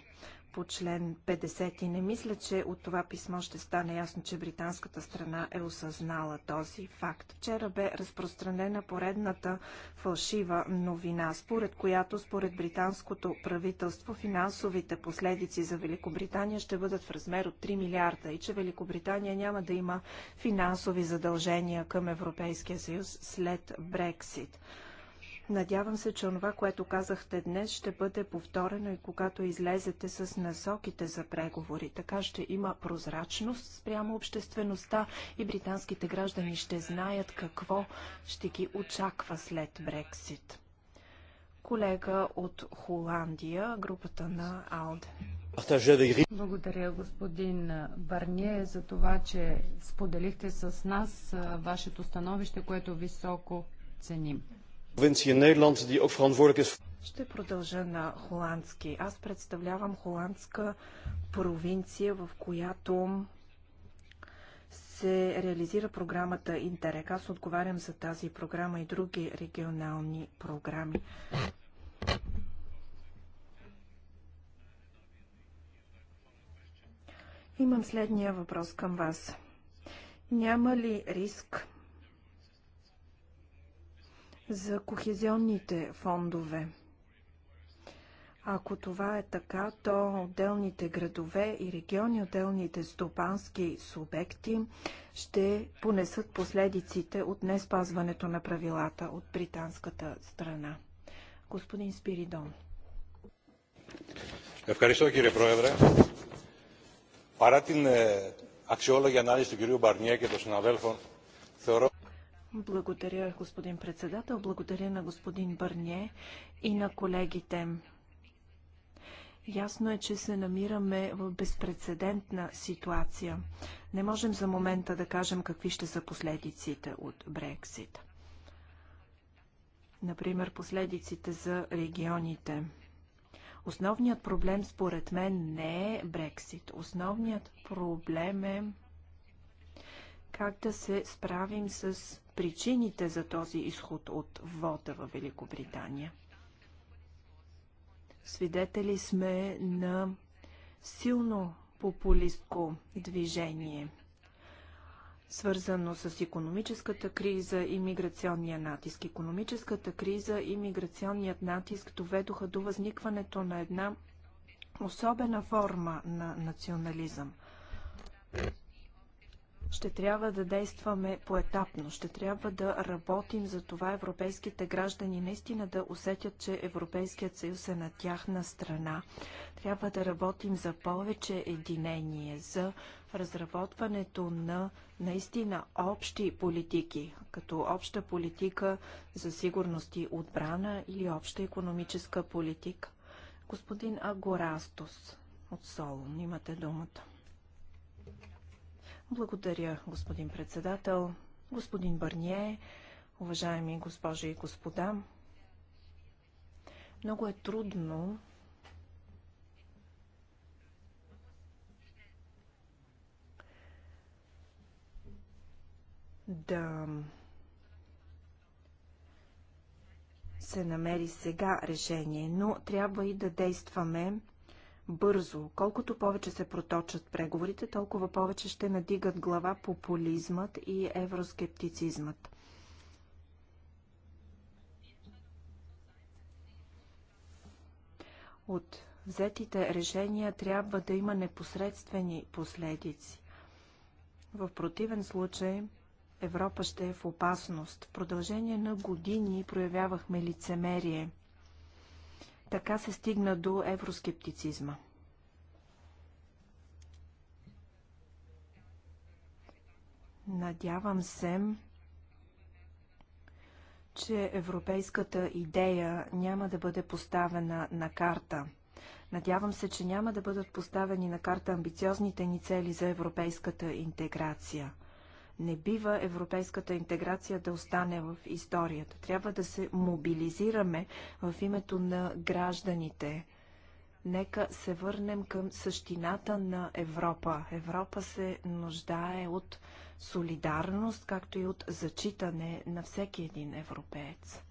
по член 50 и не мисля, че от това писмо ще стане ясно, че британската страна е осъзнала този факт. Вчера бе разпространена поредната фалшива новина, според която според британското правителство финансовите последици за Великобритания ще бъдат в размер от 3 милиарда и че Великобритания няма да има финансови задължения към Европейския съюз след Брексит. Надявам се, че онова, което казахте днес, ще бъде повторено и когато излезете с насоките за преговори. Така ще има прозрачност спрямо обществеността и британските граждани ще знаят какво ще ги очаква след Брексит. Колега от Холандия, групата на АЛДЕ. Благодаря, господин Барние, за това, че споделихте с нас вашето становище, което високо ценим. Ще продължа на холандски. Аз представлявам холандска провинция, в която се реализира програмата Интерек. Аз отговарям за тази програма и други регионални програми. Имам следния въпрос към вас. Няма ли риск за кохезионните фондове. Ако това е така, то отделните градове и региони, отделните стопански субекти ще понесат последиците от не спазването на правилата от британската страна. Господин Спиридон. Ευχαριστώ κύριε Πρόεδρε. Παρά την αξιόλογη ανάλυση του κυρίου Μπαρνιέ και των συναδέλφων благодаря, господин председател. Благодаря на господин Бърние и на колегите. Ясно е, че се намираме в безпредседентна ситуация. Не можем за момента да кажем какви ще са последиците от Брексит. Например, последиците за регионите. Основният проблем, според мен, не е Брексит. Основният проблем е как да се справим с причините за този изход от вода в Великобритания. Свидетели сме на силно популистко движение, свързано с економическата криза и миграционния натиск. Економическата криза и миграционният натиск доведоха до възникването на една особена форма на национализъм ще трябва да действаме поетапно. Ще трябва да работим за това европейските граждани наистина да усетят, че Европейският съюз е на тяхна страна. Трябва да работим за повече единение, за разработването на наистина общи политики, като обща политика за сигурност и отбрана или обща економическа политика. Господин Агорастос от Солон, имате думата. Благодаря, господин председател, господин Бърние, уважаеми госпожи и господа. Много е трудно да се намери сега решение, но трябва и да действаме бързо. Колкото повече се проточат преговорите, толкова повече ще надигат глава популизмът и евроскептицизмът. От взетите решения трябва да има непосредствени последици. В противен случай Европа ще е в опасност. В продължение на години проявявахме лицемерие – така се стигна до евроскептицизма. Надявам се, че европейската идея няма да бъде поставена на карта. Надявам се, че няма да бъдат поставени на карта амбициозните ни цели за европейската интеграция. Не бива европейската интеграция да остане в историята. Трябва да се мобилизираме в името на гражданите. Нека се върнем към същината на Европа. Европа се нуждае от солидарност, както и от зачитане на всеки един европеец.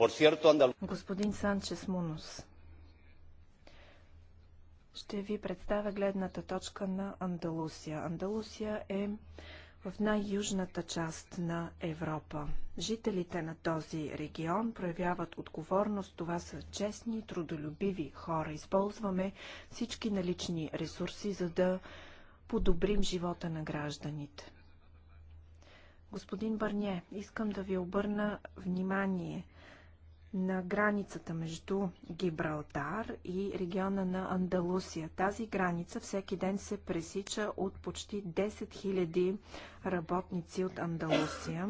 Por cierto, Andalucía... Господин Санчес Мунус, ще ви представя гледната точка на Андалусия. Андалусия е в най-южната част на Европа. Жителите на този регион проявяват отговорност. Това са честни, трудолюбиви хора. Използваме всички налични ресурси, за да подобрим живота на гражданите. Господин Барние, искам да ви обърна внимание – на границата между Гибралтар и региона на Андалусия. Тази граница всеки ден се пресича от почти 10 000 работници от Андалусия.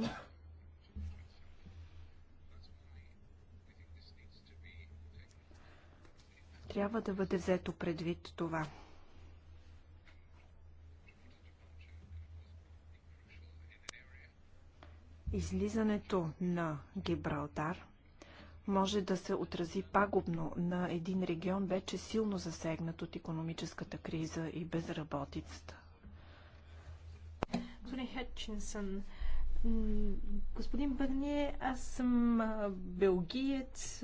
Трябва да бъде взето предвид това. Излизането на Гибралтар може да се отрази пагубно на един регион, вече силно засегнат от економическата криза и безработицата. Господин Хетчинсън, господин Бърние, аз съм белгиец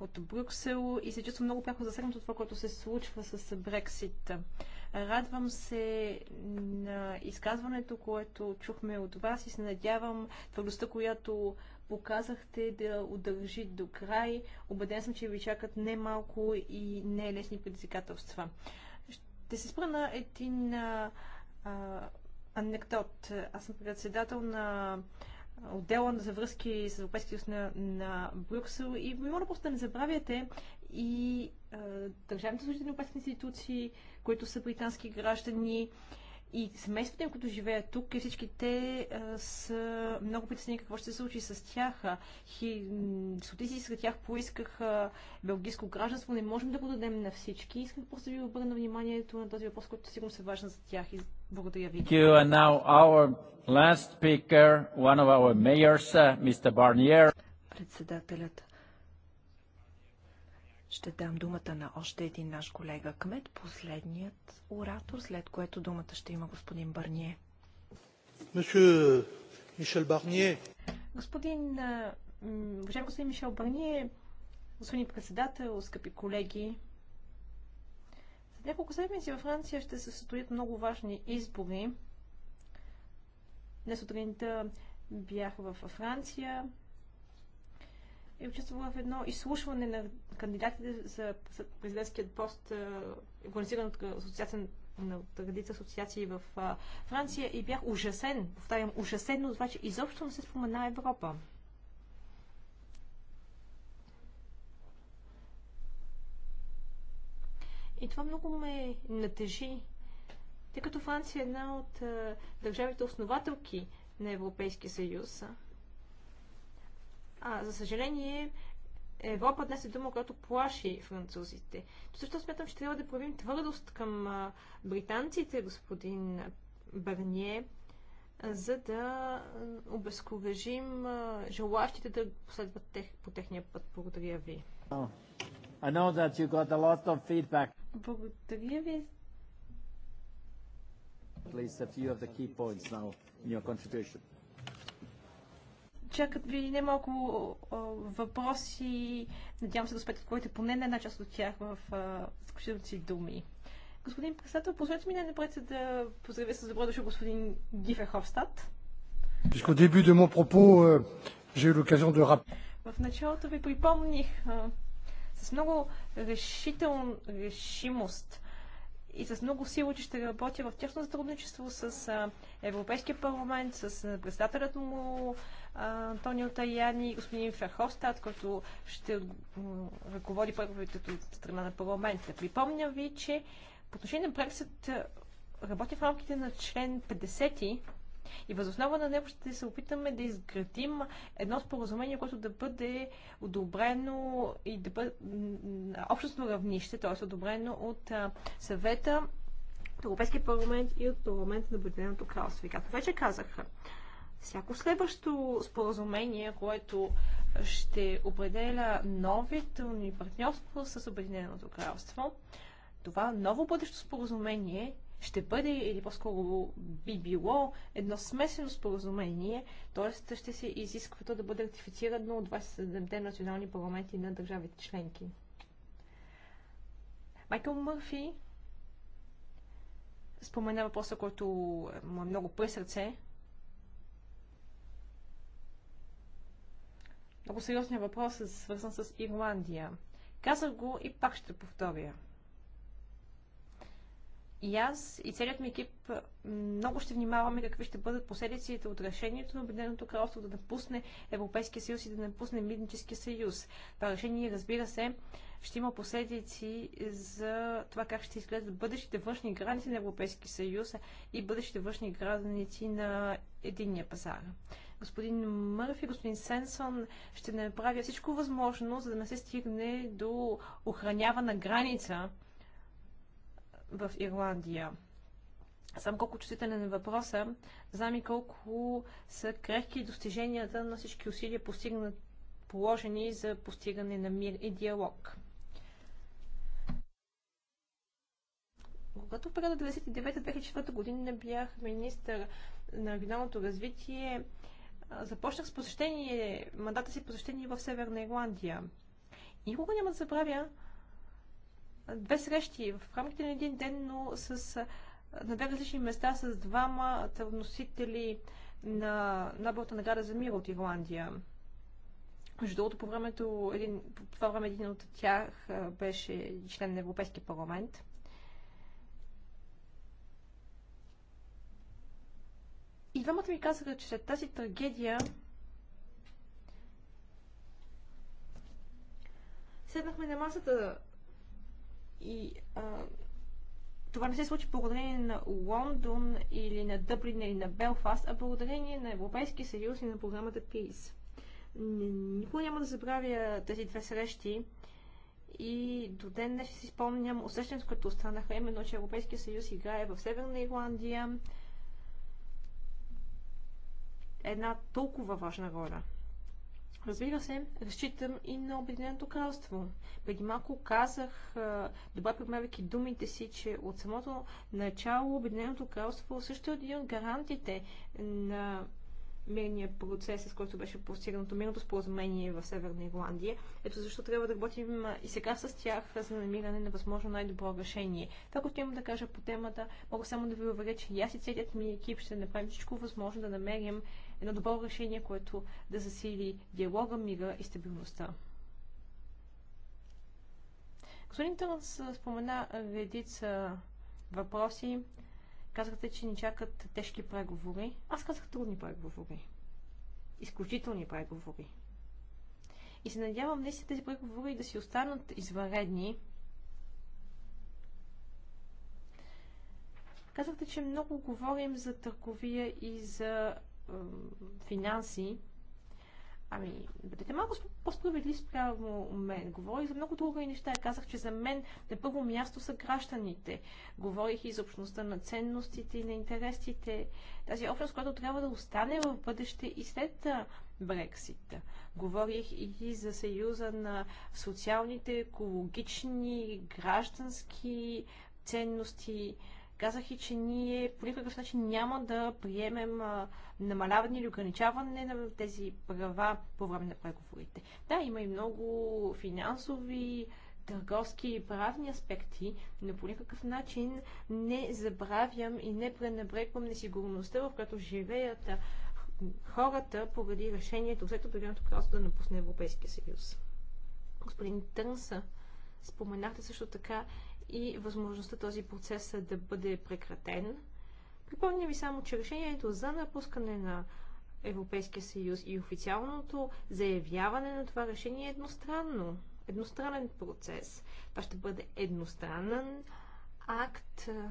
от Брюксел и се чувствам много пряко засегнат от това, което се случва с Брексит. Радвам се на изказването, което чухме от вас и се надявам твърдостта, която показахте да удържи до край. Обеден съм, че ви чакат не малко и не лесни предизвикателства. Ще се спра на един а, анекдот. Аз съм председател на отдела за връзки с Европейския съюз на, на Брюксел и ви моля просто да не забравяте и а, държавните служители на европейските институции, които са британски граждани, а, и семействата им, които живеят тук, и всички те а, са много притеснени какво ще се случи с тях. Хи... Сотици с тях поискаха белгийско гражданство. Не можем да го дадем на всички. Искам просто да ви обърна вниманието на този въпрос, който сигурно се важен за тях. И благодаря ви. Председателят. Ще дам думата на още един наш колега Кмет, последният оратор, след което думата ще има господин Барние. Мишел Барние. Господин, уважаеми господин Мишел Барние, господин председател, скъпи колеги, За няколко седмици във Франция ще се състоят много важни избори. Днес сутринта бях във Франция, е участвала в едно изслушване на кандидатите за президентският пост, е, организиран от Асоциация на редица асоциации в е, Франция и бях ужасен, повтарям, ужасен от това, че изобщо не се спомена Европа. И това много ме натежи, тъй като Франция е една от е, държавите основателки на Европейския съюз. А, за съжаление, Европа днес е дума, която плаши французите. Също смятам, че трябва да проявим твърдост към британците, господин Бърние, за да обезкуражим желащите да последват тех, по техния път. Благодаря ви. Благодаря ви. At least a few of the key points now in your contribution чакат ви немалко въпроси. Надявам се да успеете отговорите поне на една част от тях в заключителните си думи. Господин председател, позволете ми не напред да поздравя с добро дошъл господин Гифер Хофстад. Euh, в началото ви припомних а, с много решител, решимост и с много сила, че ще работя в тяхно сътрудничество с Европейския парламент, с председателят му Антонио Таяни и господин Ферховстат, който ще ръководи първите от страна на парламента. Припомня ви, че по отношение на Брексит работя в рамките на член 50 и възоснова на него ще се опитаме да изградим едно споразумение, което да бъде одобрено и да бъде на общностно равнище, т.е. одобрено от съвета, от Европейския парламент и от парламента на Обединеното кралство. И както вече казах, всяко следващо споразумение, което ще определя новите ни партньорство с Обединеното кралство, това ново бъдещо споразумение ще бъде или по-скоро би било едно смесено споразумение, т.е. ще се изисква то да бъде ратифицирано от 27-те национални парламенти на държавите членки. Майкъл Мърфи спомена въпроса, който му е много при сърце. Много сериозният въпрос е свързан с Ирландия. Казах го и пак ще повторя – и аз и целият ми екип много ще внимаваме какви ще бъдат последиците от решението на Обединеното кралство да напусне Европейския съюз и да напусне Митническия съюз. Това решение, разбира се, ще има последици за това как ще изглеждат бъдещите външни граници на Европейския съюз и бъдещите външни граници на единния пазар. Господин Мърфи, господин Сенсон, ще направя всичко възможно, за да не се стигне до охранявана граница в Ирландия. Сам колко чувствителен е въпроса, знам и колко са крехки достиженията на всички усилия постигнат, положени за постигане на мир и диалог. Когато в периода 1999-2004 година бях министър на регионалното развитие, започнах с посещение, мандата си посещение в Северна Ирландия. никога няма да забравя две срещи в рамките на един ден, но с, на две различни места с двама носители на Нобелта награда за мир от Ирландия. Между другото, по, времето, един, по това време един от тях беше член на Европейския парламент. И двамата ми казаха, че след тази трагедия седнахме на масата и а, това не се случи благодарение на Лондон или на Дъблин или на Белфаст, а благодарение на Европейския съюз и на програмата PIS. Никога няма да забравя тези две срещи и до ден днес си спомням усещането, което останаха, именно, че Европейския съюз играе в Северна Ирландия една толкова важна роля. Разбира се, разчитам и на Обединеното кралство. Преди малко казах, добре примервайки думите си, че от самото начало Обединеното кралство също е един от гарантите на мирния процес, с който беше постигнато мирното споразумение в Северна Ирландия. Ето защо трябва да работим и сега с тях за намиране на възможно най-добро решение. Това, което имам да кажа по темата, мога само да ви уверя, че аз и целият ми екип ще направим всичко възможно да намерим едно добро решение, което да засили диалога, мира и стабилността. Господин Търнс спомена редица въпроси. Казахте, че ни чакат тежки преговори. Аз казах трудни преговори. Изключителни преговори. И се надявам днес тези преговори да си останат извънредни. Казахте, че много говорим за търговия и за финанси, Ами, бъдете малко по-справедли спрямо мен. Говорих за много други неща. Казах, че за мен на първо място са гражданите. Говорих и за общността на ценностите и на интересите. Тази общност, която трябва да остане в бъдеще и след Брексит. Говорих и за съюза на социалните, екологични, граждански ценности. Казах и, че ние по никакъв начин няма да приемем намаляване или ограничаване на тези права по време на преговорите. Да, има и много финансови, търговски и правни аспекти, но по никакъв начин не забравям и не пренебрегвам несигурността, в която живеят хората поради решението след Обединеното кралство да напусне Европейския съюз. Господин Търнса, споменахте също така и възможността този процес да бъде прекратен. Припомня ви само, че решението за напускане на Европейския съюз и официалното заявяване на това решение е едностранно. Едностранен процес. Това ще бъде едностранен акт, е,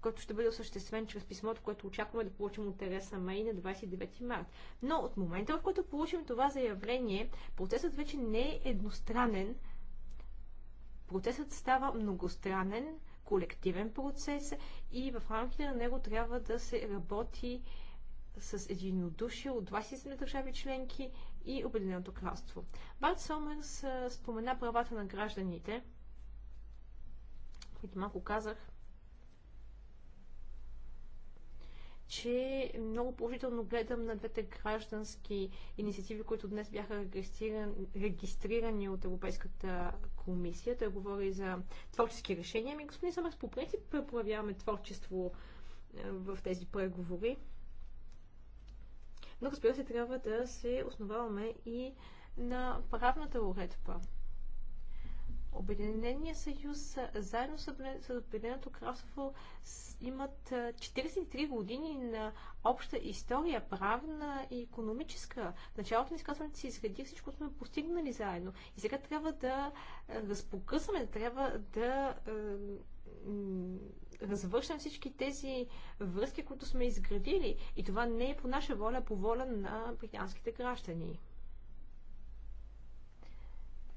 който ще бъде осъществен чрез писмото, което очакваме да получим от Тереса Мей на 29 март. Но от момента, в който получим това заявление, процесът вече не е едностранен, Процесът става многостранен, колективен процес и в рамките на него трябва да се работи с единодушие от 27 държави членки и Обединеното кралство. Барт Сомерс спомена правата на гражданите, които малко казах, че много положително гледам на двете граждански инициативи, които днес бяха регистрирани, регистрирани от Европейската комисия. Той говори за творчески решения. Ами, господин Самарс, по принцип проявяваме творчество е, в тези преговори. Но разбира се, трябва да се основаваме и на правната уредба. Обединения съюз заедно с Обединеното кралство имат 43 години на обща история, правна и економическа. В началото на изказването си изгради, всичко, което сме постигнали заедно. И сега трябва да разпокъсваме, трябва да развършим всички тези връзки, които сме изградили. И това не е по наша воля, а по воля на британските граждани.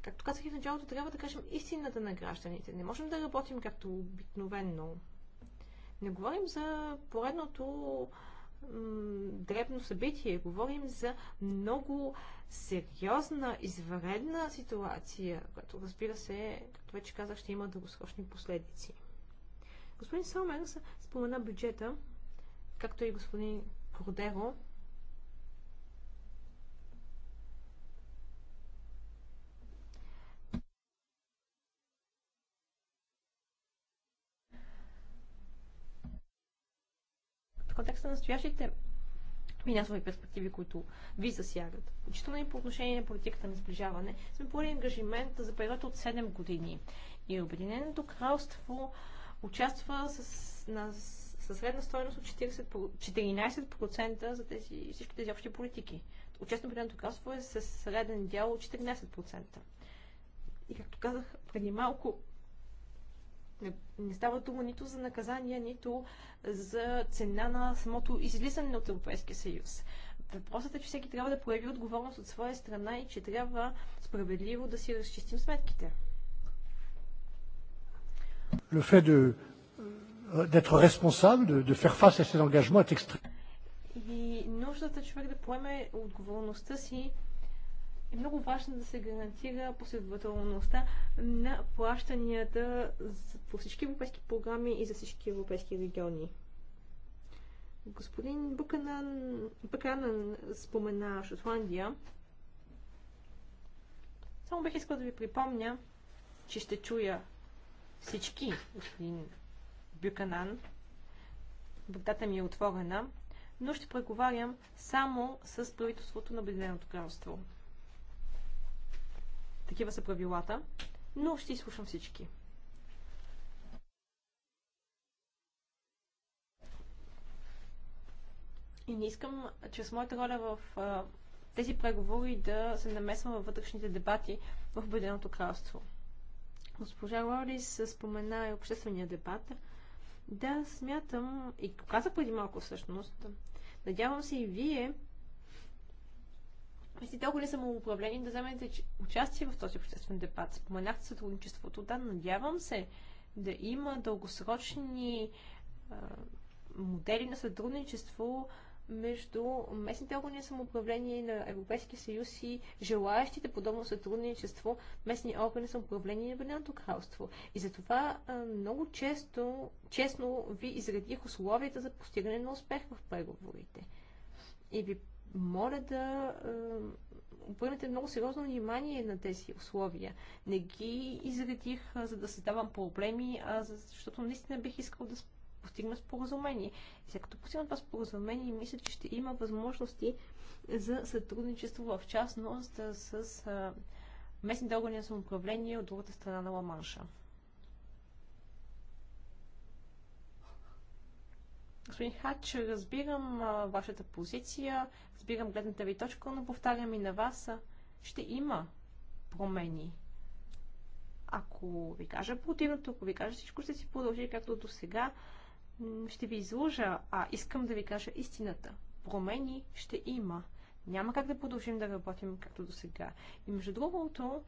Както казах и в началото, трябва да кажем истината на гражданите. Не можем да работим както обикновенно. Не говорим за поредното дребно събитие. Говорим за много сериозна, извредна ситуация, която разбира се, както вече казах, ще има дългосрочни последици. Господин Сомерс спомена бюджета, както и господин Кордеро, контекста на настоящите финансови перспективи, които ви засягат. учително и по отношение на политиката на сближаване, сме поели ангажимент за период от 7 години. И Обединеното кралство участва с, на, със средна стоеност от 40, 14% за тези, всички тези общи политики. Участието на Обединеното кралство е със среден дял от 14%. И както казах преди малко, не, не става дума нито за наказания, нито за цена на самото излизане от Европейския съюз. Въпросът е, че всеки трябва да прояви отговорност от своя страна и че трябва справедливо да си разчистим сметките. Le fait de, euh, d'être responsable, de, de faire face à engagements est extrêmement. И нуждата човек да поеме отговорността си е много важно да се гарантира последователността на плащанията по всички европейски програми и за всички европейски региони. Господин Буканан Баканан спомена Шотландия. Само бих искал да ви припомня, че ще чуя всички, господин Бюканан. Бъдата ми е отворена, но ще преговарям само с правителството на Обединеното кралство. Такива са правилата, но ще изслушам всички. И не искам чрез моята роля в а, тези преговори да се намесвам във вътрешните дебати в Обединеното кралство. Госпожа Лорис спомена и обществения дебат. Да, смятам, и казах преди малко всъщност, надявам се и вие институтите самоуправление да вземете участие в този обществен дебат. Споменахте сътрудничеството. Да, надявам се да има дългосрочни а, модели на сътрудничество между местните органи на самоуправление на Европейския съюз и желаящите подобно сътрудничество местни органи на самоуправление на Обединеното кралство. И затова много често, честно ви изредих условията за постигане на успех в преговорите. И ви моля да обърнете много сериозно внимание на тези условия. Не ги изредих, за да създавам проблеми, а защото наистина бих искал да постигна споразумение. И след като постигна това споразумение, мисля, че ще има възможности за сътрудничество в частност с местните органи на самоуправление от другата страна на Ламанша. Господин Хач, разбирам а, вашата позиция, разбирам гледната ви точка, но повтарям и на вас, ще има промени. Ако ви кажа противното, ако ви кажа всичко ще си продължи както до сега, ще ви изложа, а искам да ви кажа истината. Промени ще има. Няма как да продължим да работим както до сега. И между другото,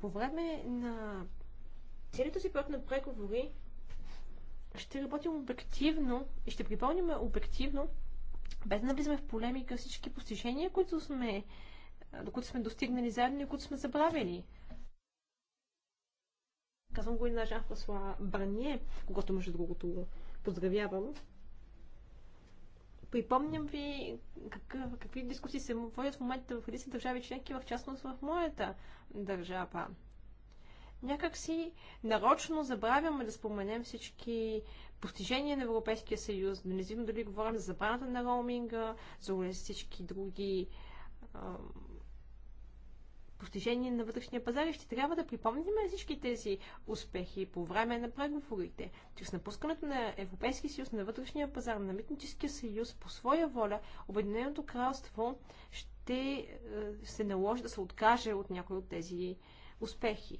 по време на целито си път на преговори, ще работим обективно и ще припълним обективно, без да навлизаме в полемика всички постижения, които сме, до които сме достигнали заедно и които сме забравили. Казвам го и на Жан-Франсуа Бранье, когато между другото поздравявам. Припомням ви какъв, какви дискусии се водят в момента в редица държави членки, в частност в моята държава. Някак си нарочно забравяме да споменем всички постижения на Европейския съюз, да не дали говорим за забраната на роуминга, за всички други а, постижения на вътрешния пазар и ще трябва да припомним всички тези успехи по време на преговорите. Чрез напускането на Европейския съюз, на вътрешния пазар, на митническия съюз, по своя воля, Обединеното кралство ще е, се наложи да се откаже от някои от тези успехи.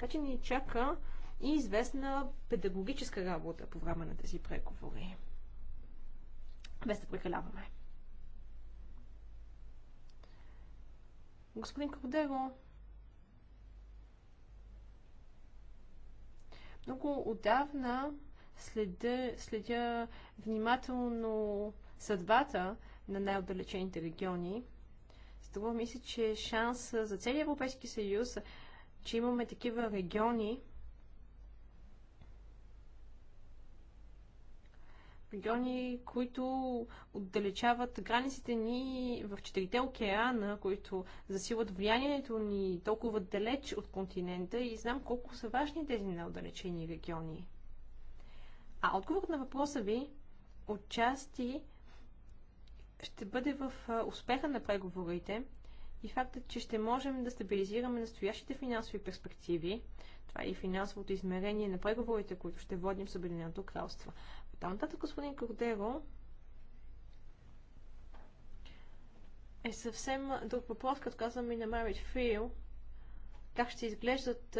Така че ни чака и известна педагогическа работа по време на тези преговори. Без да прекаляваме. Господин Кордеро, много отдавна следя, следя внимателно съдбата на най-отдалечените региони. Струва ми се, че шанс за целия Европейски съюз че имаме такива региони, региони, които отдалечават границите ни в четирите океана, които засилват влиянието ни толкова далеч от континента и знам колко са важни тези неотдалечени региони. А отговорът на въпроса ви отчасти ще бъде в успеха на преговорите, и фактът, че ще можем да стабилизираме настоящите финансови перспективи, това е и финансовото измерение на преговорите, които ще водим с Обединеното кралство. Оттам нататък, господин Кордеро, е съвсем друг въпрос, като казваме на Марит Фил, как ще изглеждат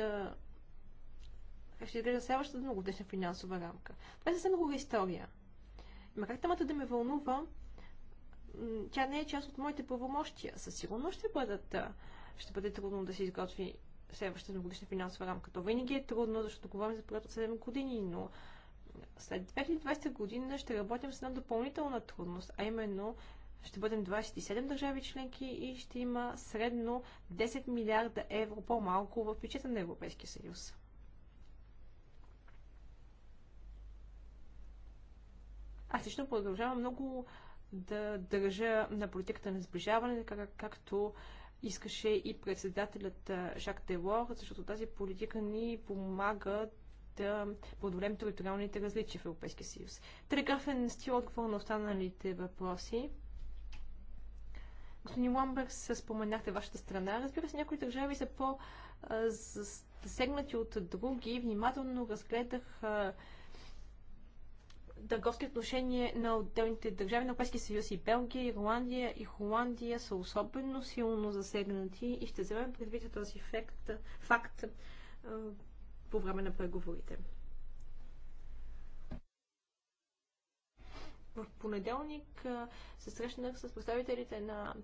как ще изглежда следващата многогодишна финансова рамка. Това е съвсем друга история. Ма как темата да ме вълнува, тя не е част от моите правомощия. Със сигурност ще, бъдат, ще бъде трудно да се изготви следващата годишна финансова рамка. То винаги е трудно, защото говорим за период от 7 години, но след 2020 година ще работим с една допълнителна трудност, а именно ще бъдем 27 държави членки и ще има средно 10 милиарда евро по-малко в бюджета на Европейския съюз. Аз лично продължавам много да държа на политиката на сближаване, как, както искаше и председателят Жак Делор, защото тази политика ни помага да подолем териториалните различия в Европейския съюз. Телеграфен стил отговор на останалите въпроси. Господин Ламберс, споменахте вашата страна. Разбира се, някои държави са по-засегнати от други. Внимателно разгледах търговски отношения на отделните държави на Европейския съюз и Белгия, Ирландия и Холандия са особено силно засегнати и ще вземем предвид този факт, факт по време на преговорите. В понеделник се срещнах с представителите на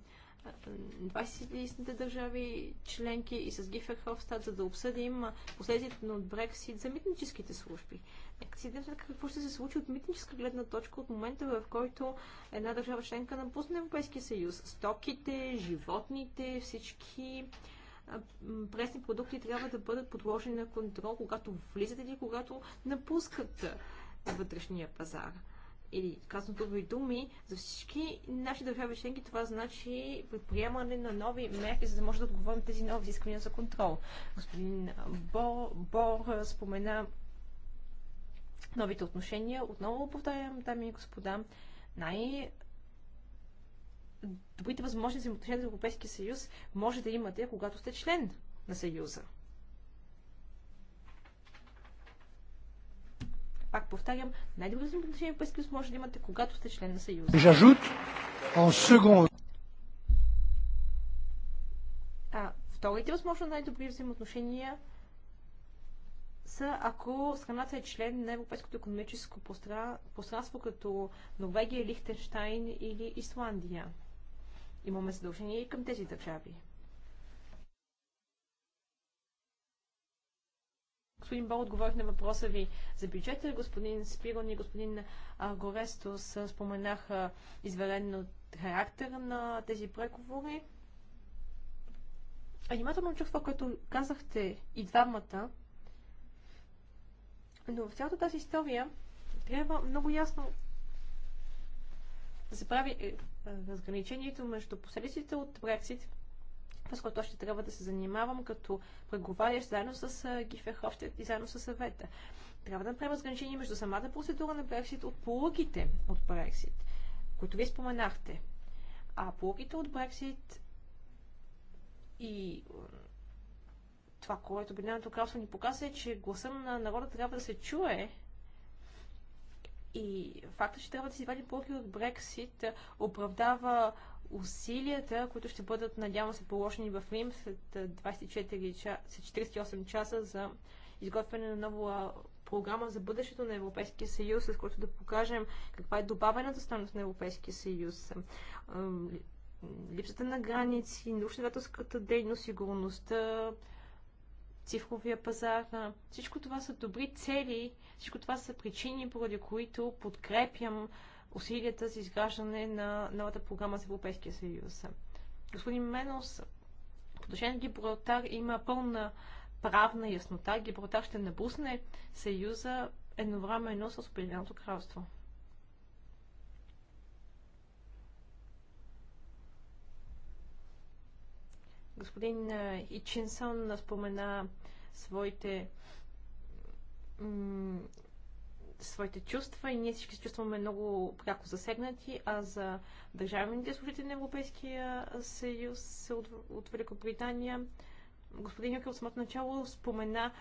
20-те държави членки и с Гифер Хофстад, за да обсъдим последствията от Брексит за митническите служби. Някакси да какво ще се случи от митническа гледна точка от момента, в който една държава членка напусне Европейския съюз. Стоките, животните, всички пресни продукти трябва да бъдат подложени на контрол, когато влизат или когато напускат вътрешния пазар. Или казано други думи, за всички наши държави членки това значи предприемане на нови мерки, за да може да отговорим тези нови изисквания за контрол. Господин Бор, Бор спомена новите отношения. Отново повтарям, дами и господа, най- добрите възможни взаимоотношения за Европейския съюз може да имате, когато сте член на съюза. Пак повтарям, най-добри взаимоотношения в Европейския съюз може да имате, когато сте член на съюза. J'ajoute А вторите възможно най-добри взаимоотношения са ако страната е член на Европейското економическо пространство като Норвегия, Лихтенштайн или Исландия. Имаме задължение и към тези държави. Господин Бол отговорих на въпроса ви за бюджета. Господин Спирон и господин Горестос споменаха изварен характер на тези преговори. А внимателно чувства, което казахте и двамата. Но в цялата тази история трябва много ясно да се прави е, е, разграничението между последиците от Брексит, с което ще трябва да се занимавам като преговарящ заедно с е, Гифехофтет и заедно с съвета. Трябва да направим разграничение между самата процедура на Брексит от полуките от Брексит, които вие споменахте. А полуките от Брексит и това, което Обединеното кралство ни показва е, че гласа на народа трябва да се чуе. И факта, че трябва да си вадим полки от Брексит, оправдава усилията, които ще бъдат, надявам се, положени в Рим след 24 часа, 48 часа за изготвяне на нова програма за бъдещето на Европейския съюз, с който да покажем каква е добавената стойност на Европейския съюз. Липсата на граници, научно-изследователската дейност, сигурността, цифровия пазар. Всичко това са добри цели, всичко това са причини, поради които подкрепям усилията за изграждане на новата програма за Европейския съюз. Господин Менос, в отношение на Гибралтар има пълна правна яснота. Гибралтар ще набусне съюза едновременно с Обединеното кралство. Господин Ичинсон спомена своите своите чувства и ние всички се чувстваме много пряко засегнати, а за държавните служители на Европейския съюз от, от Великобритания господин Юкел от самото начало спомена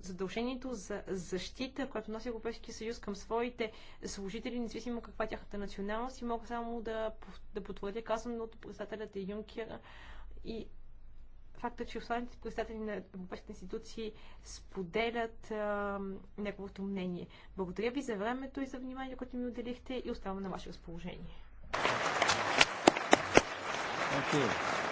задължението за защита, което носи Европейския съюз към своите служители, независимо каква е тяхната националност. И мога само да, да потвърдя казаното председателят Юнкера и факта, че основните представители на европейските институции споделят а, неговото мнение. Благодаря ви за времето и за вниманието, което ми отделихте и оставам на ваше разположение. Thank you.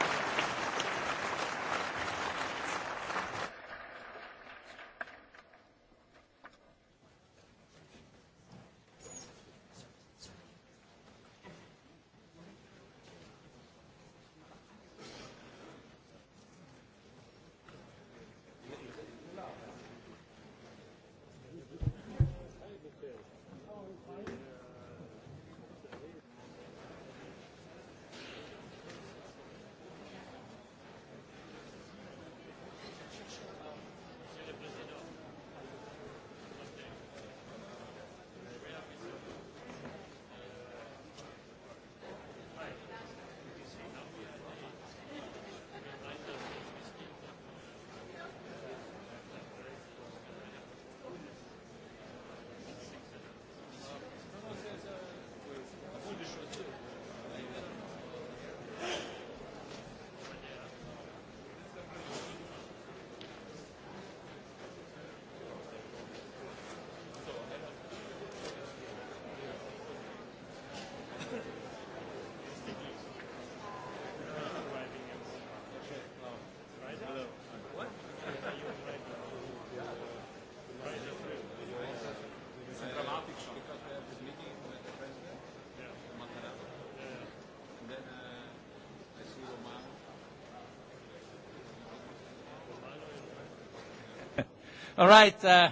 Right, uh...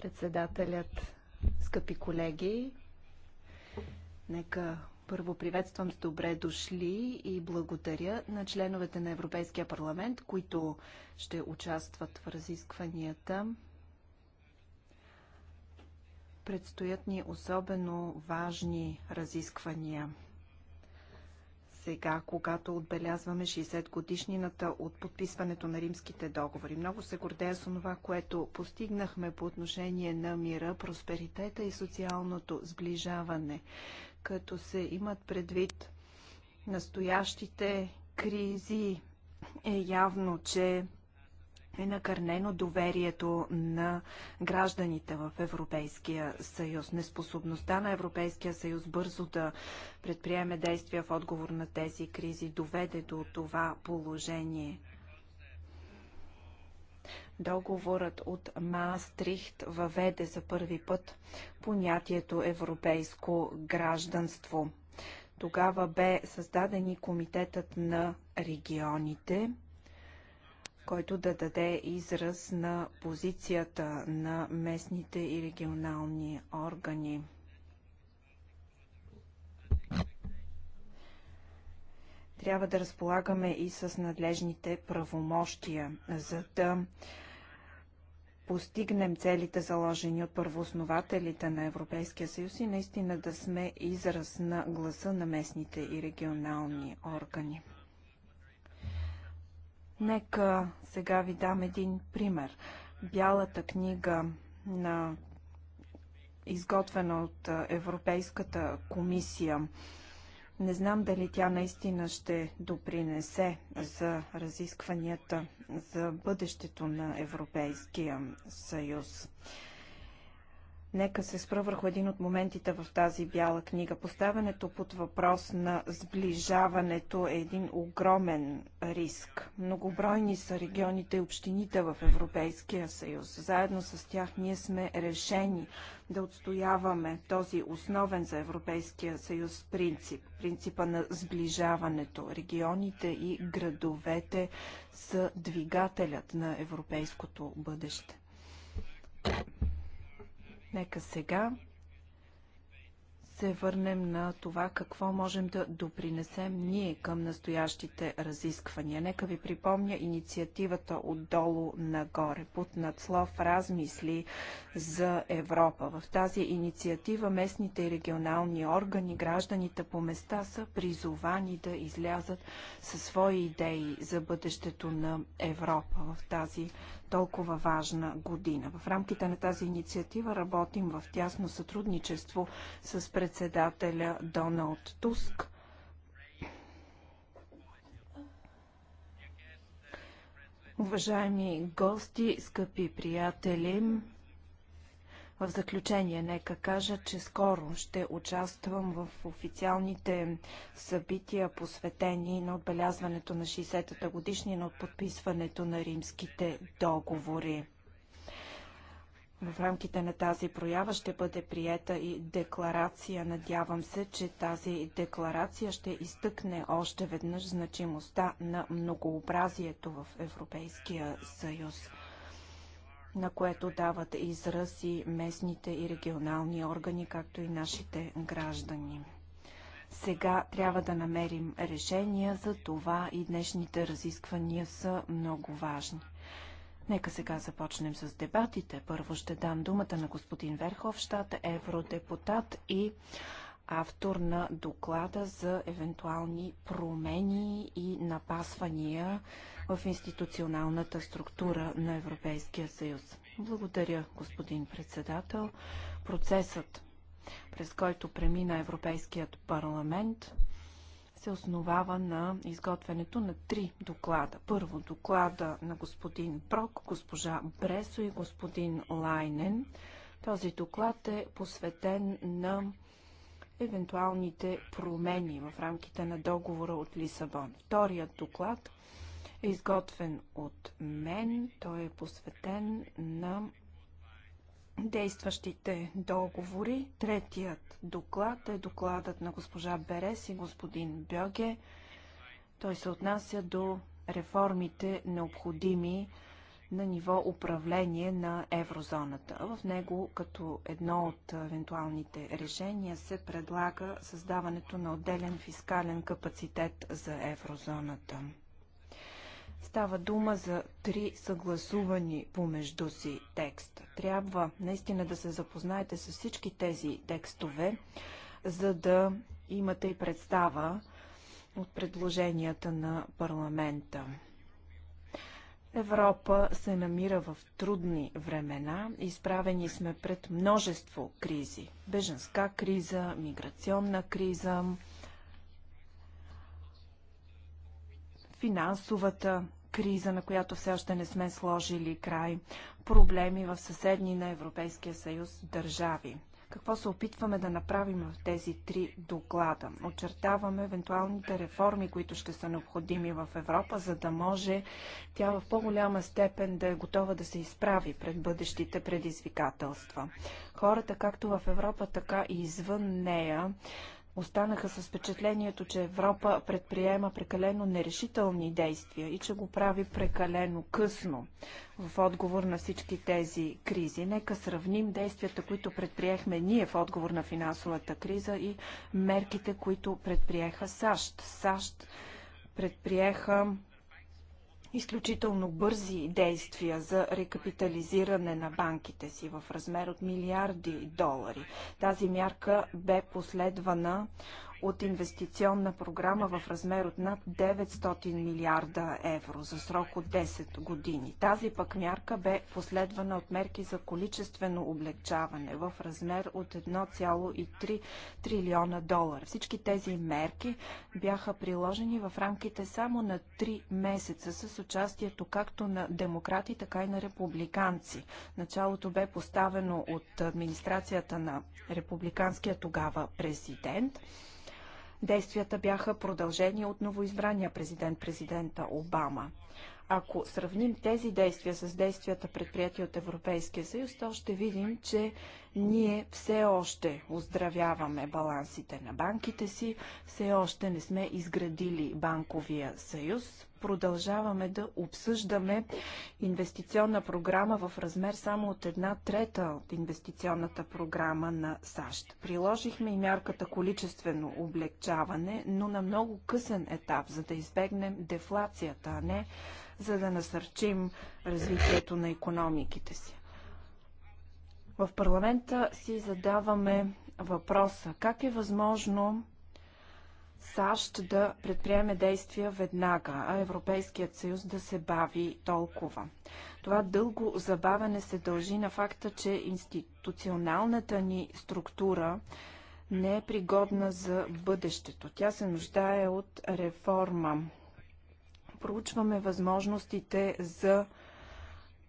Председателят, скъпи колеги, нека първо приветствам с добре дошли и благодаря на членовете на Европейския парламент, които ще участват в разискванията. Предстоят ни особено важни разисквания – сега, когато отбелязваме 60 годишнината от подписването на римските договори. Много се гордея с това, което постигнахме по отношение на мира, просперитета и социалното сближаване, като се имат предвид настоящите кризи е явно, че е накърнено доверието на гражданите в Европейския съюз. Неспособността на Европейския съюз бързо да предприеме действия в отговор на тези кризи доведе до това положение. Договорът от Маастрихт въведе за първи път понятието европейско гражданство. Тогава бе създаден и Комитетът на регионите – който да даде израз на позицията на местните и регионални органи. Трябва да разполагаме и с надлежните правомощия, за да постигнем целите заложени от първооснователите на Европейския съюз и наистина да сме израз на гласа на местните и регионални органи. Нека сега ви дам един пример. Бялата книга на изготвена от Европейската комисия. Не знам дали тя наистина ще допринесе за разискванията за бъдещето на Европейския съюз. Нека се спра върху един от моментите в тази бяла книга. Поставянето под въпрос на сближаването е един огромен риск. Многобройни са регионите и общините в Европейския съюз. Заедно с тях ние сме решени да отстояваме този основен за Европейския съюз принцип, принципа на сближаването. Регионите и градовете са двигателят на европейското бъдеще. Нека сега се върнем на това какво можем да допринесем ние към настоящите разисквания. Нека ви припомня инициативата отдолу нагоре под надслов размисли за Европа. В тази инициатива местните и регионални органи, гражданите по места са призовани да излязат със свои идеи за бъдещето на Европа. В тази толкова важна година. В рамките на тази инициатива работим в тясно сътрудничество с председателя Доналд Туск. Уважаеми гости, скъпи приятели, в заключение, нека кажа, че скоро ще участвам в официалните събития, посветени на отбелязването на 60-та годишнина от подписването на римските договори. В рамките на тази проява ще бъде приета и декларация. Надявам се, че тази декларация ще изтъкне още веднъж значимостта на многообразието в Европейския съюз на което дават израз и местните и регионални органи, както и нашите граждани. Сега трябва да намерим решения, за това и днешните разисквания са много важни. Нека сега започнем с дебатите. Първо ще дам думата на господин Верховщат, евродепутат и автор на доклада за евентуални промени и напасвания в институционалната структура на Европейския съюз. Благодаря, господин председател. Процесът, през който премина Европейският парламент, се основава на изготвянето на три доклада. Първо доклада на господин Прок, госпожа Бресо и господин Лайнен. Този доклад е посветен на евентуалните промени в рамките на договора от Лисабон. Вторият доклад изготвен от мен. Той е посветен на действащите договори. Третият доклад е докладът на госпожа Берес и господин Бьоге. Той се отнася до реформите необходими на ниво управление на еврозоната. В него като едно от евентуалните решения се предлага създаването на отделен фискален капацитет за еврозоната. Става дума за три съгласувани помежду си текста. Трябва наистина да се запознаете с всички тези текстове, за да имате и представа от предложенията на парламента. Европа се намира в трудни времена. Изправени сме пред множество кризи. Беженска криза, миграционна криза, финансовата криза, на която все още не сме сложили край, проблеми в съседни на Европейския съюз държави. Какво се опитваме да направим в тези три доклада? Очертаваме евентуалните реформи, които ще са необходими в Европа, за да може тя в по-голяма степен да е готова да се изправи пред бъдещите предизвикателства. Хората, както в Европа, така и извън нея, останаха с впечатлението, че Европа предприема прекалено нерешителни действия и че го прави прекалено късно в отговор на всички тези кризи. Нека сравним действията, които предприехме ние в отговор на финансовата криза и мерките, които предприеха САЩ. САЩ предприеха изключително бързи действия за рекапитализиране на банките си в размер от милиарди долари. Тази мярка бе последвана от инвестиционна програма в размер от над 900 милиарда евро за срок от 10 години. Тази пък мярка бе последвана от мерки за количествено облегчаване в размер от 1,3 трилиона долара. Всички тези мерки бяха приложени в рамките само на 3 месеца с участието както на демократи, така и на републиканци. Началото бе поставено от администрацията на републиканския тогава президент. Действията бяха продължени от новоизбрания президент, президента Обама. Ако сравним тези действия с действията предприяти от Европейския съюз, то ще видим, че ние все още оздравяваме балансите на банките си, все още не сме изградили банковия съюз продължаваме да обсъждаме инвестиционна програма в размер само от една трета от инвестиционната програма на САЩ. Приложихме и мярката количествено облегчаване, но на много късен етап, за да избегнем дефлацията, а не за да насърчим развитието на економиките си. В парламента си задаваме въпроса как е възможно САЩ да предприеме действия веднага, а Европейският съюз да се бави толкова. Това дълго забавяне се дължи на факта, че институционалната ни структура не е пригодна за бъдещето. Тя се нуждае от реформа. Проучваме възможностите за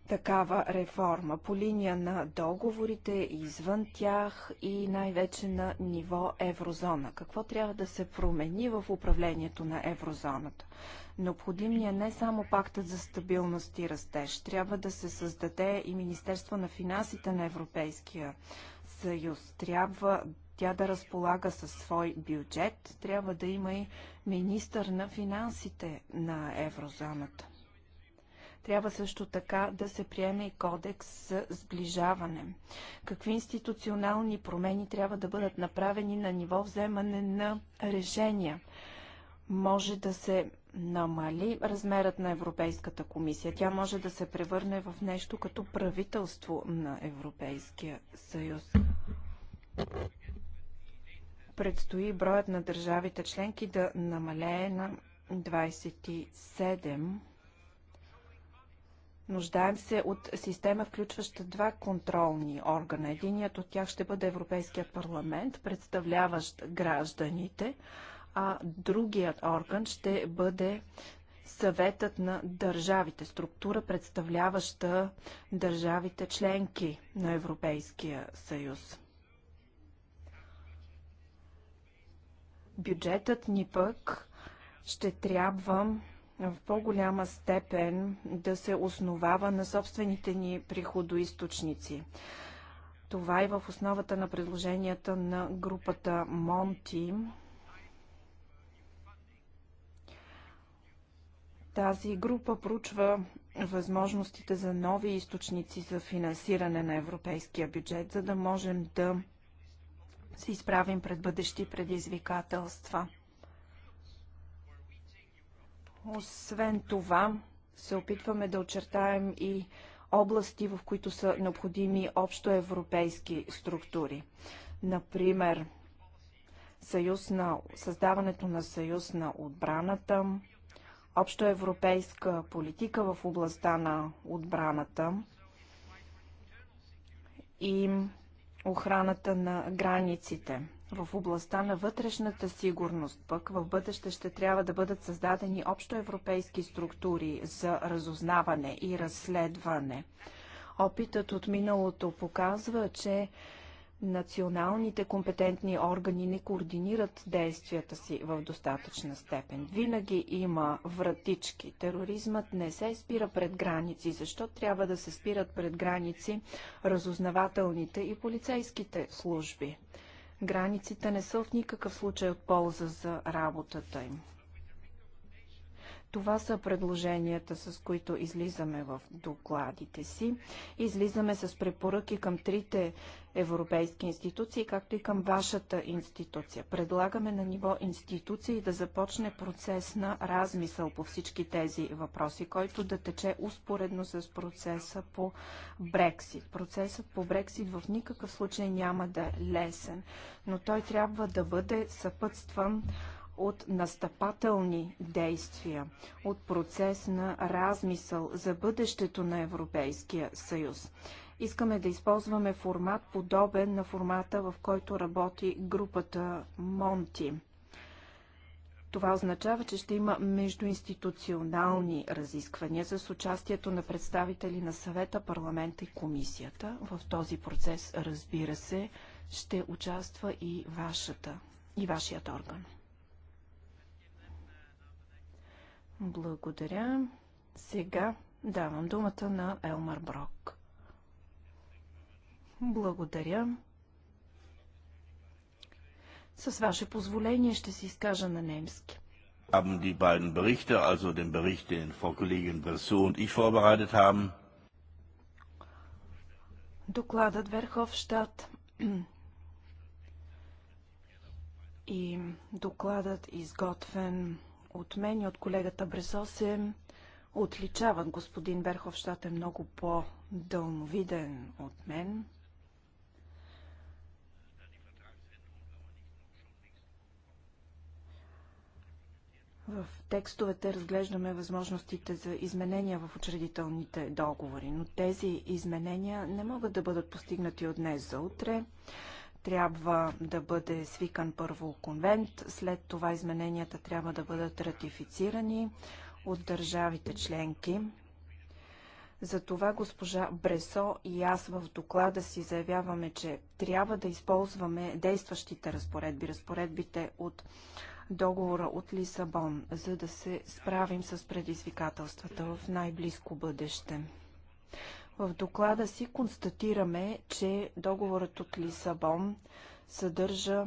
такава реформа по линия на договорите, извън тях и най-вече на ниво еврозона. Какво трябва да се промени в управлението на еврозоната? Необходим ли е не само пактът за стабилност и растеж. Трябва да се създаде и Министерство на финансите на Европейския съюз. Трябва тя да разполага със свой бюджет. Трябва да има и министър на финансите на еврозоната. Трябва също така да се приеме и кодекс за сближаване. Какви институционални промени трябва да бъдат направени на ниво вземане на решения? Може да се намали размерът на Европейската комисия. Тя може да се превърне в нещо като правителство на Европейския съюз. Предстои броят на държавите членки да намалее на 27 Нуждаем се от система, включваща два контролни органа. Единият от тях ще бъде Европейският парламент, представляващ гражданите, а другият орган ще бъде съветът на държавите, структура, представляваща държавите членки на Европейския съюз. Бюджетът ни пък ще трябва в по-голяма степен да се основава на собствените ни приходоисточници. Това е в основата на предложенията на групата Монти. Тази група проучва възможностите за нови източници за финансиране на европейския бюджет, за да можем да се изправим пред бъдещи предизвикателства. Освен това, се опитваме да очертаем и области, в които са необходими общоевропейски структури. Например, съюз на, създаването на съюз на отбраната, общоевропейска политика в областта на отбраната и охраната на границите в областта на вътрешната сигурност пък в бъдеще ще трябва да бъдат създадени общоевропейски структури за разузнаване и разследване. Опитът от миналото показва, че националните компетентни органи не координират действията си в достатъчна степен. Винаги има вратички. Тероризмът не се спира пред граници. Защо трябва да се спират пред граници разузнавателните и полицейските служби? границите не са в никакъв случай от полза за работата им. Това са предложенията, с които излизаме в докладите си. Излизаме с препоръки към трите европейски институции, както и към вашата институция. Предлагаме на ниво институции да започне процес на размисъл по всички тези въпроси, който да тече успоредно с процеса по Брексит. Процесът по Брексит в никакъв случай няма да е лесен, но той трябва да бъде съпътстван от настъпателни действия, от процес на размисъл за бъдещето на Европейския съюз. Искаме да използваме формат подобен на формата, в който работи групата Монти. Това означава, че ще има междуинституционални разисквания с участието на представители на съвета, парламента и комисията. В този процес, разбира се, ще участва и вашата и вашият орган. Благодаря. Сега давам думата на Елмар Брок. Благодаря. С ваше позволение ще се изкажа на немски. Haben die beiden Berichte, also den Bericht, den Frau Kollegin Bressou und ich vorbereitet haben. Докладът Верховщад и докладът изготвен от мен и от колегата Бресо се отличават. Господин Верховщад е много по-дълновиден от мен. В текстовете разглеждаме възможностите за изменения в учредителните договори, но тези изменения не могат да бъдат постигнати от днес за утре. Трябва да бъде свикан първо конвент, след това измененията трябва да бъдат ратифицирани от държавите членки. Затова госпожа Бресо и аз в доклада си заявяваме, че трябва да използваме действащите разпоредби, разпоредбите от договора от Лисабон, за да се справим с предизвикателствата в най-близко бъдеще. В доклада си констатираме, че договорът от Лисабон съдържа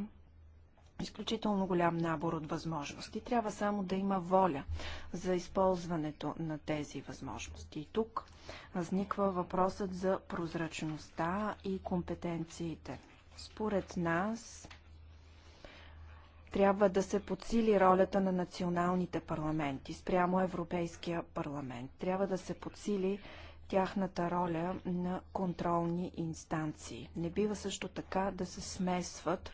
изключително голям набор от възможности. Трябва само да има воля за използването на тези възможности. И тук възниква въпросът за прозрачността и компетенциите. Според нас, трябва да се подсили ролята на националните парламенти спрямо Европейския парламент. Трябва да се подсили тяхната роля на контролни инстанции. Не бива също така да се смесват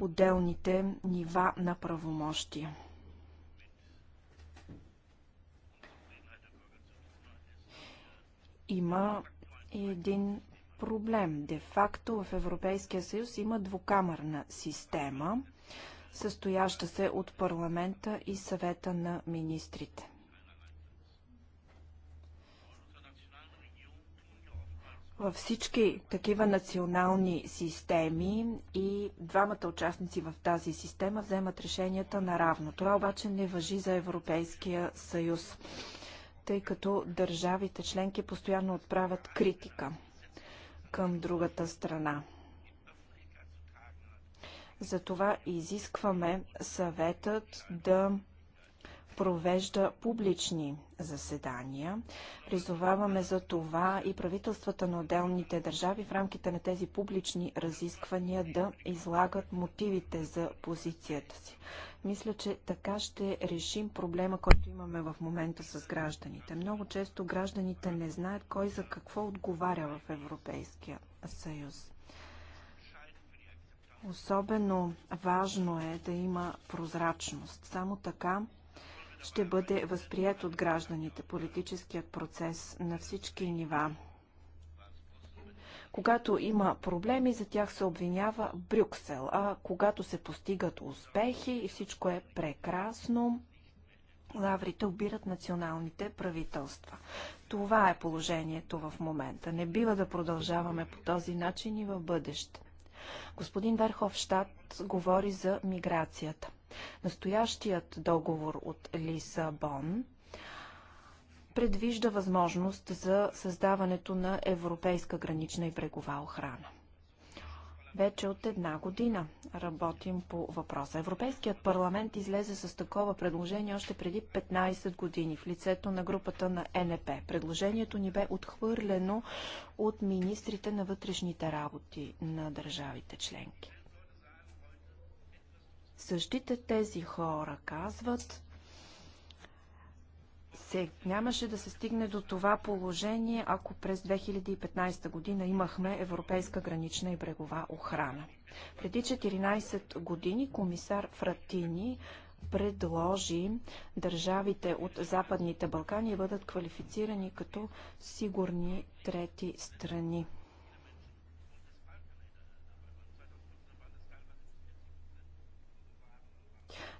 отделните нива на правомощия. Има един проблем. Де-факто в Европейския съюз има двукамерна система – състояща се от парламента и съвета на министрите. Във всички такива национални системи и двамата участници в тази система вземат решенията наравно. Това обаче не въжи за Европейския съюз, тъй като държавите членки постоянно отправят критика към другата страна. Затова изискваме съветът да провежда публични заседания. Призоваваме за това и правителствата на отделните държави в рамките на тези публични разисквания да излагат мотивите за позицията си. Мисля, че така ще решим проблема, който имаме в момента с гражданите. Много често гражданите не знаят кой за какво отговаря в Европейския съюз. Особено важно е да има прозрачност. Само така ще бъде възприят от гражданите политическият процес на всички нива. Когато има проблеми, за тях се обвинява Брюксел, а когато се постигат успехи и всичко е прекрасно, лаврите обират националните правителства. Това е положението в момента. Не бива да продължаваме по този начин и в бъдеще. Господин Верховщад говори за миграцията. Настоящият договор от Лисабон предвижда възможност за създаването на европейска гранична и брегова охрана. Вече от една година работим по въпроса. Европейският парламент излезе с такова предложение още преди 15 години в лицето на групата на НП. Предложението ни бе отхвърлено от министрите на вътрешните работи на държавите членки. Същите тези хора казват, се, нямаше да се стигне до това положение, ако през 2015 година имахме европейска гранична и брегова охрана. Преди 14 години комисар Фратини предложи държавите от Западните Балкани да бъдат квалифицирани като сигурни трети страни.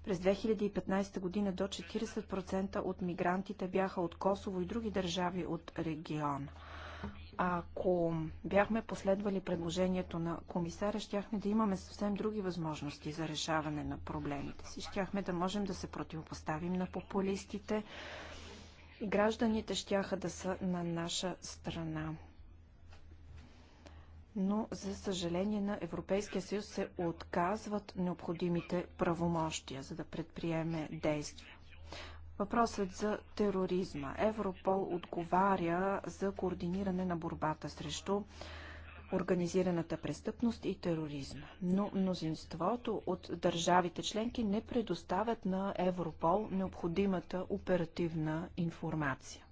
През 2015 година до 40% от мигрантите бяха от Косово и други държави от регион. Ако бяхме последвали предложението на комисаря, щяхме да имаме съвсем други възможности за решаване на проблемите си. Щяхме да можем да се противопоставим на популистите. Гражданите щяха да са на наша страна но за съжаление на Европейския съюз се отказват необходимите правомощия, за да предприеме действия. Въпросът за тероризма. Европол отговаря за координиране на борбата срещу организираната престъпност и тероризма. Но мнозинството от държавите членки не предоставят на Европол необходимата оперативна информация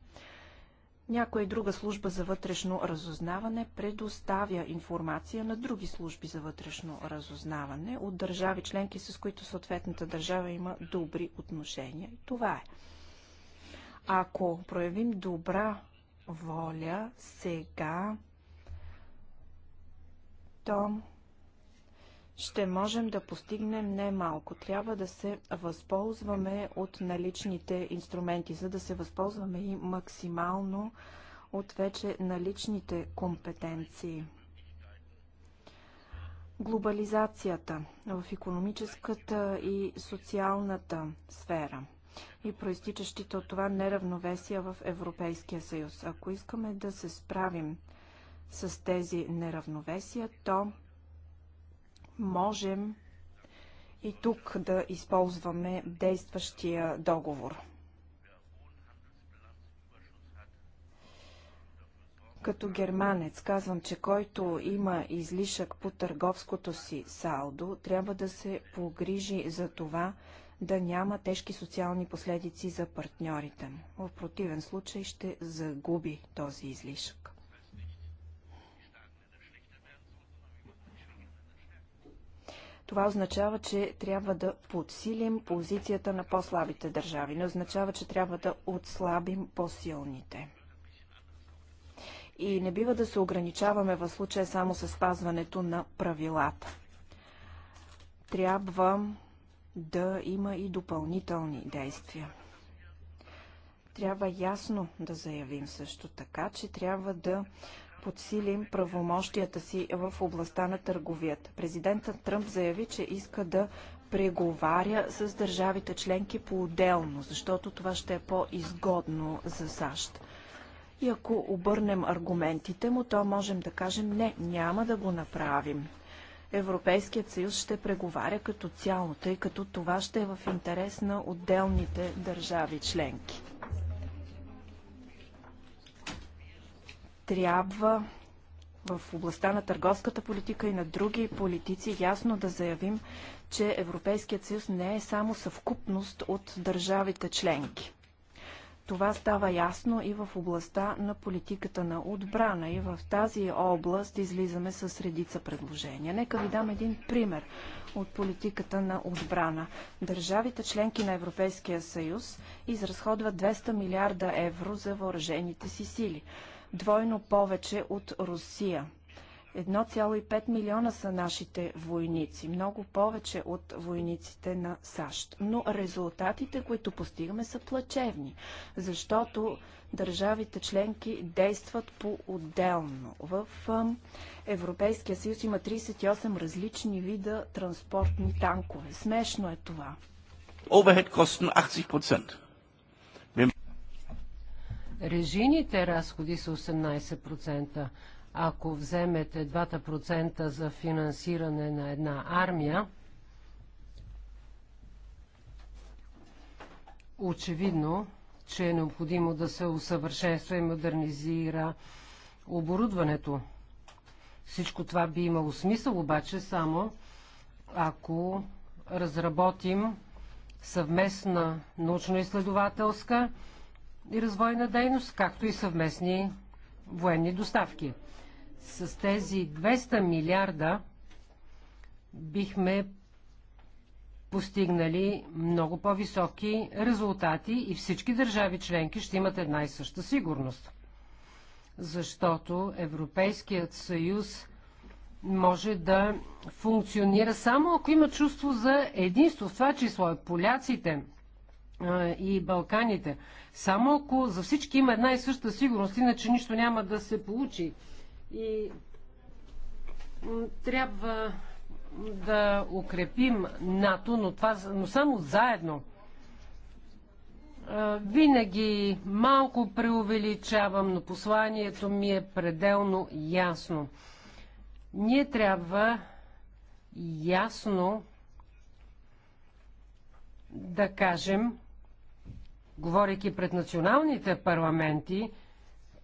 някоя друга служба за вътрешно разузнаване предоставя информация на други служби за вътрешно разузнаване от държави членки, с които съответната държава има добри отношения. Това е. Ако проявим добра воля сега, то ще можем да постигнем немалко. Трябва да се възползваме от наличните инструменти, за да се възползваме и максимално от вече наличните компетенции. Глобализацията в економическата и социалната сфера и проистичащите от това неравновесия в Европейския съюз. Ако искаме да се справим с тези неравновесия, то можем и тук да използваме действащия договор. Като германец казвам, че който има излишък по търговското си салдо, трябва да се погрижи за това да няма тежки социални последици за партньорите му. В противен случай ще загуби този излишък. Това означава, че трябва да подсилим позицията на по-слабите държави. Не означава, че трябва да отслабим по-силните. И не бива да се ограничаваме в случая само с спазването на правилата. Трябва да има и допълнителни действия трябва ясно да заявим също така, че трябва да подсилим правомощията си в областта на търговията. Президентът Тръмп заяви, че иска да преговаря с държавите членки по-отделно, защото това ще е по-изгодно за САЩ. И ако обърнем аргументите му, то можем да кажем не, няма да го направим. Европейският съюз ще преговаря като цяло, тъй като това ще е в интерес на отделните държави членки. трябва в областта на търговската политика и на други политици ясно да заявим, че Европейският съюз не е само съвкупност от държавите членки. Това става ясно и в областта на политиката на отбрана. И в тази област излизаме с редица предложения. Нека ви дам един пример от политиката на отбрана. Държавите членки на Европейския съюз изразходват 200 милиарда евро за въоръжените си сили двойно повече от Русия. 1,5 милиона са нашите войници, много повече от войниците на САЩ. Но резултатите, които постигаме, са плачевни, защото държавите членки действат по-отделно. В Европейския съюз има 38 различни вида транспортни танкове. Смешно е това. Overhead 80%. Режийните разходи са 18%. Ако вземете 2% за финансиране на една армия, очевидно, че е необходимо да се усъвършенства и модернизира оборудването. Всичко това би имало смисъл обаче само ако разработим съвместна научно-изследователска и развойна дейност, както и съвместни военни доставки. С тези 200 милиарда бихме постигнали много по-високи резултати и всички държави членки ще имат една и съща сигурност. Защото Европейският съюз може да функционира само ако има чувство за единство. В това число и поляците, и Балканите. Само ако за всички има една и съща сигурност, иначе нищо няма да се получи. И трябва да укрепим НАТО, но, това, но само заедно. Винаги малко преувеличавам, но посланието ми е пределно ясно. Ние трябва ясно да кажем, говорейки пред националните парламенти,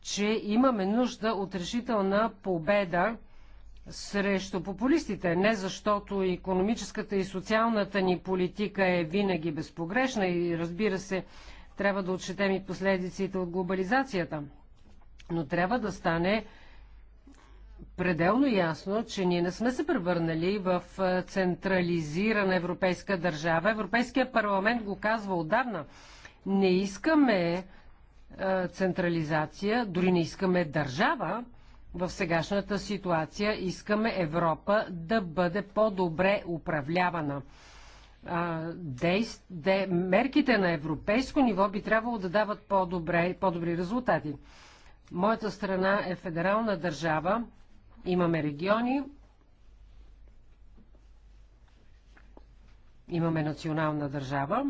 че имаме нужда от решителна победа срещу популистите. Не защото економическата и социалната ни политика е винаги безпогрешна и разбира се, трябва да отчетем и последиците от глобализацията. Но трябва да стане пределно ясно, че ние не сме се превърнали в централизирана европейска държава. Европейския парламент го казва отдавна. Не искаме централизация, дори не искаме държава. В сегашната ситуация искаме Европа да бъде по-добре управлявана. де, мерките на европейско ниво би трябвало да дават по-добре, по-добри резултати. Моята страна е федерална държава. Имаме региони, имаме национална държава.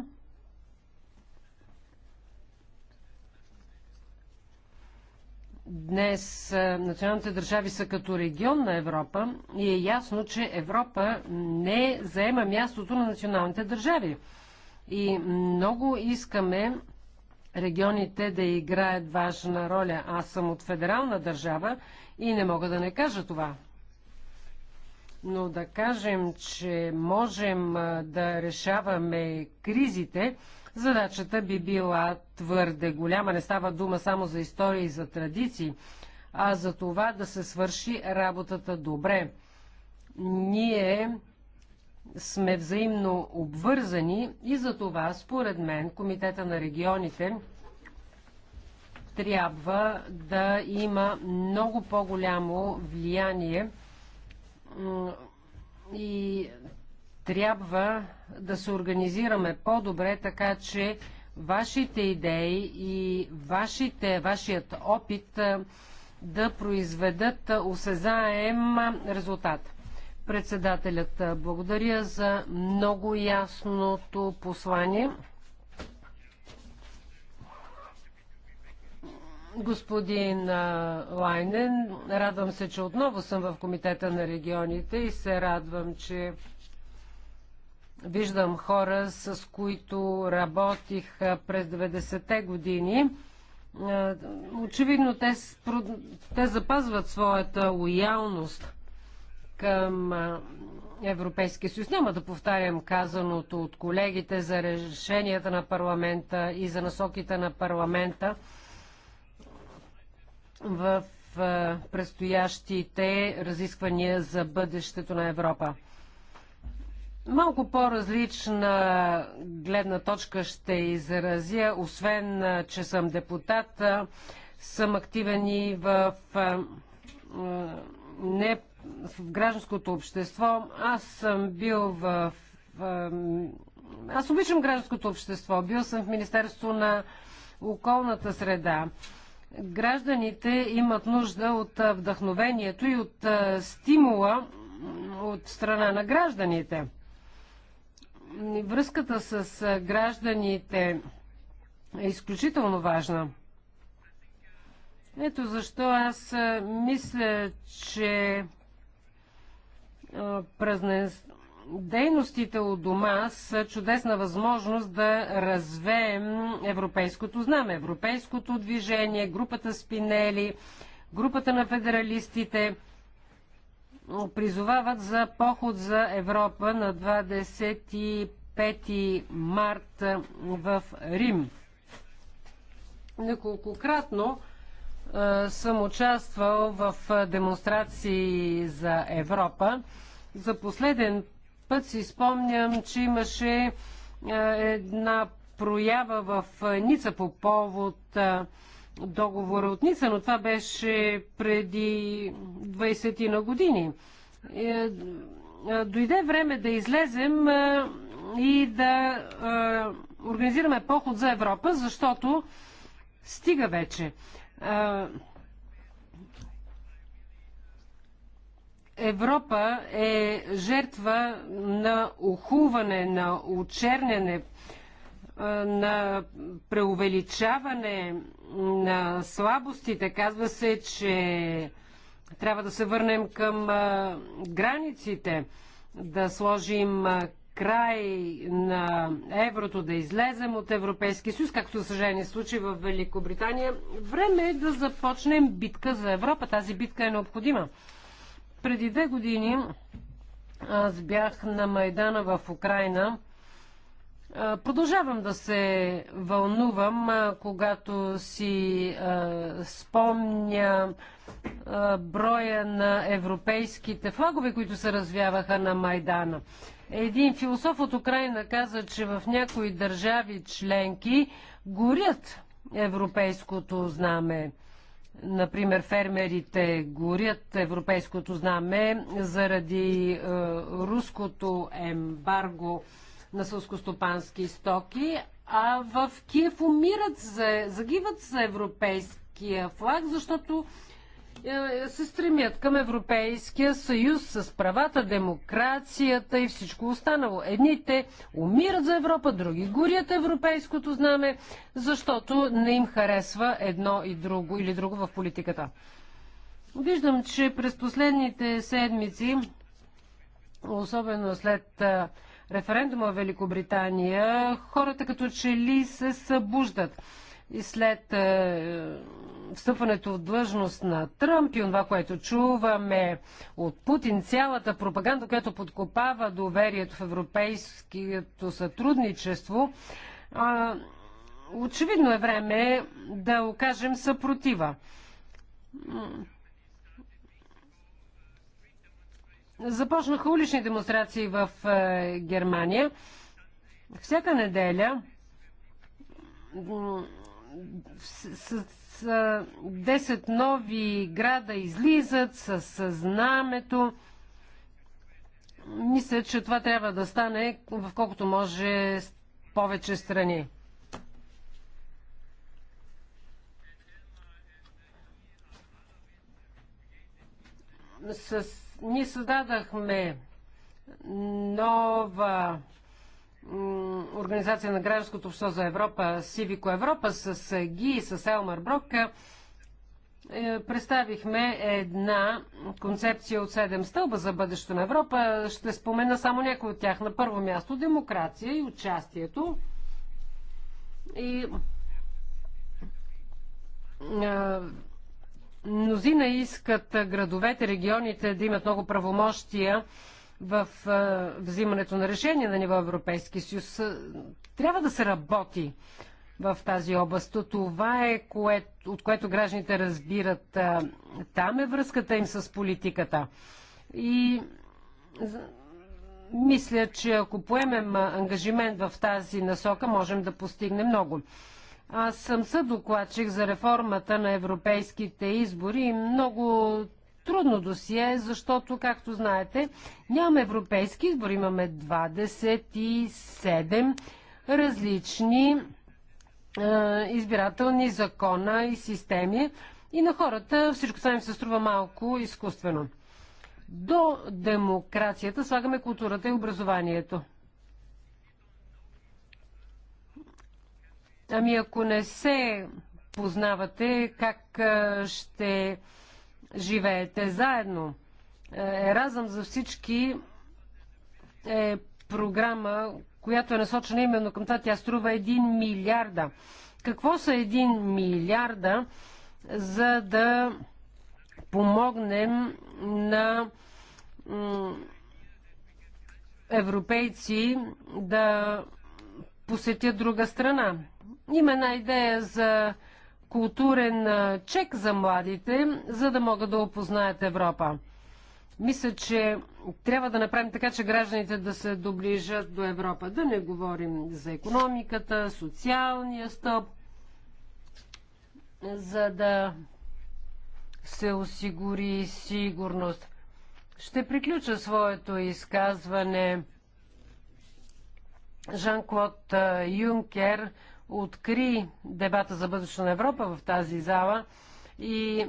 Днес националните държави са като регион на Европа и е ясно, че Европа не заема мястото на националните държави. И много искаме регионите да играят важна роля. Аз съм от федерална държава и не мога да не кажа това. Но да кажем, че можем да решаваме кризите, Задачата би била твърде голяма. Не става дума само за история и за традиции, а за това да се свърши работата добре. Ние сме взаимно обвързани и за това, според мен, Комитета на регионите трябва да има много по-голямо влияние и трябва да се организираме по-добре, така че вашите идеи и вашите, вашият опит да произведат осезаем резултат. Председателят, благодаря за много ясното послание. Господин Лайнен, радвам се, че отново съм в Комитета на регионите и се радвам, че Виждам хора, с които работих през 90-те години. Очевидно те, те запазват своята лоялност към Европейския съюз. Няма да повтарям казаното от колегите за решенията на парламента и за насоките на парламента в предстоящите разисквания за бъдещето на Европа. Малко по-различна гледна точка ще изразя, освен, че съм депутат, съм активен и в, не, в гражданското общество. Аз съм бил в... Аз обичам гражданското общество. Бил съм в Министерство на околната среда. Гражданите имат нужда от вдъхновението и от стимула от страна на гражданите – връзката с гражданите е изключително важна. Ето защо аз мисля, че дейностите у дома са чудесна възможност да развеем европейското знаме, европейското движение, групата Спинели, групата на федералистите – призовават за поход за Европа на 25 март в Рим. Неколкократно съм участвал в демонстрации за Европа. За последен път си спомням, че имаше една проява в Ница по повод договора от Ница, но това беше преди 20 на години. Е, е, дойде време да излезем е, и да организираме поход за Европа, защото стига вече. Европа е жертва на охуване, на очерняне, на преувеличаване, на слабостите. Казва се, че трябва да се върнем към границите, да сложим край на еврото, да излезем от Европейския съюз, както за съжаление случи в Великобритания. Време е да започнем битка за Европа. Тази битка е необходима. Преди две години аз бях на Майдана в Украина Продължавам да се вълнувам, когато си спомня броя на европейските флагове, които се развяваха на Майдана. Един философ от Украина каза, че в някои държави членки горят европейското знаме. Например, фермерите горят европейското знаме заради руското ембарго на сълскостопански стоки, а в Киев умират, за, загиват за европейския флаг, защото е, се стремят към Европейския съюз с правата, демокрацията и всичко останало. Едните умират за Европа, други горят европейското знаме, защото не им харесва едно и друго или друго в политиката. Виждам, че през последните седмици, особено след е, референдума в Великобритания, хората като че ли се събуждат. И след е, встъпването в длъжност на Тръмп и това, което чуваме от Путин, цялата пропаганда, която подкопава доверието в европейското сътрудничество, е, очевидно е време да окажем съпротива. Започнаха улични демонстрации в е, Германия. Всяка неделя с, с 10 нови града излизат с, с знамето. Мисля, че това трябва да стане в колкото може повече страни. С ние създадахме нова Организация на гражданското общество за Европа, Сивико Европа, с Ги и с Елмар Брок, е, представихме една концепция от седем стълба за бъдещето на Европа. Ще спомена само някои от тях. На първо място демокрация и участието. И е, Мнозина искат градовете, регионите да имат много правомощия в взимането на решения на ниво Европейски съюз. Трябва да се работи в тази област. Това е, кое, от което гражданите разбират. Там е връзката им с политиката. И мисля, че ако поемем ангажимент в тази насока, можем да постигнем много. Аз съм съдокладчик за реформата на европейските избори и много трудно досие, защото, както знаете, нямаме европейски избори, имаме 27 различни е, избирателни закона и системи и на хората всичко това им се струва малко изкуствено. До демокрацията слагаме културата и образованието. Ами ако не се познавате, как ще живеете заедно? Е, Еразъм за всички е програма, която е насочена именно към това. Тя струва 1 милиарда. Какво са 1 милиарда, за да помогнем на европейци да посетят друга страна? Има една идея за културен чек за младите, за да могат да опознаят Европа. Мисля, че трябва да направим така, че гражданите да се доближат до Европа. Да не говорим за економиката, социалния стоп, за да се осигури сигурност. Ще приключа своето изказване. Жан-Клод Юнкер – откри дебата за бъдещето на Европа в тази зала и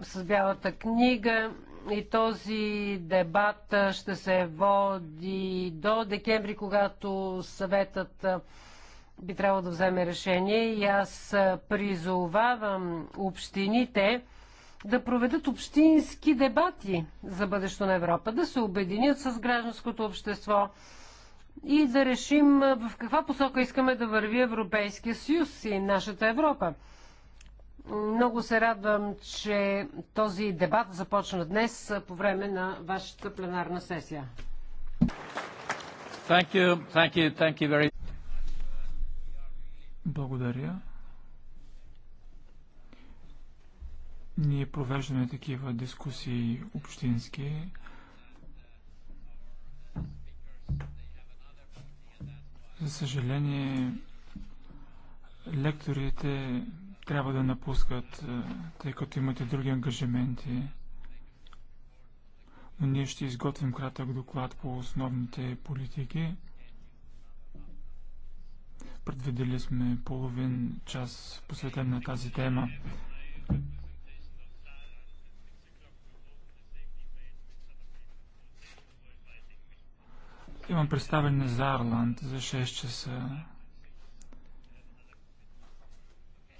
с Бялата книга и този дебат ще се води до декември, когато съветът би трябвало да вземе решение и аз призовавам общините да проведат общински дебати за бъдещето на Европа, да се обединят с гражданското общество, и да решим в каква посока искаме да върви Европейския съюз и нашата Европа. Много се радвам, че този дебат започна днес по време на вашата пленарна сесия. Thank you, thank you, thank you very... Благодаря. Ние провеждаме такива дискусии общински За съжаление, лекторите трябва да напускат, е, тъй като имат и други ангажименти. Но ние ще изготвим кратък доклад по основните политики. Предвидели сме половин час посветен на тази тема. Имам представене за Арланд за 6 часа.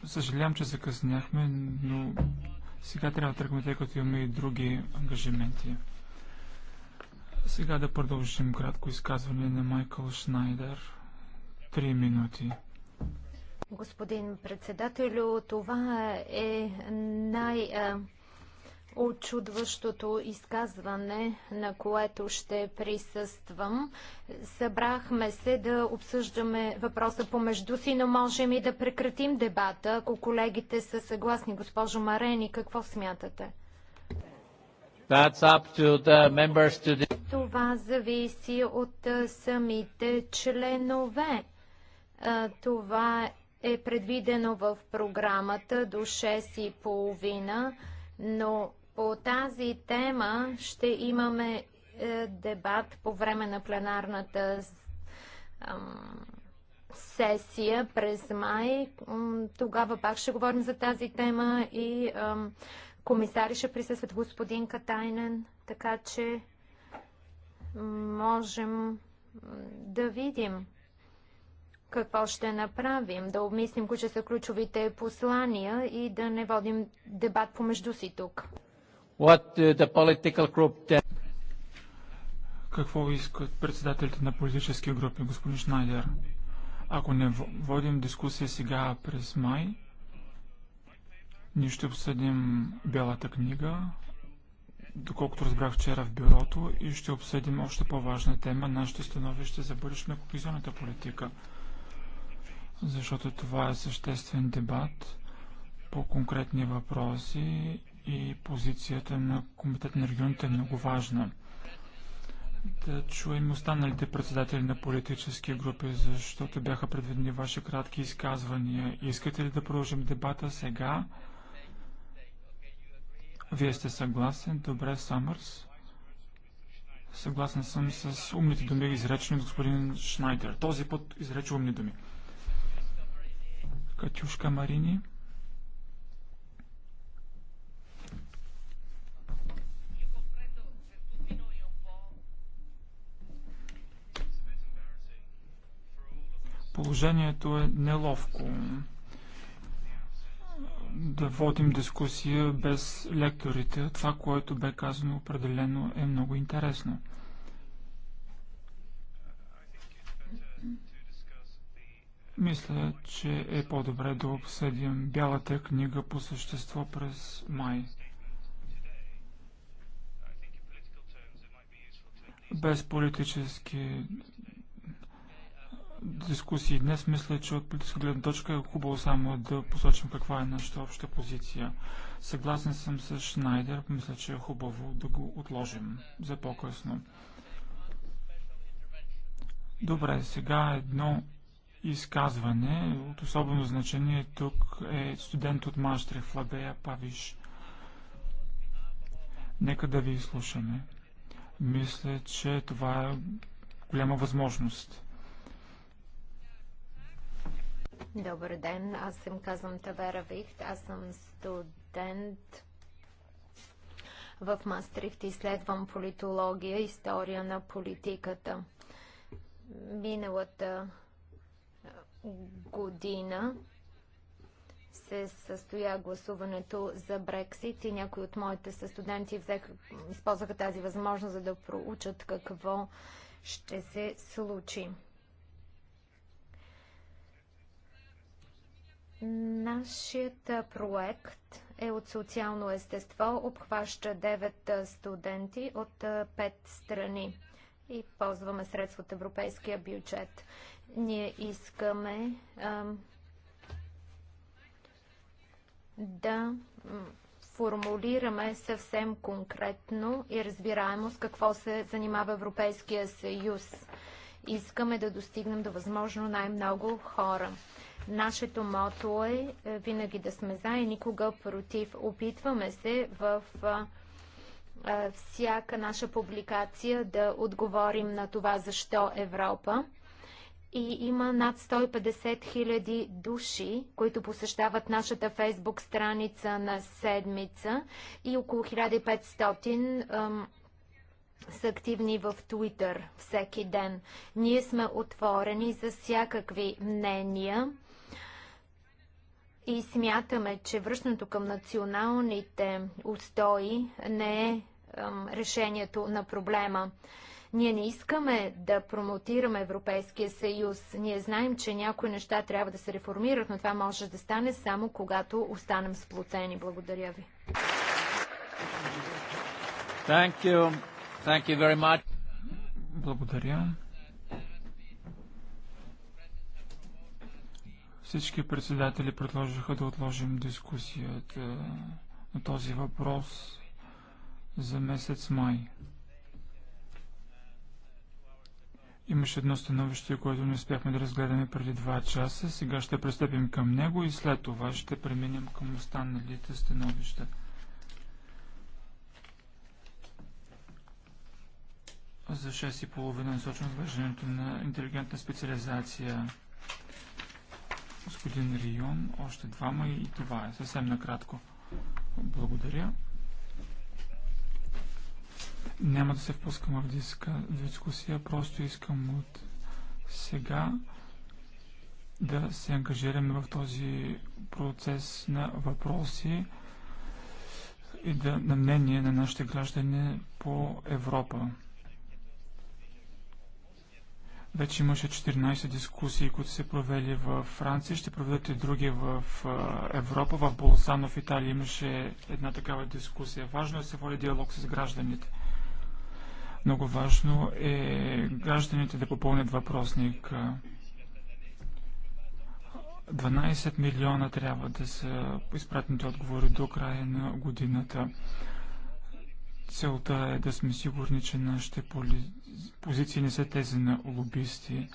Съжалявам, че закъсняхме, но сега трябва да тръгваме, тъй като имаме и други ангажименти. Сега да продължим кратко изказване на Майкъл Шнайдер. Три минути. Господин председателю, това е най- очудващото изказване, на което ще присъствам. Събрахме се да обсъждаме въпроса помежду си, но можем и да прекратим дебата, ако колегите са съгласни. Госпожо Марени, какво смятате? To... Това зависи от самите членове. Това е предвидено в програмата до 6.30, но по тази тема ще имаме е, дебат по време на пленарната сесия през май. Тогава пак ще говорим за тази тема и комисари ще присъстват господин Катайнен, така че можем да видим какво ще направим, да обмислим кои ще са ключовите послания и да не водим дебат помежду си тук what the political group Какво искат председателите на политически групи, господин Шнайдер? Ако не водим дискусия сега през май, ние ще обсъдим Бялата книга, доколкото разбрах вчера в бюрото, и ще обсъдим още по-важна тема, нашето становище за бъдеще на кохезионната политика. Защото това е съществен дебат по конкретни въпроси и позицията на Комитет на регионите е много важна. Да чуем останалите председатели на политически групи, защото бяха предвидени ваши кратки изказвания. Искате ли да продължим дебата сега? Вие сте съгласен? Добре, Самърс. Съгласен съм с умните думи, изречени от господин Шнайдер. Този път изрече умни думи. Катюшка Марини. Положението е неловко да водим дискусия без лекторите. Това, което бе казано определено е много интересно. Мисля, че е по-добре да обсъдим бялата книга по същество през май. Без политически дискусии днес, мисля, че от политическа гледна точка е хубаво само да посочим каква е нашата обща позиция. Съгласен съм с Шнайдер, мисля, че е хубаво да го отложим за по-късно. Добре, сега едно изказване от особено значение тук е студент от Маштрих Флабея Павиш. Нека да ви изслушаме. Мисля, че това е голяма възможност. Добър ден, аз съм казвам Тавера Вихт, аз съм студент в Мастрихт изследвам политология, история на политиката. Миналата година се състоя гласуването за Брексит и някои от моите студенти взех, използваха тази възможност, за да проучат какво ще се случи. Нашият проект е от социално естество, обхваща 9 студенти от 5 страни и ползваме средства от европейския бюджет. Ние искаме а, да формулираме съвсем конкретно и разбираемо с какво се занимава Европейския съюз. Искаме да достигнем до възможно най-много хора. Нашето мото е, е винаги да сме за и никога против. Опитваме се в всяка наша публикация да отговорим на това защо Европа. И има над 150 хиляди души, които посещават нашата фейсбук страница на седмица и около 1500 са активни в Twitter всеки ден. Ние сме отворени за всякакви мнения и смятаме, че връщането към националните устои не е решението на проблема. Ние не искаме да промотираме Европейския съюз. Ние знаем, че някои неща трябва да се реформират, но това може да стане само когато останем сплотени. Благодаря ви. Thank you. Thank you Благодаря. Всички председатели предложиха да отложим дискусията на този въпрос за месец май. Имаше едно становище, което не успяхме да разгледаме преди 2 часа. Сега ще пристъпим към него и след това ще преминем към останалите становища. За 6.30 насочено въвеждането на интелигентна специализация господин Рион, още двама и това е съвсем накратко. Благодаря. Няма да се впускам в диска, дискусия, просто искам от сега да се ангажираме в този процес на въпроси и да, на мнение на нашите граждани по Европа. Вече имаше 14 дискусии, които се провели в Франция, ще проведат и други в Европа. В Болсано в Италия имаше една такава дискусия. Важно е да се води диалог с гражданите. Много важно е гражданите да попълнят въпросник. 12 милиона трябва да са изпратните отговори до края на годината. Целта е да сме сигурни, че нашите поли позиции не са тези на лобисти.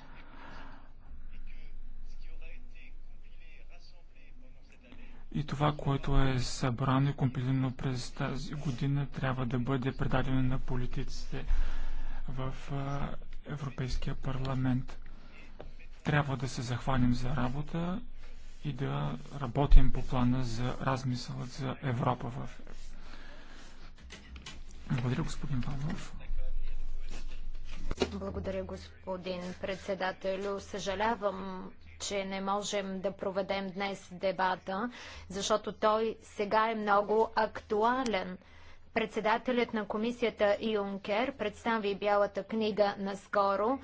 И това, което е събрано и компилирано през тази година, трябва да бъде предадено на политиците в Европейския парламент. Трябва да се захванем за работа и да работим по плана за размисъл за Европа в. Благодаря, господин Павлов. Благодаря, господин председателю. Съжалявам, че не можем да проведем днес дебата, защото той сега е много актуален. Председателят на комисията Юнкер представи Бялата книга наскоро.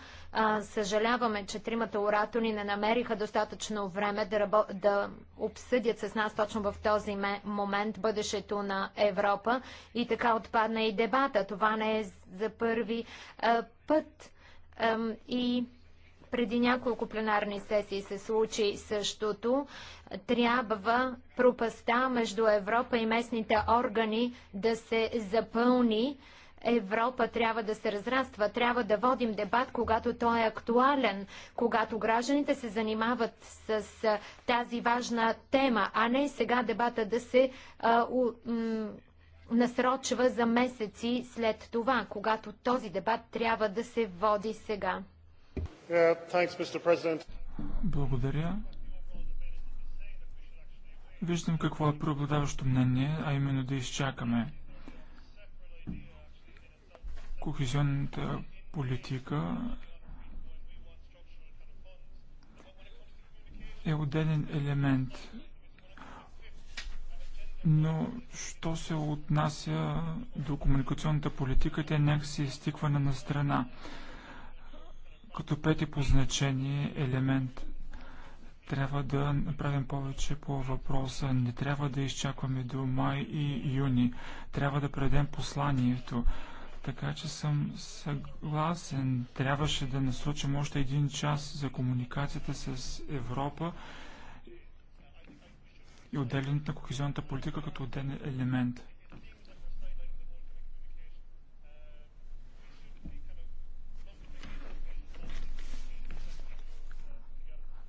съжаляваме, че тримата оратори не намериха достатъчно време да, рабо... да обсъдят с нас точно в този момент бъдещето на Европа. И така отпадна и дебата. Това не е за първи път и преди няколко пленарни сесии се случи същото. Трябва пропаста между Европа и местните органи да се запълни. Европа трябва да се разраства, трябва да водим дебат, когато той е актуален, когато гражданите се занимават с, с тази важна тема, а не сега дебата да се а, у, насрочва за месеци след това, когато този дебат трябва да се води сега. Yeah, uh, thanks, Благодаря. Виждам какво е преобладаващо мнение, а именно да изчакаме кохезионната политика е отделен елемент но, що се отнася до комуникационната политика, тя някакси е стикване на страна. Като пети по значение елемент трябва да направим повече по въпроса. Не трябва да изчакваме до май и юни. Трябва да предем посланието. Така че съм съгласен. Трябваше да насочим още един час за комуникацията с Европа и отделянето на кохезионната политика като отделен елемент.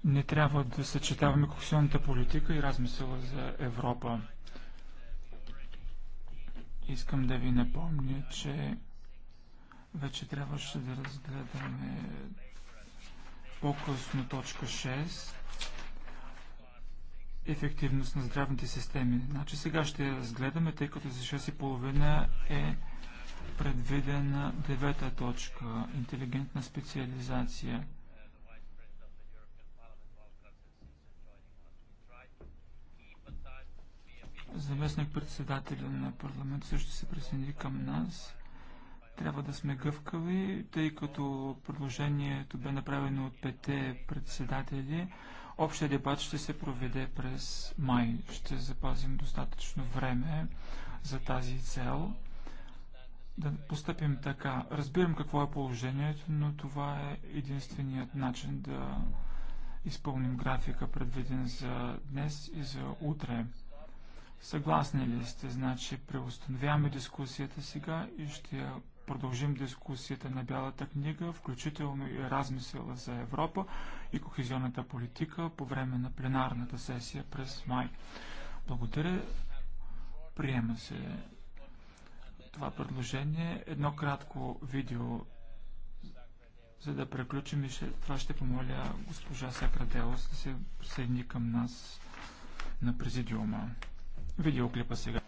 Не трябва да съчетаваме кохезионната политика и размисъла за Европа. Искам да ви напомня, че вече трябваше да разгледаме по-късно точка 6 ефективност на здравните системи. Значи сега ще разгледаме, тъй като за 6 и половина е предвидена девета точка – интелигентна специализация. Заместник председателя на парламент също се присъедини към нас. Трябва да сме гъвкави, тъй като предложението бе направено от пете председатели. Общия дебат ще се проведе през май. Ще запазим достатъчно време за тази цел. Да постъпим така. Разбирам какво е положението, но това е единственият начин да изпълним графика, предвиден за днес и за утре. Съгласни ли сте? Значи преустановяваме дискусията сега и ще я продължим дискусията на Бялата книга, включително и размисъла за Европа и кохезионната политика по време на пленарната сесия през май. Благодаря. Приема се това предложение. Едно кратко видео, за да преключим и ще, това ще помоля госпожа Сакраделос да се присъедини към нас на президиума. Видеоклипа сега.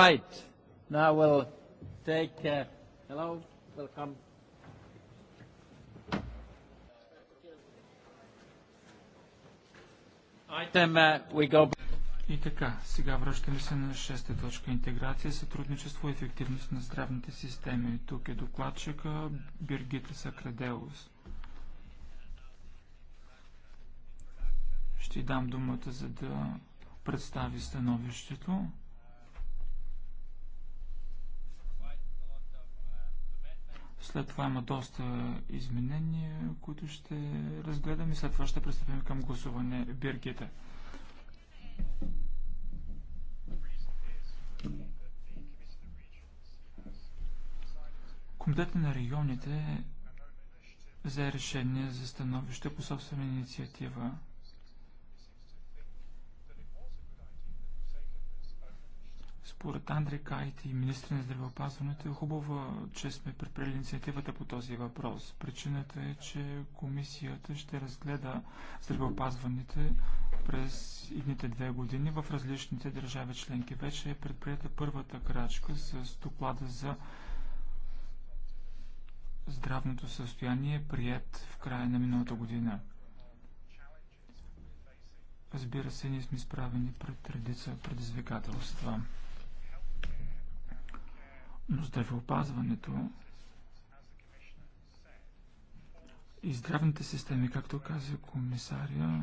right. Now we'll take. Uh, hello, welcome. Item, uh, we go. И така, сега връщаме се на шеста точка интеграция, сътрудничество и ефективност на здравните системи. Тук е докладчика Биргита Сакраделос. Ще дам думата, за да представи становището. След това има доста изменения, които ще разгледаме. След това ще пристъпим към гласуване. Биргите. Комитетът на регионите взе решение за становище по собствена инициатива Според Андре Кайт и министър на здравеопазването е хубаво, че сме предприели инициативата по този въпрос. Причината е, че комисията ще разгледа здравеопазването през идните две години в различните държави членки. Вече е предприята първата крачка с доклада за здравното състояние, прият в края на миналата година. Разбира се, ние сме изправени пред редица предизвикателства. Но здравеопазването и здравните системи, както каза комисаря,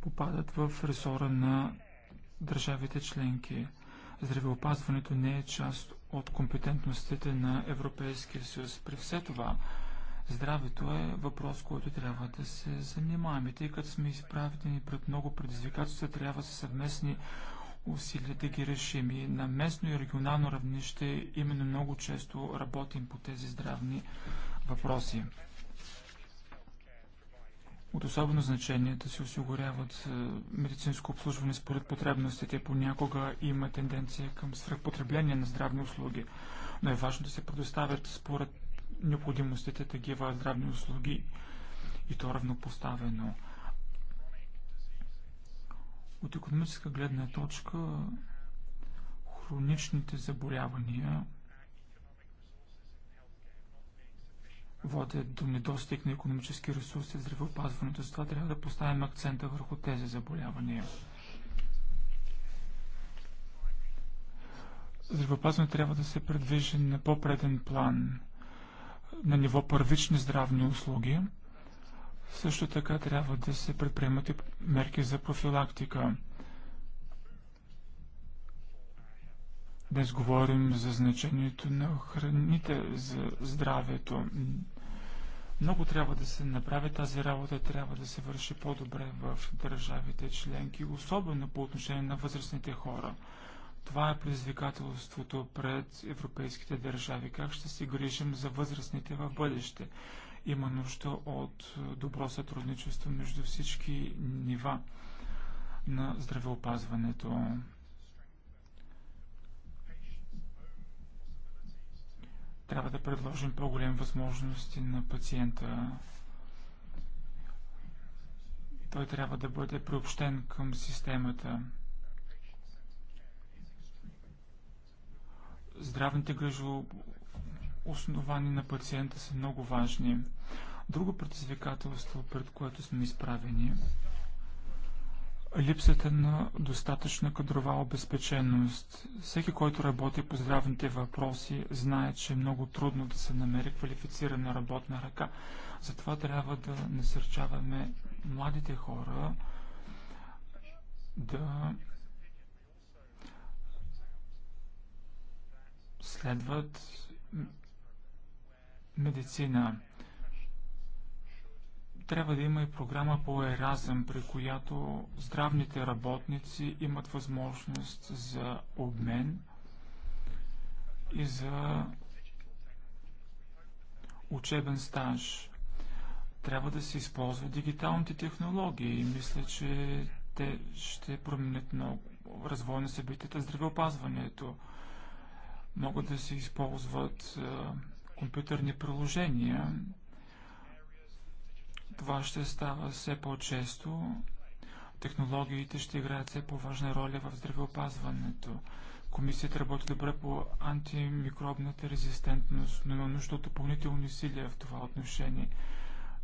попадат в ресора на държавите членки. Здравеопазването не е част от компетентностите на Европейския съюз. При все това, здравето е въпрос, който трябва да се занимаваме, тъй като сме изправени пред много предизвикателства, трябва да съвместни усилията ги решим. И на местно и регионално равнище именно много често работим по тези здравни въпроси. От особено значение да се осигуряват е, медицинско обслужване според потребностите. Понякога има тенденция към свръхпотребление на здравни услуги, но е важно да се предоставят според необходимостите такива здравни услуги и то равнопоставено. От економическа гледна точка, хроничните заболявания водят до недостиг на економически ресурси в здравеопазването. Затова това трябва да поставим акцента върху тези заболявания. Здравеопазването трябва да се предвижи на по-преден план на ниво първични здравни услуги – също така трябва да се предприемат и мерки за профилактика. Днес говорим за значението на храните за здравето. Много трябва да се направи тази работа, трябва да се върши по-добре в държавите членки, особено по отношение на възрастните хора. Това е предизвикателството пред европейските държави. Как ще се грижим за възрастните в бъдеще? Има нужда от е, добро сътрудничество между всички нива на здравеопазването. Трябва да предложим по-големи възможности на пациента. Той трябва да бъде приобщен към системата. Здравните грижи основани на пациента, са много важни. Друго предизвикателство, пред което сме изправени, липсата на достатъчна кадрова обезпеченост. Всеки, който работи по здравните въпроси, знае, че е много трудно да се намери квалифицирана работна ръка. Затова трябва да насърчаваме младите хора да следват медицина. Трябва да има и програма по Еразъм, при която здравните работници имат възможност за обмен и за учебен стаж. Трябва да се използват дигиталните технологии и мисля, че те ще променят много развой на събитията здравеопазването. Могат да се използват компютърни приложения. Това ще става все по-често. Технологиите ще играят все по-важна роля в здравеопазването. Комисията работи добре по антимикробната резистентност, но има нужда от допълнителни усилия в това отношение.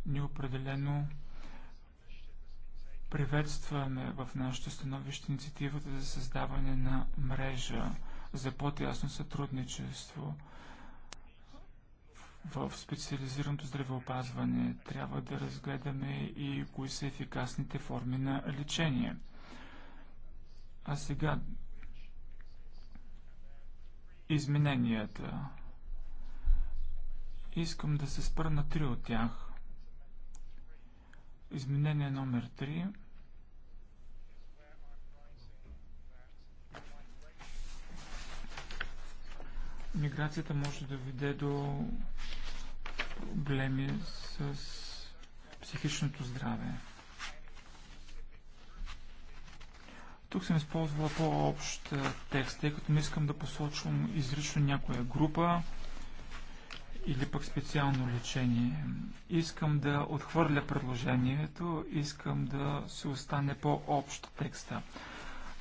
ни определено приветстваме в нашето становище инициативата за създаване на мрежа за по-тясно сътрудничество в специализираното здравеопазване. Трябва да разгледаме и кои са ефикасните форми на лечение. А сега измененията. Искам да се спра на три от тях. Изменение номер 3 миграцията може да веде до проблеми с психичното здраве. Тук съм използвала по-общ текст, тъй като не искам да посочвам изрично някоя група или пък специално лечение. Искам да отхвърля предложението, искам да се остане по-общ текста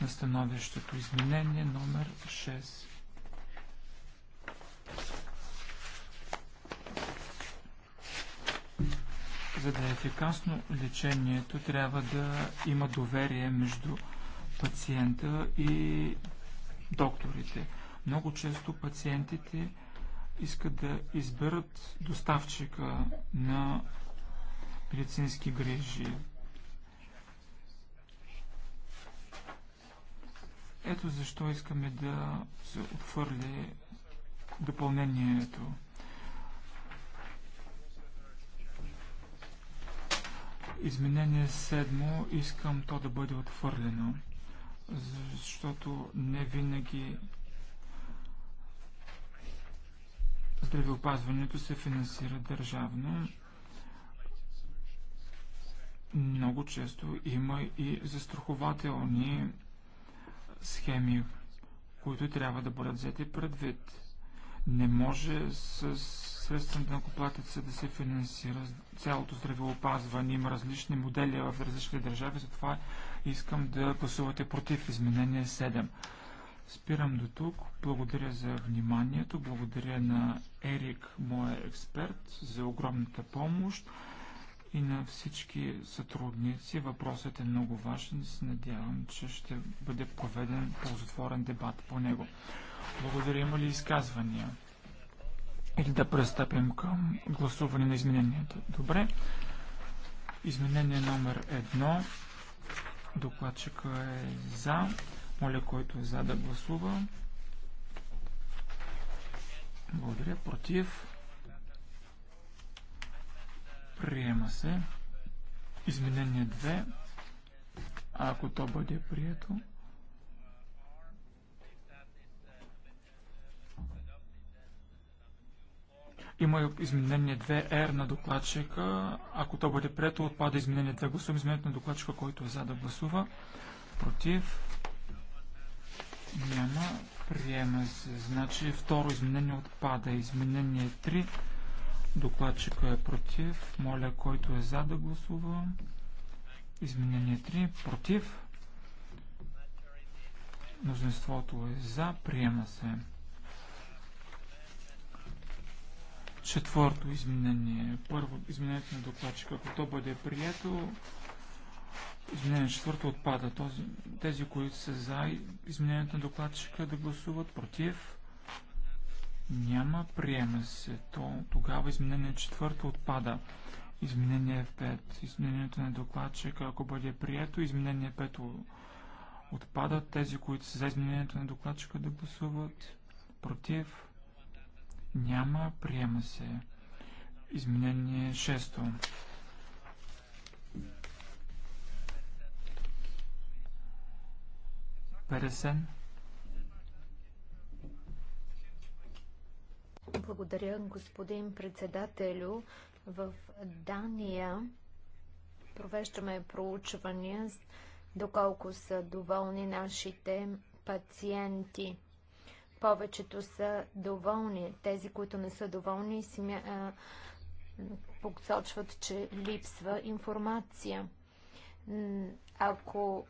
на становището. Изменение номер 6. За да е ефикасно лечението, трябва да има доверие между пациента и докторите. Много често пациентите искат да изберат доставчика на медицински грижи. Ето защо искаме да се отвърли допълнението. изменение 7 искам то да бъде отвърлено, защото не винаги здравеопазването се финансира държавно. Много често има и застрахователни схеми, които трябва да бъдат взети предвид. Не може с средства на накоплатеца да се финансира цялото здравеопазване. Има различни модели в различни държави, затова искам да гласувате против изменение 7. Спирам до тук. Благодаря за вниманието. Благодаря на Ерик, моя експерт, за огромната помощ и на всички сътрудници. Въпросът е много важен и се надявам, че ще бъде проведен ползотворен дебат по него. Благодаря. Има ли изказвания? Или да престъпим към гласуване на измененията? Добре. Изменение номер едно. Докладчика е за. Моля, който е за да гласува. Благодаря. Против. Приема се. Изменение 2. ако то бъде прието, Има изменение 2R на докладчика. Ако то бъде прието, отпада изменение 2. Гласуваме изменението на докладчика, който е за да гласува. Против. Няма. Приема се. Значи второ изменение отпада. Изменение 3. Докладчика е против. Моля, който е за да гласува. Изменение 3. Против. Мнозинството е за. Приема се. Четвърто изменение. Първо изменението на докладчика. Ако то бъде прието, изменение четвърто отпада. Този, тези, които са за изменението на докладчика да гласуват против, няма, приема се. То, тогава изменение четвърто отпада. Изменение 5. Изменението на докладчика, ако бъде прието, изменение 5 отпада. Тези, които са за изменението на докладчика да гласуват против, няма. Приема се. Изменение 6. Пересен. Благодаря, господин председателю. В Дания провеждаме проучвания доколко са доволни нашите пациенти повечето са доволни. Тези, които не са доволни, смя... А, посочват, че липсва информация. Ако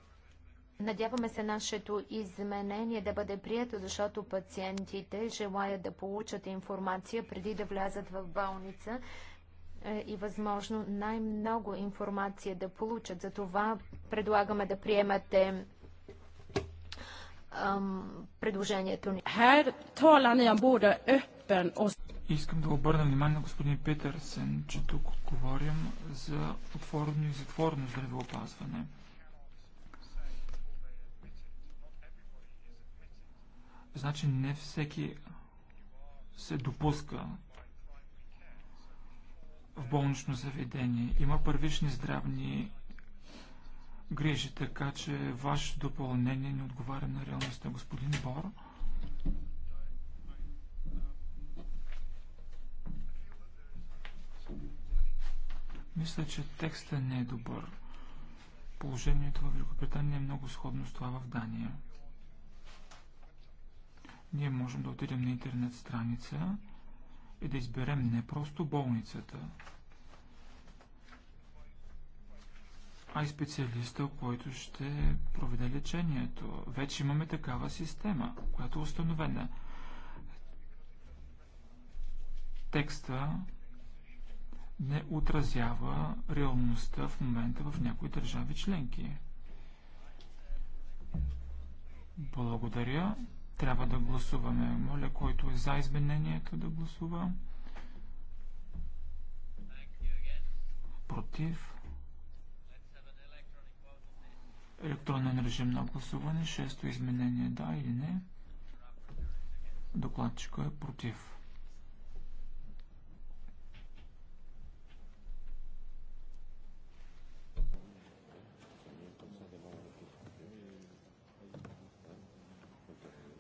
Надяваме се нашето изменение да бъде прието, защото пациентите желаят да получат информация преди да влязат в болница е, и възможно най-много информация да получат. Затова предлагаме да приемате предложението ни. Искам да обърна внимание на господин Петърсен, че тук отговарям за отворено и затворено здравеопазване. Значи не всеки се допуска в болнично заведение. Има първични здравни грижи, така че вашето допълнение не отговаря на реалността. Господин Бор. Мисля, че текстът не е добър. Положението в Великобритания е много сходно с това в Дания. Ние можем да отидем на интернет страница и да изберем не просто болницата, а и специалиста, който ще проведе лечението. Вече имаме такава система, която е установена. Текста не отразява реалността в момента в някои държави членки. Благодаря. Трябва да гласуваме. Моля, който е за изменението да гласува. Против. Електронен режим на гласуване. Шесто изменение да или не. Докладчика е против.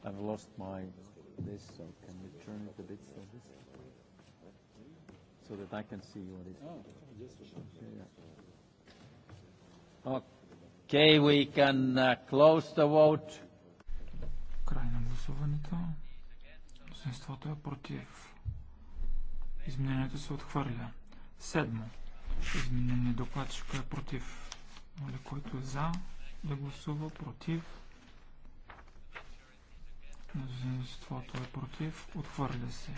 I've lost my this, so can you turn it a bit so this? So that I can see what it is. Oh, yeah. Okay. Okay, we can uh, close the vote. Край на гласуването. Мнозинството е против. Изменението се отхвърля. Седмо. Изменение докладчика е против. Моля, който е за, да гласува против. Мнозинството е против. Отхвърля се.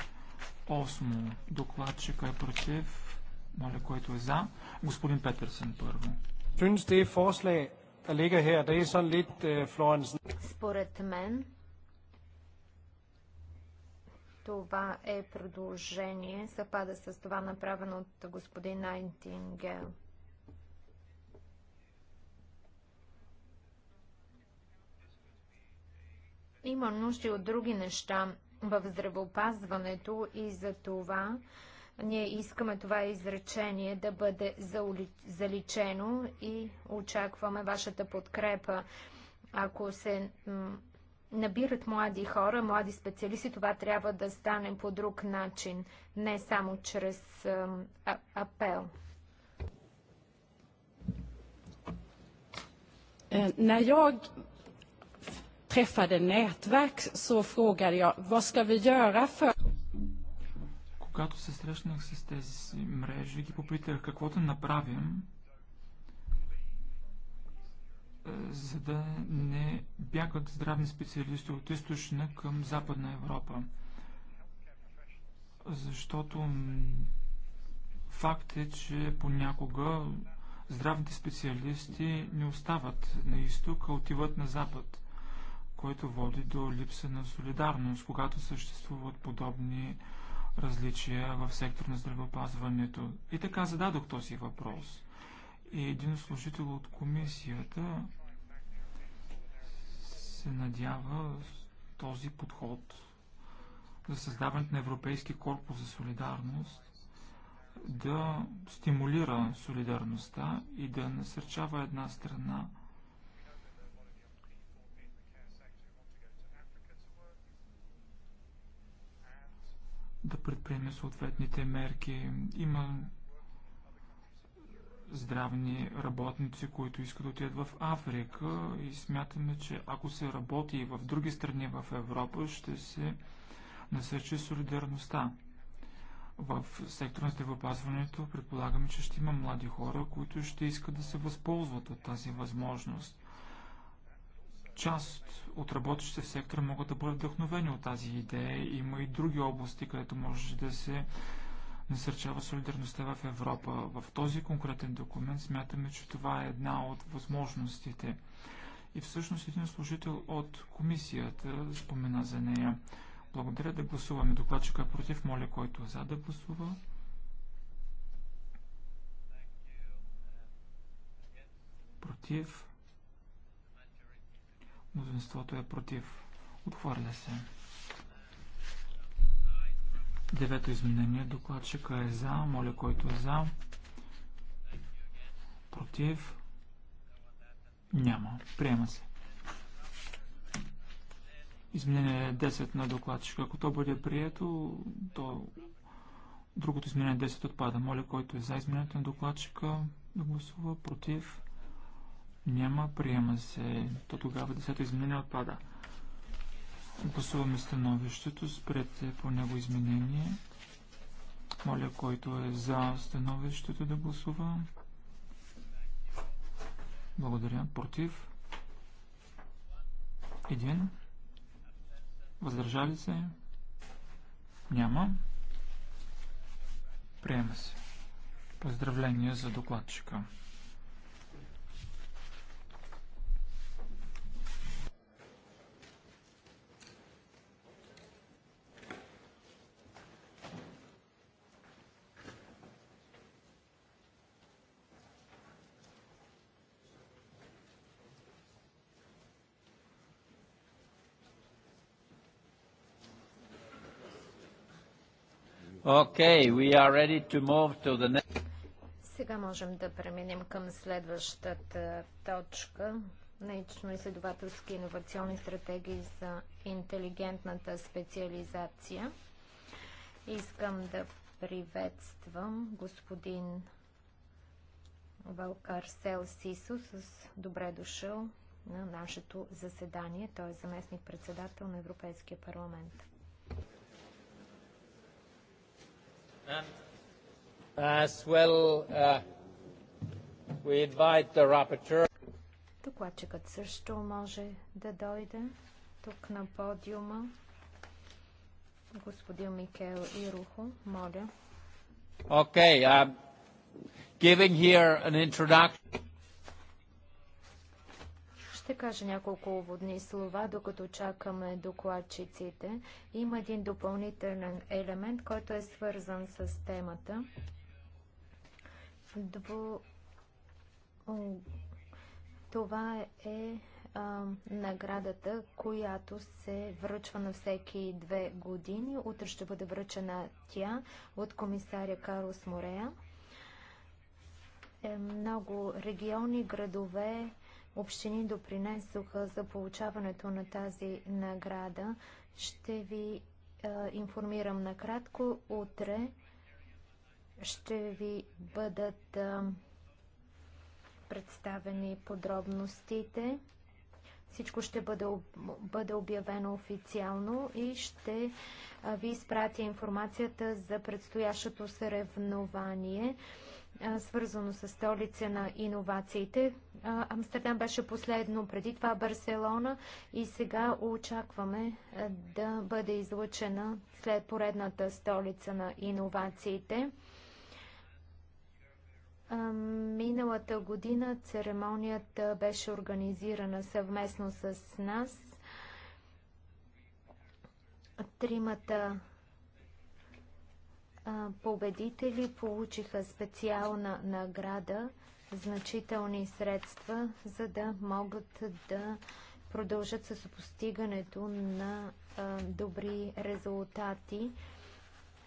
Осмо. Докладчика е против. Моля, който е за. Господин Петърсен първо. Synes det er forslag ligger her, det er sådan lidt, øh, Florensen. Според мен, това е продължение, съпада с това направено от господин Найтингел. Има нужди от други неща в здравеопазването и за това ние искаме това изречение да бъде заличено и очакваме вашата подкрепа. Ако се набират млади хора, млади специалисти, това трябва да стане по друг начин, не само чрез а, апел. Е, när jag träffade nätverk så frågade jag vad ska vi göra för когато се срещнах с тези си мрежи, ги попитах какво да направим, е, за да не бягат здравни специалисти от източна към западна Европа. Защото факт е, че понякога здравните специалисти не остават на изток, а отиват на запад, което води до липса на солидарност, когато съществуват подобни различия в сектор на здравеопазването. И така зададох този въпрос. И един служител от комисията се надява този подход за създаването на Европейски корпус за солидарност да стимулира солидарността и да насърчава една страна да предприеме съответните мерки. Има здравни работници, които искат да отидат в Африка и смятаме, че ако се работи и в други страни в Европа, ще се насърчи солидарността. В сектора на здравеопазването предполагаме, че ще има млади хора, които ще искат да се възползват от тази възможност. Част от работещите в сектора могат да бъдат вдъхновени от тази идея. Има и други области, където може да се насърчава солидарността в Европа. В този конкретен документ смятаме, че това е една от възможностите. И всъщност един служител от комисията спомена за нея. Благодаря да гласуваме. Докладчика е против. Моля, който е за да гласува. Против. Мнозинството е против. Отхвърля се. Девето изменение. Докладчика е за. Моля, който е за. Против. Няма. Приема се. Изменение 10 на докладчика. Ако то бъде прието, то другото изменение 10 отпада. Моля, който е за изменението на докладчика да гласува против. Няма. Приема се. То тогава десето изменение отпада. Гласуваме становището. Спрете по него изменение. Моля, който е за становището да гласува. Благодаря. Против? Един. Въздържали се? Няма. Приема се. Поздравления за докладчика. Okay, we are ready to move to the next. Сега можем да преминем към следващата точка. Научно-изследователски иновационни стратегии за интелигентната специализация. Искам да приветствам господин Валкар Сел Сисо с добре дошъл на нашето заседание. Той е заместник председател на Европейския парламент. And As well, uh, we invite the rapporteur. Докладчикът също може да дойде тук на подиума. Господин Микел Ирухо, моля. Okay, I'm giving here an introduction. Ще кажа няколко уводни слова, докато чакаме докладчиците. Има един допълнителен елемент, който е свързан с темата. Дво... Това е а, наградата, която се връчва на всеки две години. Утре ще бъде връчена тя от комисаря Карлос Морея. Е, много региони, градове, общини допринесоха за получаването на тази награда. Ще ви е, информирам накратко. Утре ще ви бъдат е, представени подробностите. Всичко ще бъде, бъде обявено официално и ще ви изпратя информацията за предстоящото съревнование свързано с столица на иновациите. Амстердам беше последно, преди това Барселона и сега очакваме да бъде излъчена след поредната столица на иновациите. Миналата година церемонията беше организирана съвместно с нас. Тримата победители получиха специална награда, значителни средства, за да могат да продължат с постигането на добри резултати,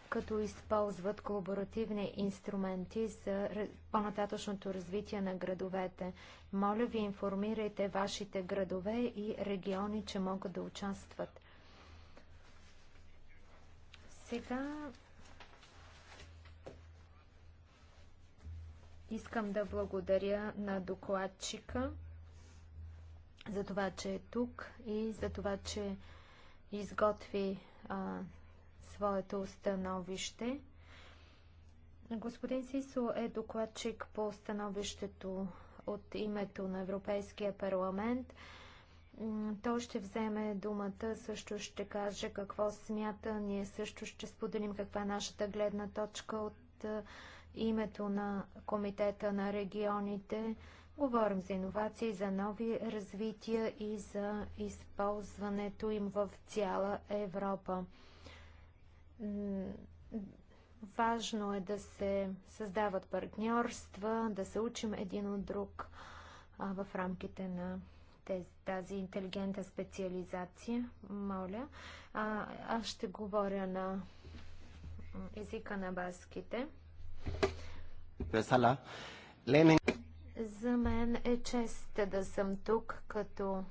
като използват колаборативни инструменти за по-нататъчното развитие на градовете. Моля ви, информирайте вашите градове и региони, че могат да участват. Сега Искам да благодаря на докладчика за това, че е тук и за това, че изготви а, своето становище. Господин Сисо е докладчик по становището от името на Европейския парламент. Той ще вземе думата, също ще каже какво смята. Ние също ще споделим каква е нашата гледна точка от името на Комитета на регионите. Говорим за иновации, за нови развития и за използването им в цяла Европа. Важно е да се създават партньорства, да се учим един от друг а, в рамките на тези, тази интелигентна специализация. Моля, а, аз ще говоря на езика на баските. За мен е чест да съм тук като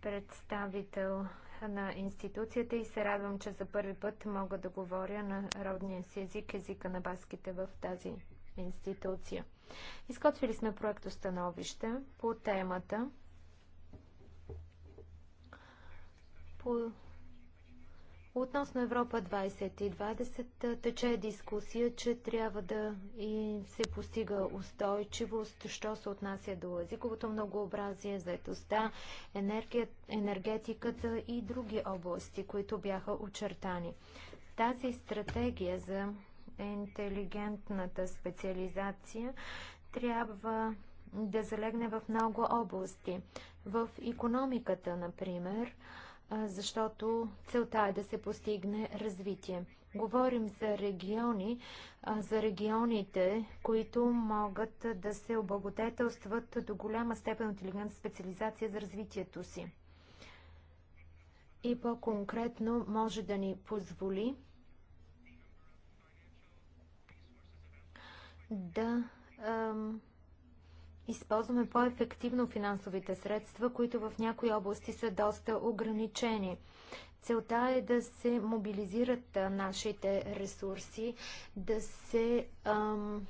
представител на институцията и се радвам, че за първи път мога да говоря на родния си език, езика на баските в тази институция. Изготвили сме проектостановище по темата. По Относно Европа 2020 тече дискусия, че трябва да и се постига устойчивост, що се отнася до езиковото многообразие, заедостта, енергетиката и други области, които бяха очертани. Тази стратегия за интелигентната специализация трябва да залегне в много области. В економиката, например, защото целта е да се постигне развитие. Говорим за региони, за регионите, които могат да се облагодетелстват до голяма степен от елегант специализация за развитието си. И по-конкретно може да ни позволи да използваме по-ефективно финансовите средства, които в някои области са доста ограничени. Целта е да се мобилизират нашите ресурси, да се ам,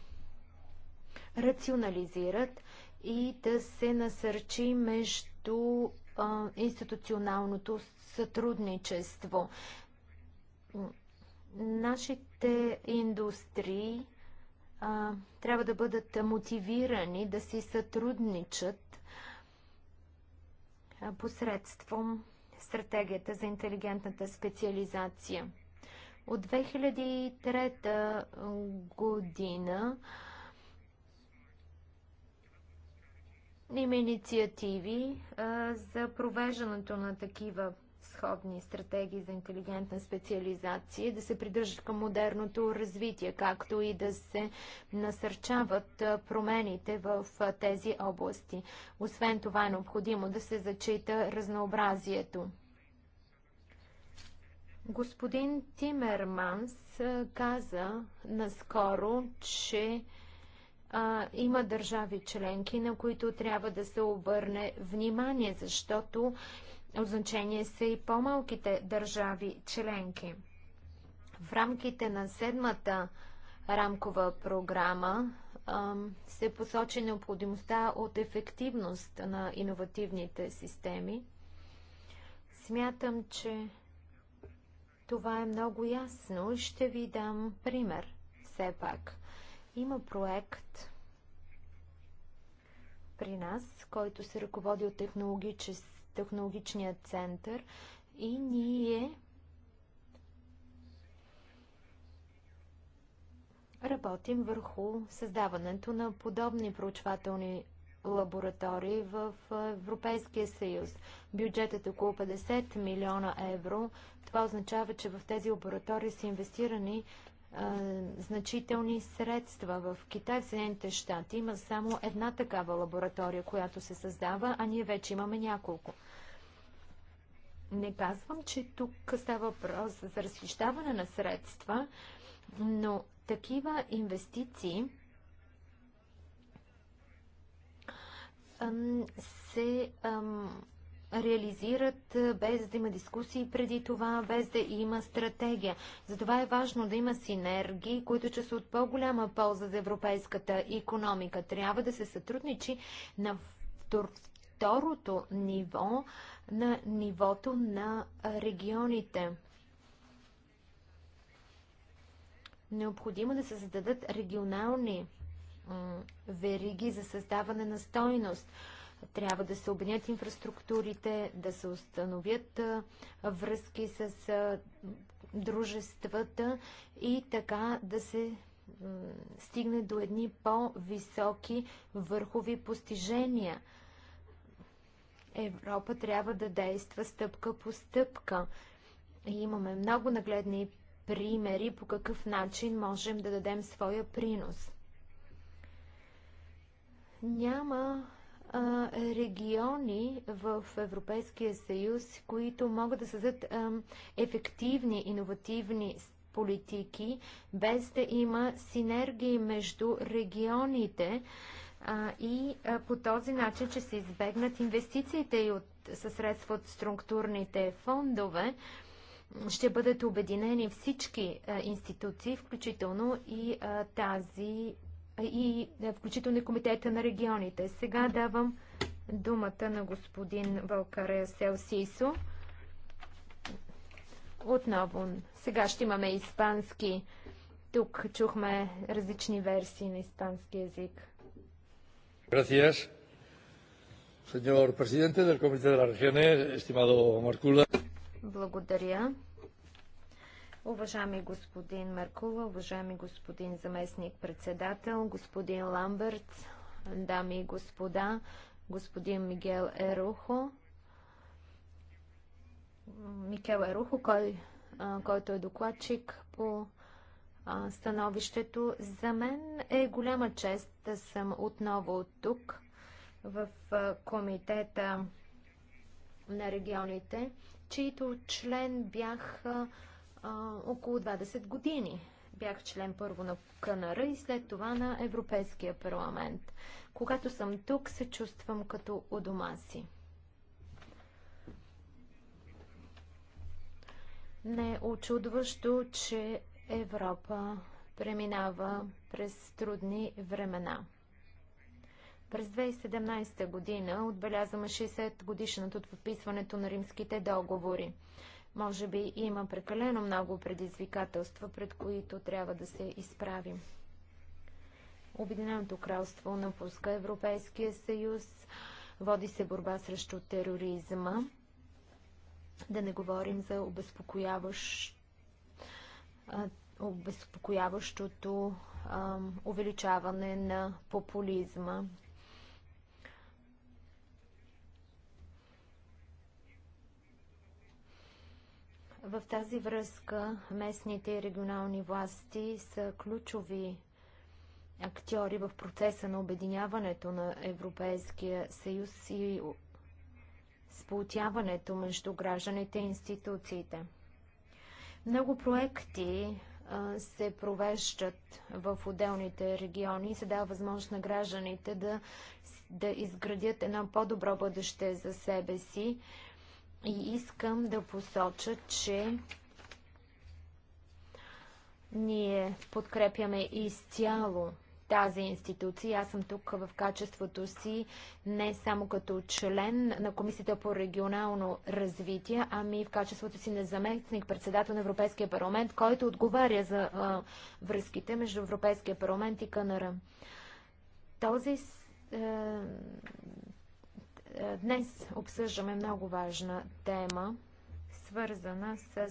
рационализират и да се насърчи между а, институционалното сътрудничество. Нашите индустрии а, трябва да бъдат мотивирани да си сътрудничат а, посредством стратегията за интелигентната специализация. От 2003 година има инициативи а, за провеждането на такива сходни стратегии за интелигентна специализация, да се придържат към модерното развитие, както и да се насърчават промените в тези области. Освен това е необходимо да се зачита разнообразието. Господин Тимерманс каза наскоро, че а, има държави членки, на които трябва да се обърне внимание, защото от значение са и по-малките държави членки. В рамките на седмата рамкова програма се посочи необходимостта от ефективност на иновативните системи. Смятам, че това е много ясно. Ще ви дам пример. Все пак има проект при нас, който се ръководи от технологически технологичния център и ние работим върху създаването на подобни проучвателни лаборатории в Европейския съюз. Бюджетът е около 50 милиона евро. Това означава, че в тези лаборатории са инвестирани значителни средства. В Китай, в Съединените щати има само една такава лаборатория, която се създава, а ние вече имаме няколко. Не казвам, че тук става въпрос за разхищаване на средства, но такива инвестиции се реализират без да има дискусии преди това, без да има стратегия. Затова е важно да има синергии, които че са от по-голяма полза за европейската економика. Трябва да се сътрудничи на второто ниво, на нивото на регионите. Необходимо да се зададат регионални вериги за създаване на стойност. Трябва да се обединят инфраструктурите, да се установят връзки с дружествата и така да се стигне до едни по-високи върхови постижения. Европа трябва да действа стъпка по стъпка. И имаме много нагледни примери по какъв начин можем да дадем своя принос. Няма а, региони в Европейския съюз, които могат да създадат а, ефективни, иновативни политики, без да има синергии между регионите а, и а, по този начин, че се избегнат инвестициите и от, със средства от структурните фондове, ще бъдат обединени всички а, институции, включително и а, тази и е, включително и Комитета на регионите. Сега давам думата на господин Валкаре Селсисо. Отново, сега ще имаме испански. Тук чухме различни версии на испански язик. Gracias, señor presidente del Comité de las Regiones, estimado Marcula. Благодаря, Уважаеми господин Маркова, уважаеми господин заместник председател, господин Ламберт, дами и господа, господин Мигел Ерухо. Микел Ерухо, кой, който е докладчик по становището. За мен е голяма чест да съм отново тук в комитета на регионите, чието член бях а, около 20 години. Бях член първо на КНР и след това на Европейския парламент. Когато съм тук, се чувствам като у дома си. Не е очудващо, че Европа преминава през трудни времена. През 2017 година отбелязваме 60 годишната от подписването на римските договори. Може би има прекалено много предизвикателства, пред които трябва да се изправим. Обединеното кралство напуска Европейския съюз, води се борба срещу тероризма, да не говорим за обезпокояващ, обезпокояващото увеличаване на популизма, В тази връзка местните и регионални власти са ключови актьори в процеса на обединяването на Европейския съюз и сполтяването между гражданите и институциите. Много проекти а, се провеждат в отделните региони и се дава възможност на гражданите да, да изградят едно по-добро бъдеще за себе си и искам да посоча, че ние подкрепяме изцяло тази институция. Аз съм тук в качеството си не само като член на Комисията по регионално развитие, ами в качеството си на заместник председател на Европейския парламент, който отговаря за а, връзките между Европейския парламент и КНР. Този а, Днес обсъждаме много важна тема, свързана с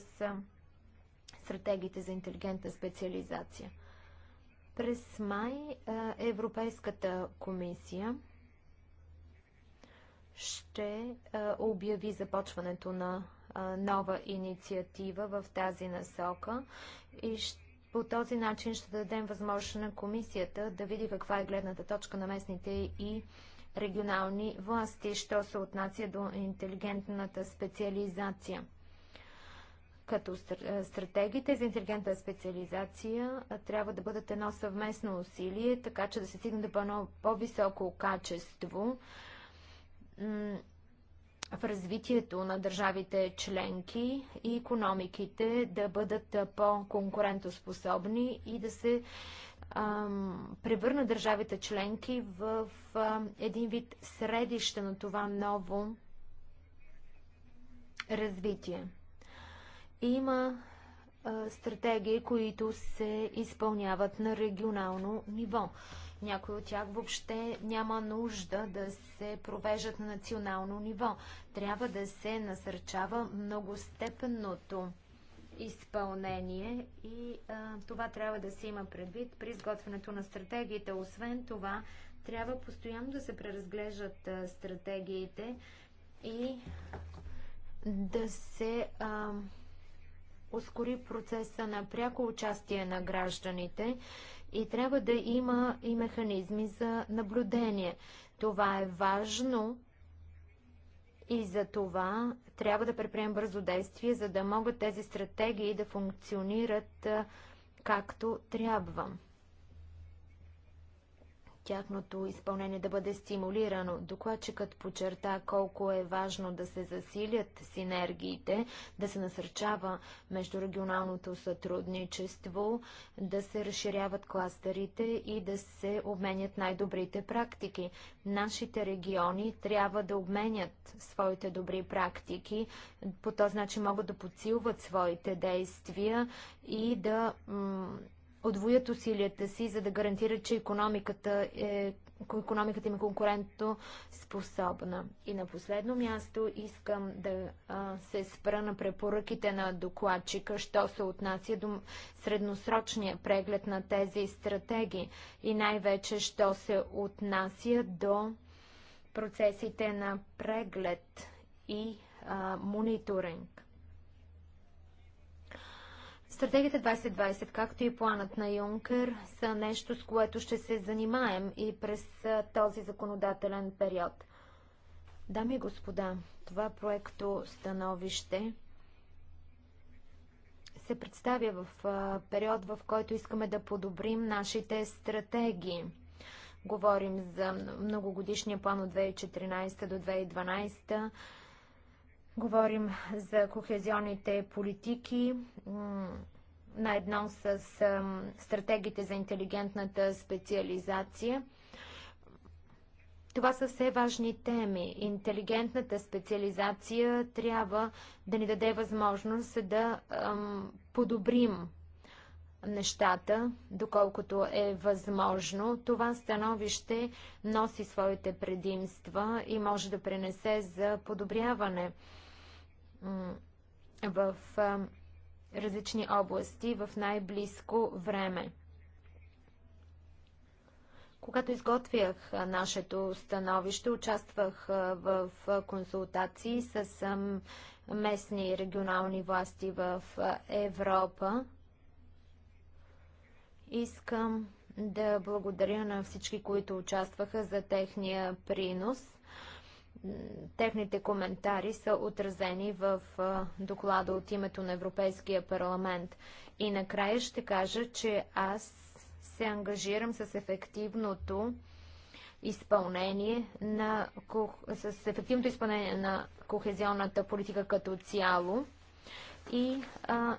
стратегиите за интелигентна специализация. През май Европейската комисия ще обяви започването на нова инициатива в тази насока и по този начин ще дадем възможност на комисията да види каква е гледната точка на местните и регионални власти, що се отнася до интелигентната специализация. Като е, стратегиите за интелигентна специализация трябва да бъдат едно съвместно усилие, така че да се стигне до по-високо качество в развитието на държавите членки и економиките да бъдат по-конкурентоспособни и да се превърнат държавите членки в един вид средище на това ново развитие. Има стратегии, които се изпълняват на регионално ниво. Някои от тях въобще няма нужда да се провеждат на национално ниво. Трябва да се насърчава многостепенното изпълнение и а, това трябва да се има предвид при изготвянето на стратегиите. Освен това, трябва постоянно да се преразглеждат а, стратегиите и да се а, ускори процеса на пряко участие на гражданите и трябва да има и механизми за наблюдение. Това е важно и за това трябва да предприемем бързо действие, за да могат тези стратегии да функционират както трябва тяхното изпълнение да бъде стимулирано. Докладчикът подчерта колко е важно да се засилят синергиите, да се насърчава междурегионалното сътрудничество, да се разширяват кластерите и да се обменят най-добрите практики. Нашите региони трябва да обменят своите добри практики, по този начин могат да подсилват своите действия и да отвоят усилията си, за да гарантират, че економиката, е, економиката им е конкурентно способна. И на последно място искам да а, се спра на препоръките на докладчика, що се отнася до средносрочния преглед на тези стратегии и най-вече, що се отнася до процесите на преглед и а, мониторинг. Стратегията 2020, както и планът на Юнкер, са нещо, с което ще се занимаем и през този законодателен период. Дами и господа, това проекто становище се представя в период, в който искаме да подобрим нашите стратегии. Говорим за многогодишния план от 2014 до 2012 Говорим за кохезионните политики на едно с стратегиите за интелигентната специализация. Това са все важни теми. Интелигентната специализация трябва да ни даде възможност да ам, подобрим нещата, доколкото е възможно. Това становище носи своите предимства и може да пренесе за подобряване в различни области в най-близко време. Когато изготвях нашето становище, участвах в консултации с местни и регионални власти в Европа. Искам да благодаря на всички, които участваха за техния принос. Техните коментари са отразени в доклада от името на Европейския парламент. И накрая ще кажа, че аз се ангажирам с ефективното изпълнение на, с ефективното изпълнение на кохезионната политика като цяло. И а,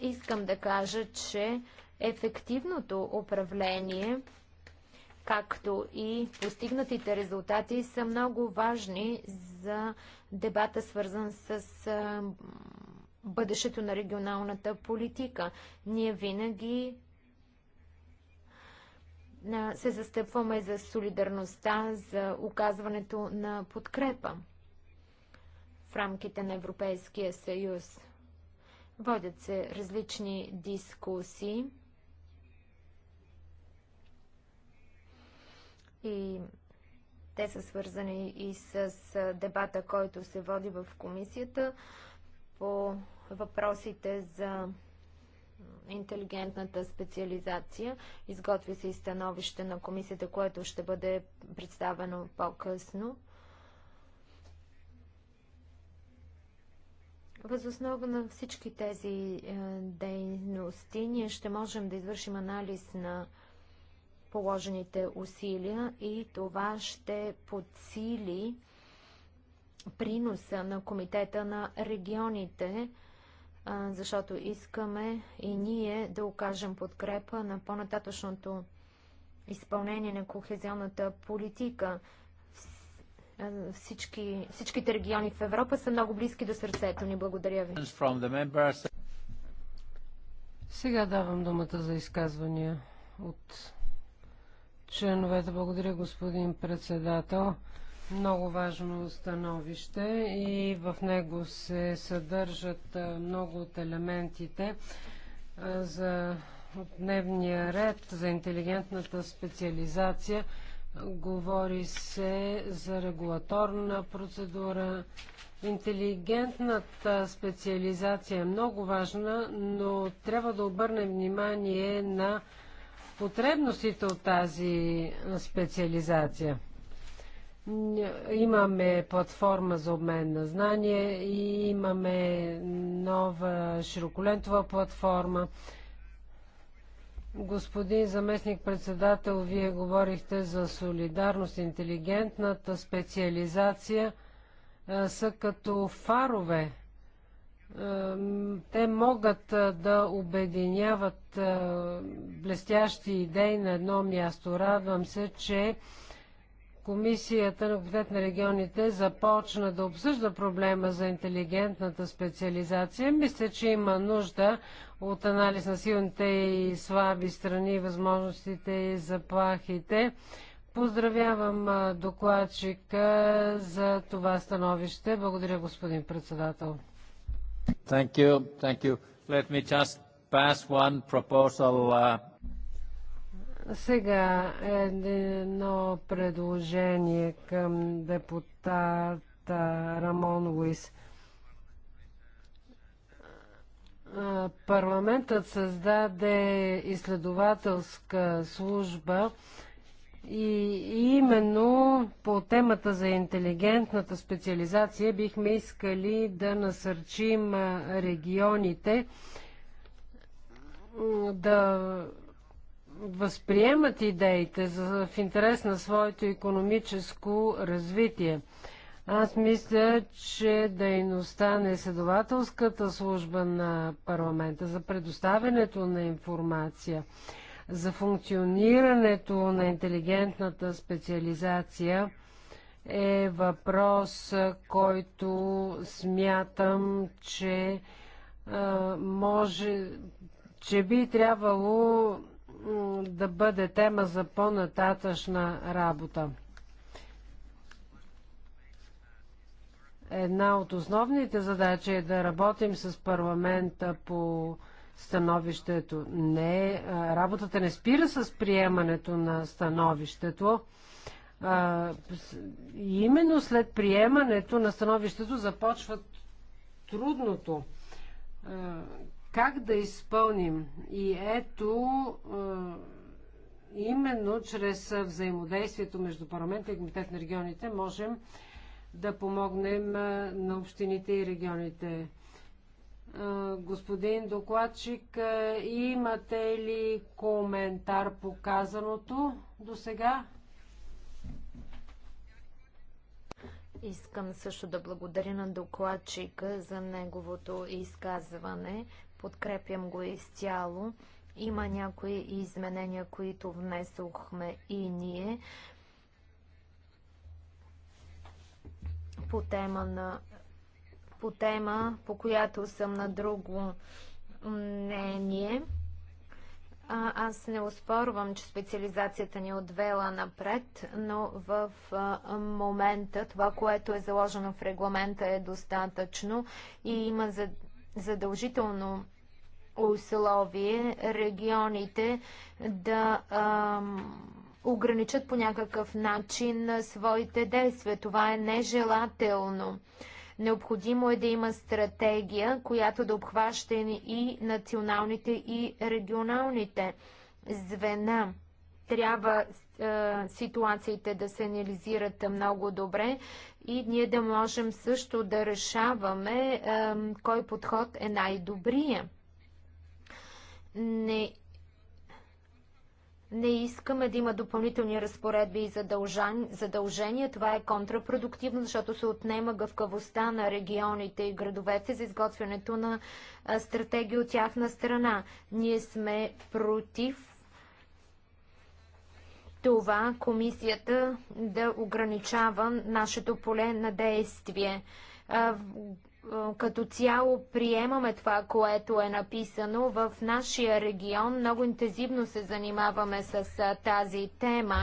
искам да кажа, че ефективното управление както и постигнатите резултати са много важни за дебата, свързан с бъдещето на регионалната политика. Ние винаги се застъпваме за солидарността, за оказването на подкрепа в рамките на Европейския съюз. Водят се различни дискусии. и те са свързани и с дебата, който се води в комисията по въпросите за интелигентната специализация. Изготвя се и становище на комисията, което ще бъде представено по-късно. Възоснова на всички тези е, дейности ние ще можем да извършим анализ на положените усилия и това ще подсили приноса на Комитета на регионите, защото искаме и ние да окажем подкрепа на по-нататъчното изпълнение на кохезионната политика. Всички, всичките региони в Европа са много близки до сърцето ни. Благодаря ви. Сега давам думата за изказвания от Членовете, благодаря господин председател. Много важно становище и в него се съдържат много от елементите за дневния ред, за интелигентната специализация. Говори се за регулаторна процедура. Интелигентната специализация е много важна, но трябва да обърнем внимание на потребностите от тази специализация. Имаме платформа за обмен на знания и имаме нова широколентова платформа. Господин заместник председател, вие говорихте за солидарност, интелигентната специализация са като фарове – те могат да обединяват блестящи идеи на едно място. Радвам се, че Комисията на Комитет на регионите започна да обсъжда проблема за интелигентната специализация. Мисля, че има нужда от анализ на силните и слаби страни, възможностите и заплахите. Поздравявам докладчика за това становище. Благодаря, господин председател. Thank you. Thank you. Let me just pass one proposal. Uh, Сега едно предложение към депутата Рамон Луис. Парламентът създаде изследователска служба, и именно по темата за интелигентната специализация бихме искали да насърчим регионите да възприемат идеите за, в интерес на своето економическо развитие. Аз мисля, че дейността на изследователската служба на парламента за предоставянето на информация – за функционирането на интелигентната специализация е въпрос, който смятам, че може, че би трябвало да бъде тема за по-нататъчна работа. Една от основните задачи е да работим с парламента по становището. Не, работата не спира с приемането на становището. И именно след приемането на становището започва трудното. Как да изпълним? И ето именно чрез взаимодействието между парламента и комитет на регионите можем да помогнем на общините и регионите господин докладчик, имате ли коментар по казаното до сега? Искам също да благодаря на докладчика за неговото изказване. Подкрепям го изцяло. Има някои изменения, които внесохме и ние по тема на по тема, по която съм на друго мнение. А, аз не успорвам, че специализацията ни е отвела напред, но в а, момента това, което е заложено в регламента е достатъчно и има задължително условие регионите да а, ограничат по някакъв начин своите действия. Това е нежелателно. Необходимо е да има стратегия, която да обхваща и националните и регионалните звена. Трябва е, ситуациите да се анализират много добре и ние да можем също да решаваме е, кой подход е най-добрия. Не не искаме да има допълнителни разпоредби и задължения. Това е контрапродуктивно, защото се отнема гъвкавостта на регионите и градовете за изготвянето на стратегии от тяхна страна. Ние сме против това комисията да ограничава нашето поле на действие като цяло приемаме това, което е написано. В нашия регион много интензивно се занимаваме с тази тема.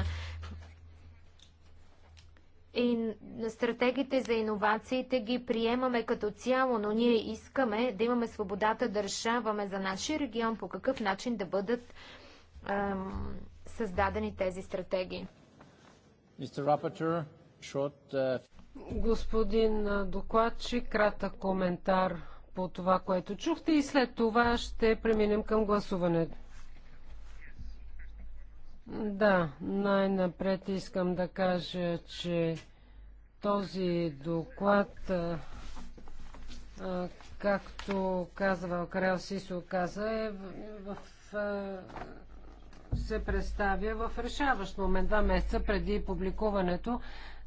И стратегите за иновациите ги приемаме като цяло, но ние искаме да имаме свободата да решаваме за нашия регион по какъв начин да бъдат ем, създадени тези стратегии. Господин докладчик, кратък коментар по това, което чухте и след това ще преминем към гласуване. Да, най-напред искам да кажа, че този доклад, а, както казва Карел Сисо каза, е в, в, се представя в решаващ момент, два месеца преди публикуването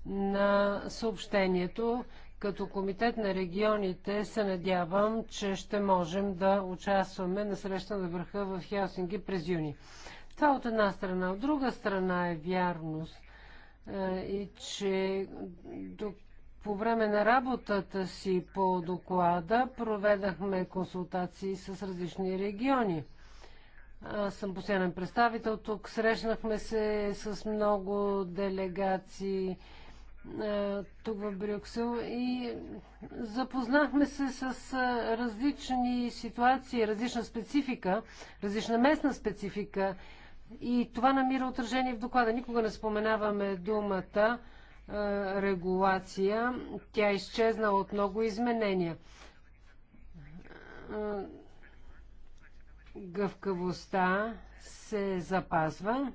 на съобщението. Като комитет на регионите се надявам, че ще можем да участваме на среща на върха в Хелсинги през юни. Това от една страна. От друга страна е вярност е, и че по време на работата си по доклада проведахме консултации с различни региони. Аз съм постоянен представител тук. Срещнахме се с много делегации е, тук в Брюксел и запознахме се с е, различни ситуации, различна специфика, различна местна специфика и това намира отражение в доклада. Никога не споменаваме думата е, регулация. Тя е изчезна от много изменения. Гъвкавостта се запазва.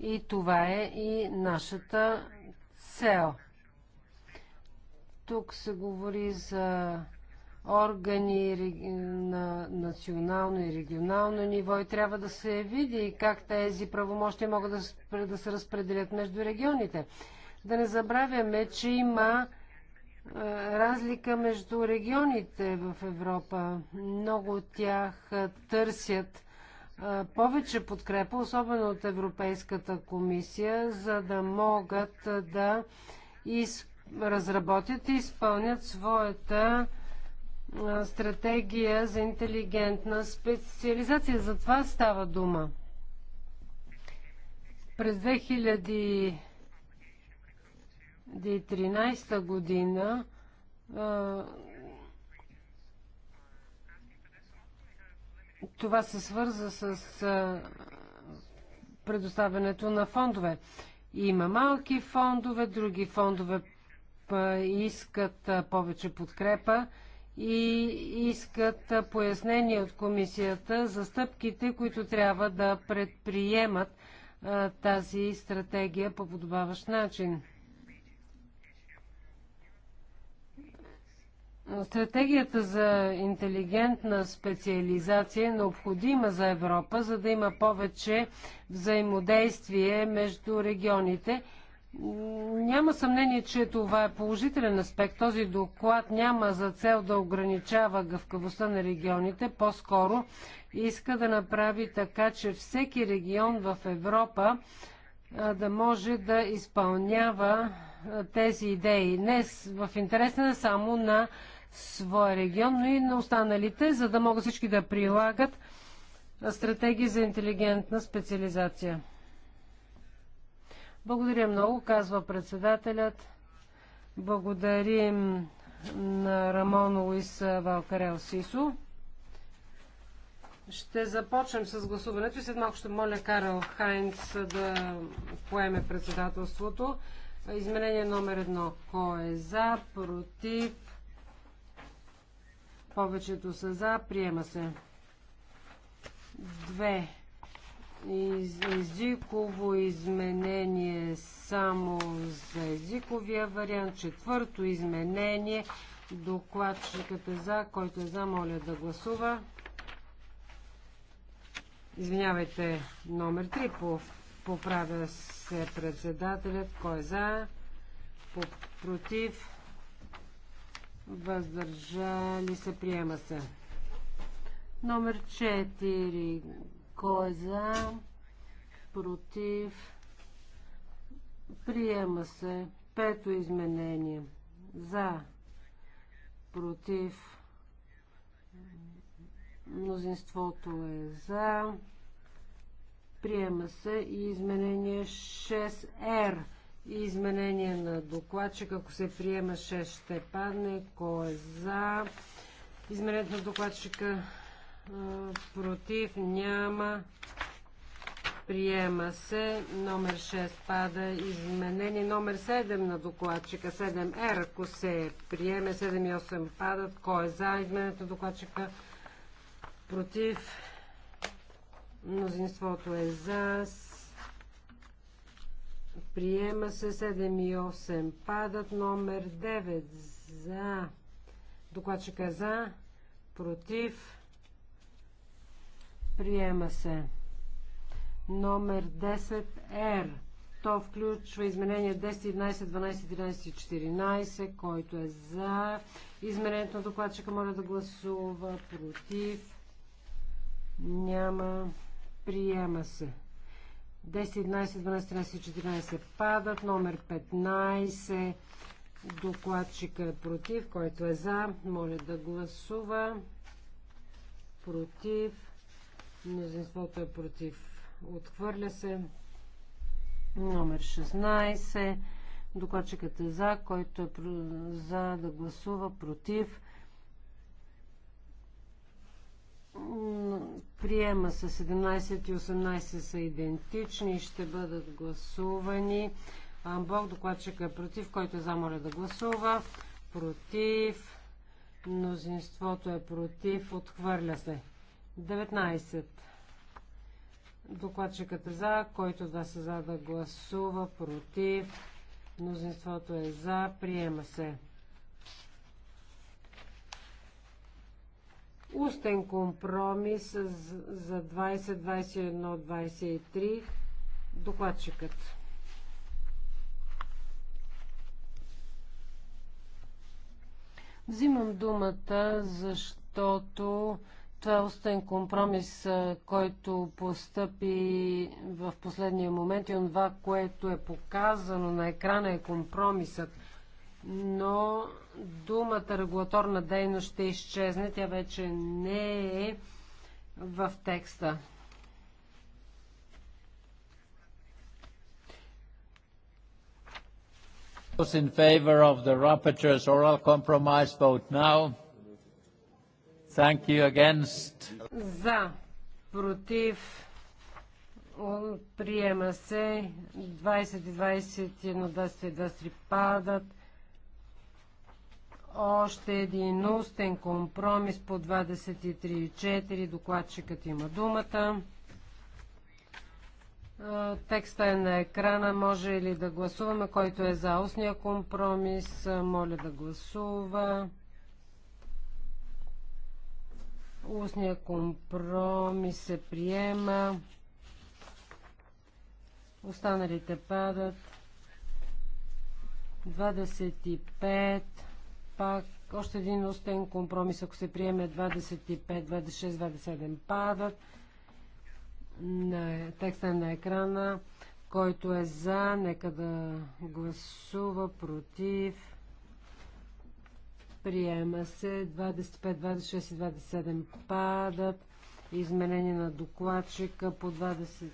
И това е и нашата цел. Тук се говори за органи на национално и регионално ниво и трябва да се види как тези правомощия могат да, се разпределят между регионите. Да не забравяме, че има разлика между регионите в Европа. Много от тях търсят повече подкрепа, особено от Европейската комисия, за да могат да из... разработят и изпълнят своята стратегия за интелигентна специализация. За това става дума. През 2013 година Това се свърза с предоставянето на фондове. Има малки фондове, други фондове искат повече подкрепа и искат пояснение от комисията за стъпките, които трябва да предприемат тази стратегия по подобаващ начин. Стратегията за интелигентна специализация е необходима за Европа, за да има повече взаимодействие между регионите. Няма съмнение, че това е положителен аспект. Този доклад няма за цел да ограничава гъвкавостта на регионите, по-скоро иска да направи така, че всеки регион в Европа да може да изпълнява тези идеи. Не в интерес не само на своя регион, но и на останалите, за да могат всички да прилагат стратегии за интелигентна специализация. Благодаря много, казва председателят. Благодарим на Рамон Луис Валкарел Сисо. Ще започнем с гласуването и след малко ще моля Карл Хайнц да поеме председателството. Изменение номер едно. Кой е за, против, повечето са за. Приема се. Две. Из, езиково изменение само за езиковия вариант. Четвърто изменение. Докладчикът е за. Който е за, моля да гласува. Извинявайте, номер 3 поправя се председателят. Кой е за? По, против? въздържали се, приема се. Номер 4. Кой е за? Против? Приема се. Пето изменение. За? Против? Мнозинството е за. Приема се и изменение 6R и изменение на докладчик, ако се приема 6 ще падне. Кой е за? Изменението на докладчика против няма. Приема се. Номер 6 пада. Изменение номер 7 на докладчика. 7R. Ако се приеме 7 и 8 падат. Кой е за изменението на докладчика? Против. Мнозинството е за. Приема се 7 и 8. Падат номер 9. За. Докладчика е за. Против. Приема се. Номер 10 Р. То включва изменения 10, 11, 12, 13 14, който е за. Изменението на докладчика моля да гласува против. Няма. Приема се. 10, 11, 12, 14 падат. Номер 15. Докладчика е против. Който е за, моля да гласува. Против. Мнозинството е против. Отхвърля се. Номер 16. Докладчикът е за, който е за да гласува против. Приема се 17 и 18 са идентични и ще бъдат гласувани. Бог докладчика е против, който е за моля да гласува. Против. Мнозинството е против. Отхвърля се. 19. Докладчикът е за, който да се за да гласува. Против. Мнозинството е за. Приема се. устен компромис за 20, 21, 23 докладчикът. Взимам думата, защото това е устен компромис, който постъпи в последния момент и това, което е показано на екрана е компромисът. Но думата регулаторна дейност ще изчезне. Тя вече не е в текста. Those in favor of the rapporteur's oral compromise vote now. Thank you against. За, против, приема се 20, 21, 22 падат още един устен компромис по 23.4. Докладчикът има думата. Текста е на екрана. Може ли да гласуваме? Който е за устния компромис, моля да гласува. Устния компромис се приема. Останалите падат. 25 пак още един устен компромис, ако се приеме 25, 26, 27 падат на текста на екрана, който е за, нека да гласува против. Приема се 25, 26 и 27 падат. Изменение на докладчика по 28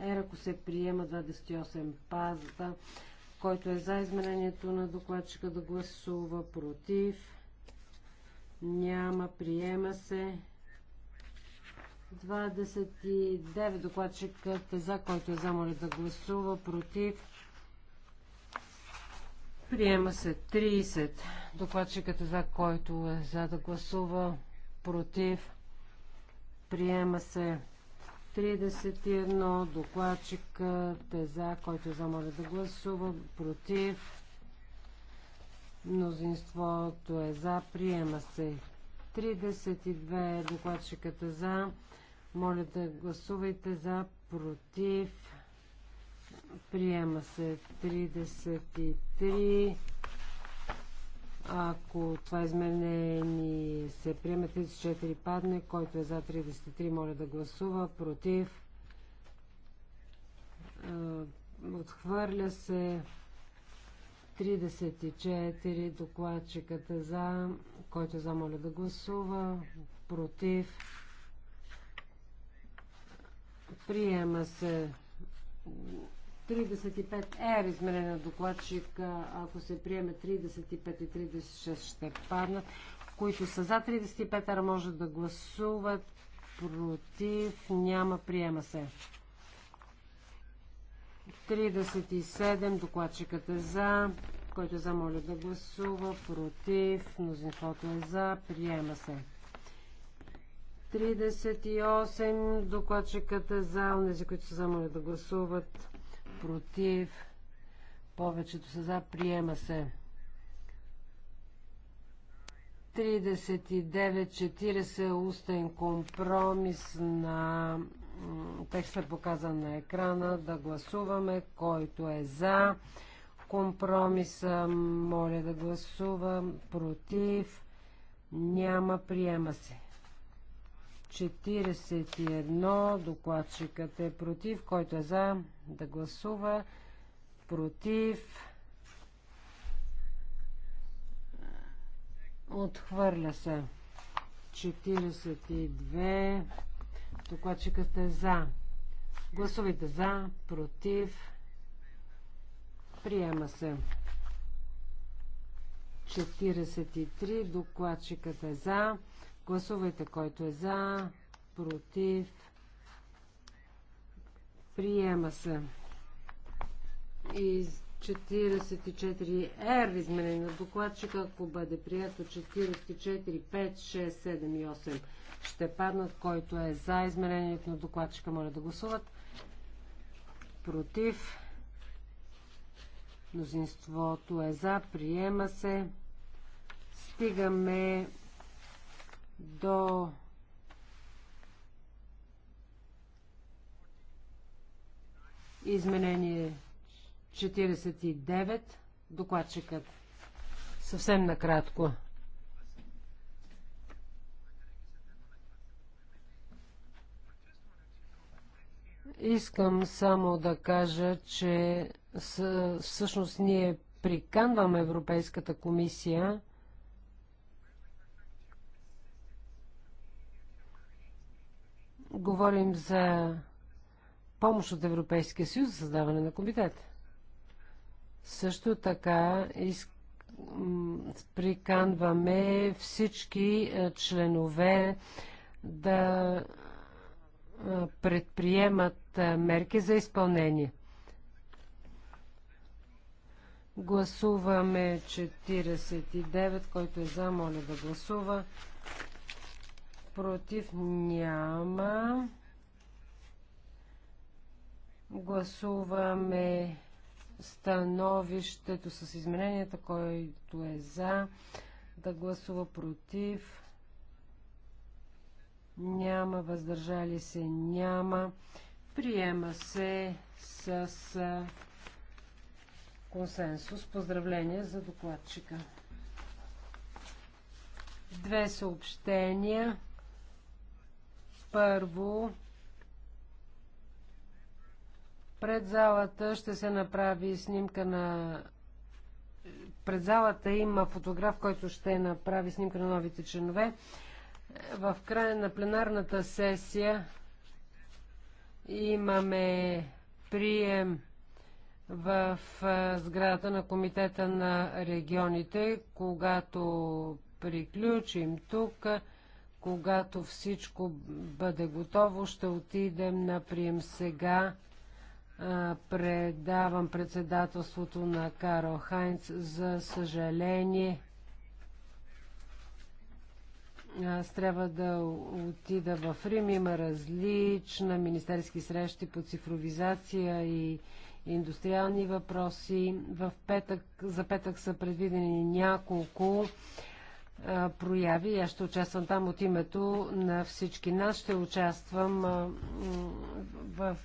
е, ако се приема 28 пазата. Който е за изменението на докладчика да гласува против. Няма. Приема се. 29 докладчикът е за, който е за, моля да гласува против. Приема се 30. Докладчикът е за, който е за да гласува против. Приема се 31 докладчик е за, който е за да гласува, против, мнозинството е за, приема се. 32 докладчикът е за, моля да гласувайте за, против, приема се. 33 ако това изменение се приеме 34 падне, който е за 33, моля да гласува. Против. Отхвърля се 34. Докладчикът е за. Който е за, моля да гласува. Против. Приема се 35 е изменение на докладчика, ако се приеме 35 и 36 ще паднат, които са за 35 ера може да гласуват против, няма, приема се. 37 докладчикът е за, който е за моля да гласува, против, мнозинството е за, приема се. 38 докладчикът е за, онези, които са за моля да гласуват, против, повечето са за, приема се. 39-40 устен компромис на текста показан на екрана. Да гласуваме, който е за компромиса. Моля да гласувам. Против. Няма. Приема се. 41. Докладчикът е против. Който е за? да гласува против. Отхвърля се. 42. Докладчика е за. Гласувайте за, против. Приема се. 43. Докладчикът е за. Гласувайте който е за, против. Приема се. И 44R изменение на докладчика, ако бъде прието 44, 5, 6, 7 и 8 ще паднат. Който е за изменението на докладчика, моля да гласуват. Против. Мнозинството е за. Приема се. Стигаме до Изменение 49. Докладчикът. Съвсем накратко. Искам само да кажа, че всъщност ние приканваме Европейската комисия говорим за помощ от Европейския съюз за създаване на комитет. Също така приканваме всички е, членове да е, предприемат е, мерки за изпълнение. Гласуваме 49, който е за, моля да гласува. Против няма. Гласуваме становището с измененията, който е за, да гласува против. Няма, въздържали се няма. Приема се с консенсус. Поздравления за докладчика. Две съобщения. Първо, пред залата ще се направи снимка на... Пред залата има фотограф, който ще направи снимка на новите членове. В края на пленарната сесия имаме прием в сградата на Комитета на регионите, когато приключим тук, когато всичко бъде готово, ще отидем на прием сега. Предавам председателството на Карл Хайнц. За съжаление, аз трябва да отида в Рим. Има различна министерски срещи по цифровизация и индустриални въпроси. В петък, за петък са предвидени няколко прояви. Аз ще участвам там от името на всички нас. Ще участвам в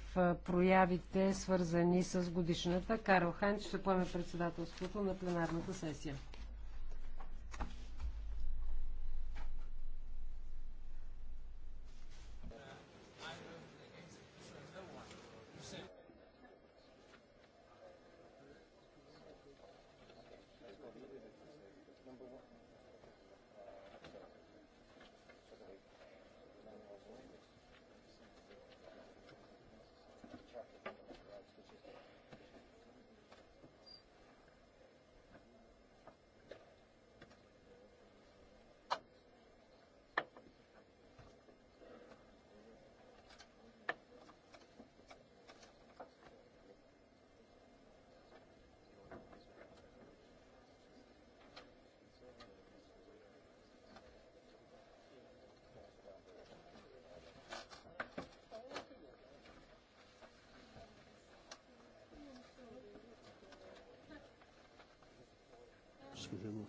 проявите, свързани с годишната. Карл Хайн ще поеме председателството на пленарната сесия. excusez-moi.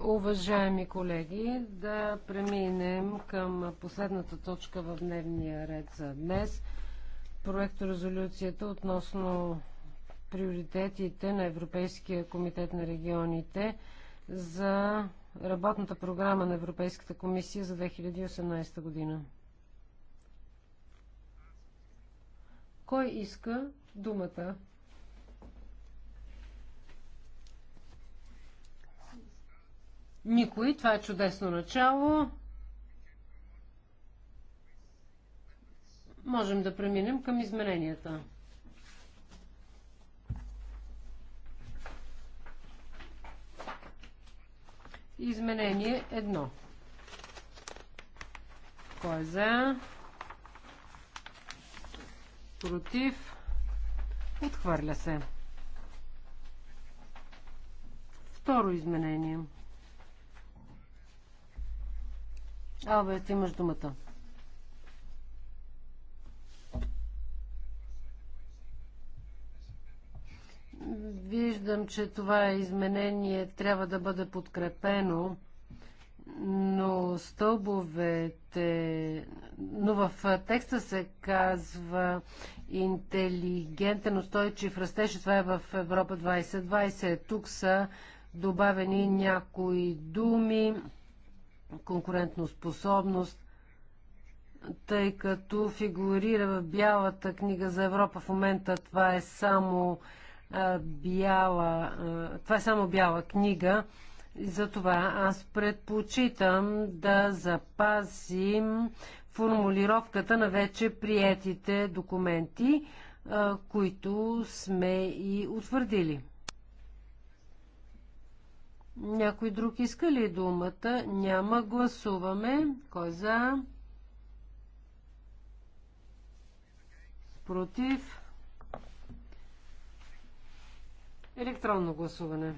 Уважаеми колеги, да преминем към последната точка в дневния ред за днес. Проект резолюцията относно приоритетите на Европейския комитет на регионите за работната програма на Европейската комисия за 2018 година. Кой иска думата? Никой. Това е чудесно начало. Можем да преминем към измененията. Изменение 1. Кой е за? Против. Отхвърля се. Второ изменение. ти имаш думата. Виждам, че това изменение трябва да бъде подкрепено но стълбовете, но в текста се казва интелигентен, устойчив растеж, това е в Европа 2020. Тук са добавени някои думи, способност, тъй като фигурира в Бялата книга за Европа в момента това е само бяла, това е само бяла книга. Затова аз предпочитам да запазим формулировката на вече приятите документи, които сме и утвърдили. Някой друг иска ли думата? Няма. Гласуваме. Кой за? Против? Електронно гласуване.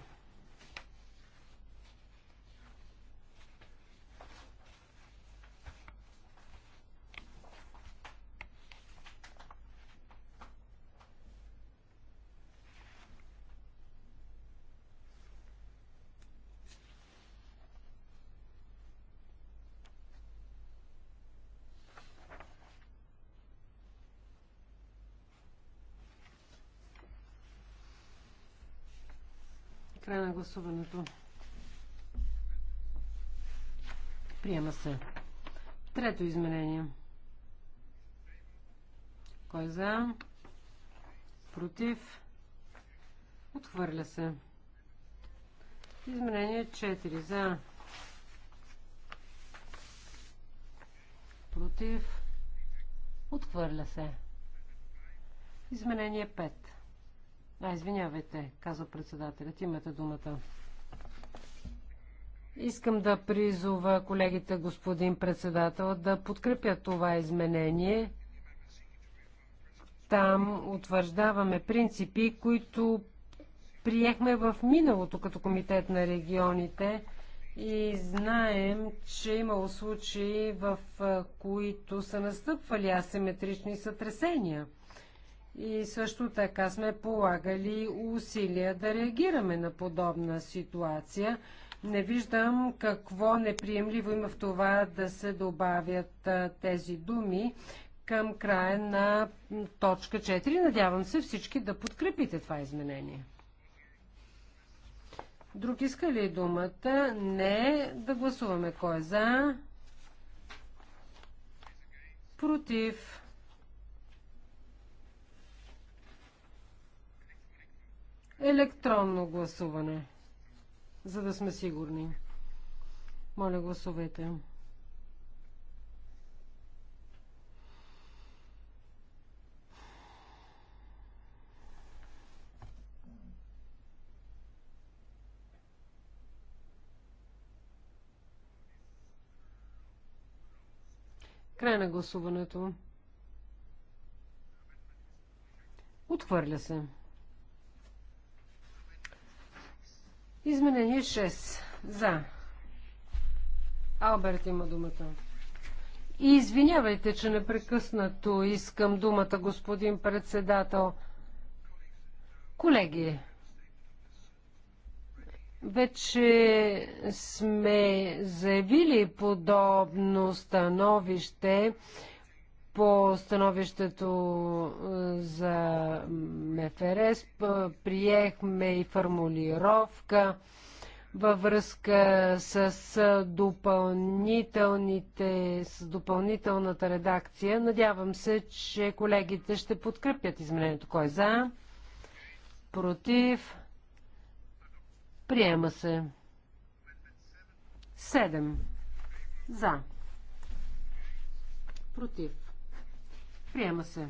гласуването. Приема се. Трето изменение. Кой е за? Против? Отхвърля се. Изменение 4 за. Против? Отхвърля се. Изменение 5. А, извинявайте, казва председателят. Имате думата. Искам да призова колегите, господин председател, да подкрепят това изменение. Там утвърждаваме принципи, които приехме в миналото като комитет на регионите и знаем, че имало случаи, в които са настъпвали асиметрични сътресения – и също така сме полагали усилия да реагираме на подобна ситуация. Не виждам какво неприемливо има в това да се добавят тези думи към края на точка 4. Надявам се всички да подкрепите това изменение. Друг иска ли думата? Не. Да гласуваме кой е за. Против. Електронно гласуване, за да сме сигурни. Моля, гласувайте. Край на гласуването. Отхвърля се. Изменение 6. За. Алберт има думата. И извинявайте, че непрекъснато искам думата, господин председател. Колеги, вече сме заявили подобно становище по становището е, за МФРС приехме и формулировка във връзка с, е, допълнителните, с допълнителната редакция. Надявам се, че колегите ще подкрепят изменението. Кой е за? Против? Приема се. 7. За. Против. Приема се.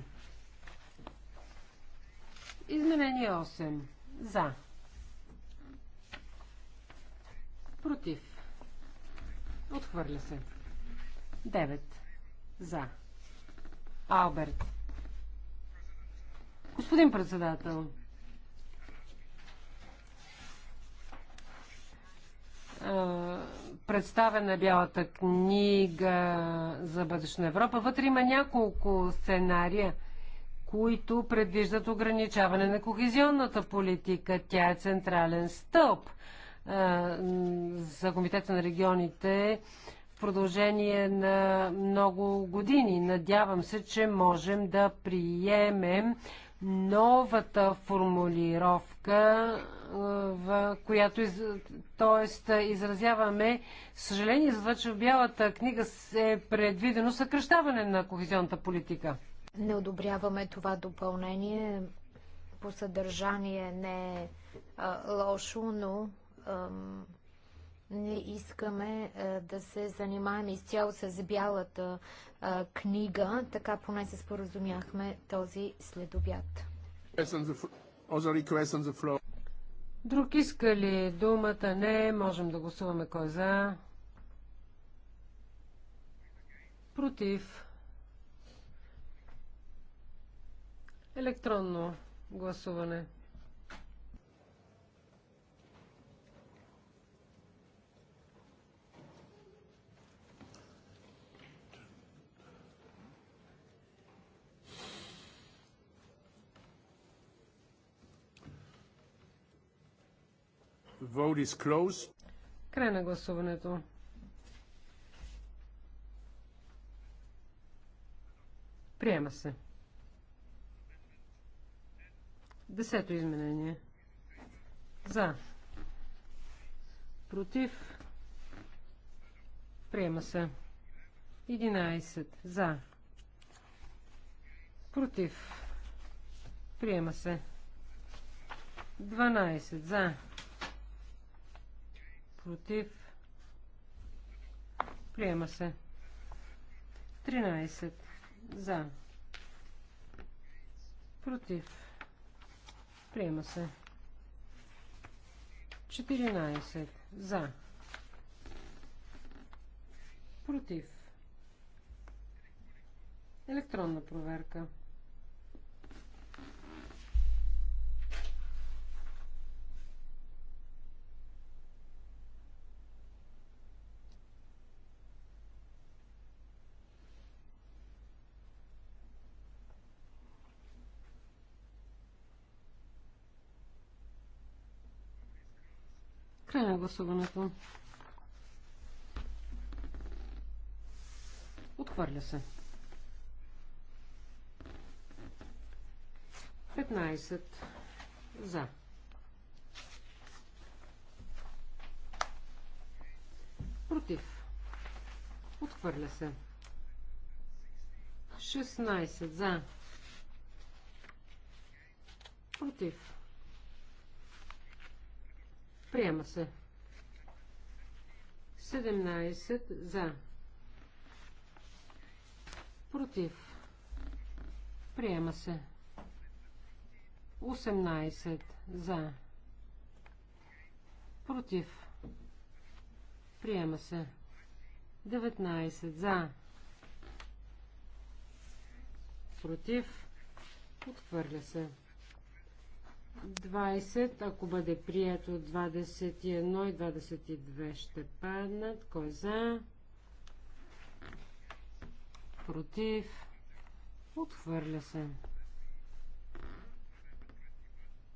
Изменение 8. За. Против. Отхвърля се. 9. За. Алберт. Господин председател. А представена бялата книга за бъдеща Европа. Вътре има няколко сценария, които предвиждат ограничаване на кохезионната политика. Тя е централен стълб а, за Комитета на регионите в продължение на много години. Надявам се, че можем да приемем новата формулировка в която из... т.е. изразяваме съжаление за това, че в Бялата книга е предвидено съкръщаване на кохезионната политика. Не одобряваме това допълнение. По съдържание не е а, лошо, но ам, не искаме а, да се занимаваме изцяло с бялата а, книга. Така поне се споразумяхме този следобят. Друг иска ли думата? Не. Можем да гласуваме кой е за. Против. Електронно гласуване. Vote is closed. Край на гласуването. Приема се. Десето изменение. За. Против. Приема се. 11. За. Против. Приема се. 12. За против, приема се. 13 за, против, приема се. 14 за, против, електронна проверка. гласуването. Отхвърля се. 15 за. Против. Отхвърля се. 16 за. Против. Приема се. 17 за. Против. Приема се. 18 за. Против. Приема се. 19 за. Против. Отхвърля се. 20, ако бъде прието 21 и 22 ще паднат. Кой е за? Против? Отхвърля се.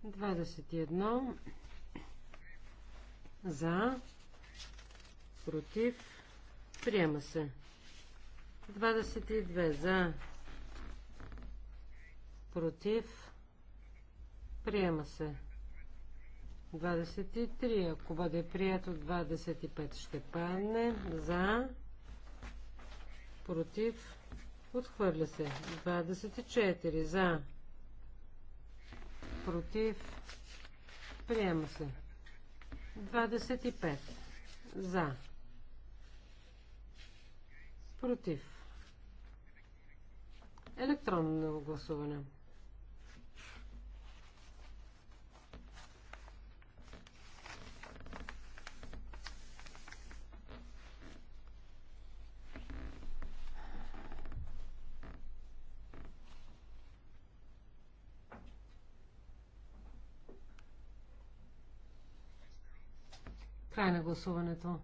21 за против приема се 22 за против Приема се. 23. Ако бъде прието, 25 ще падне. За. Против. Отхвърля се. 24. За. Против. Приема се. 25. За. Против. Електронно гласуване. Край на гласуването.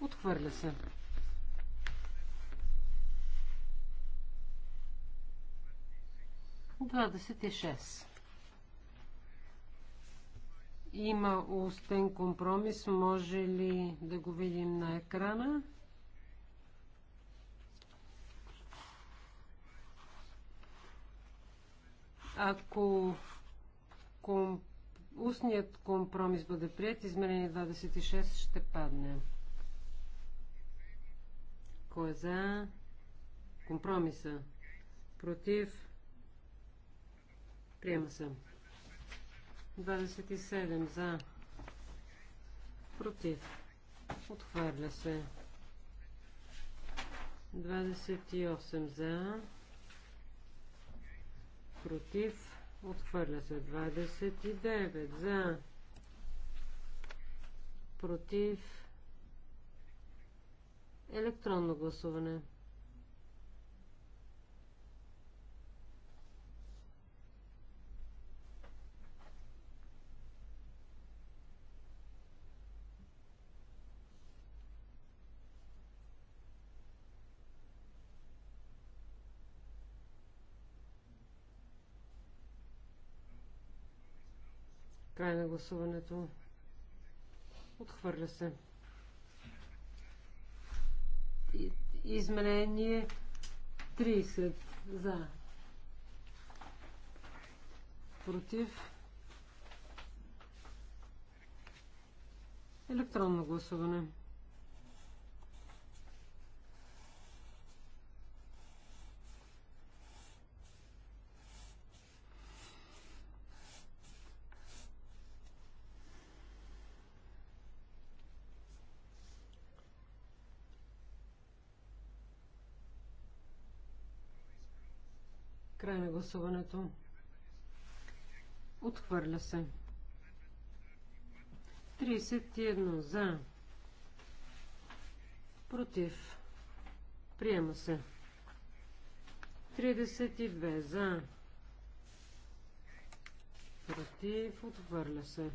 Отхвърля се. Двадесет и шест. Има устен компромис. Може ли да го видим на екрана? Ако ком... устният компромис бъде прият, измерение 26 ще падне. Кой е за компромиса? Против? Приема се. 27 за. Против. Отхвърля се. 28 за против, отхвърля се 29 за, против, електронно гласуване. гласуването. Отхвърля се. Изменение 30 за. Против. Електронно гласуване. гласуването. Отхвърля се. 31 за. Против. Приема се. 32 за. Против. Отхвърля се.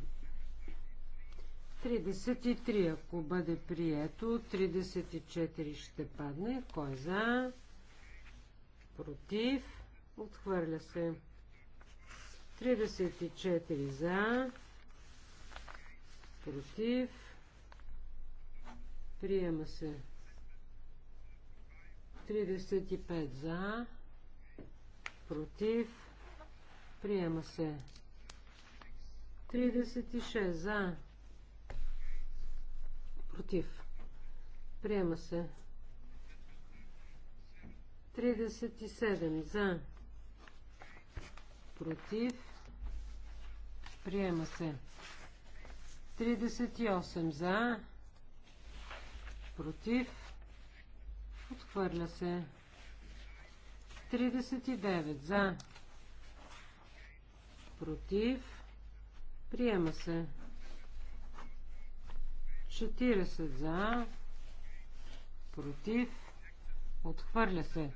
33, ако бъде прието, 34 ще падне. Кой е за? Против. Отхвърля се. 34 за. Против. Приема се. 35 за. Против. Приема се. 36 за. Против. Приема се. 37 за против, приема се. 38 за, против, отхвърля се. 39 за, против, приема се. 40 за, против, отхвърля се.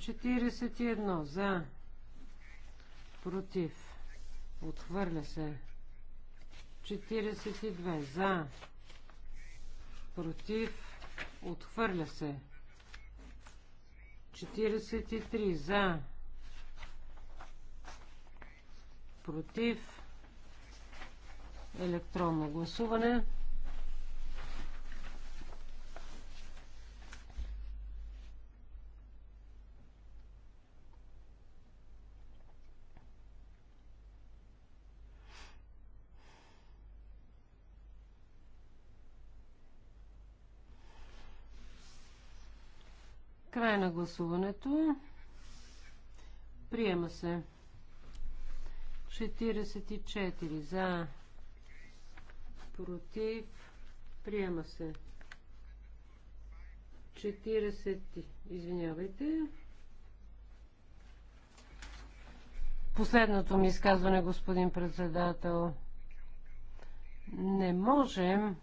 41 за, против, отхвърля се. 42 за, против, отхвърля се. 43 за, против, електронно гласуване. Край на гласуването. Приема се. 44 за. Против. Приема се. 40. Извинявайте. Последното ми изказване, господин председател. Не можем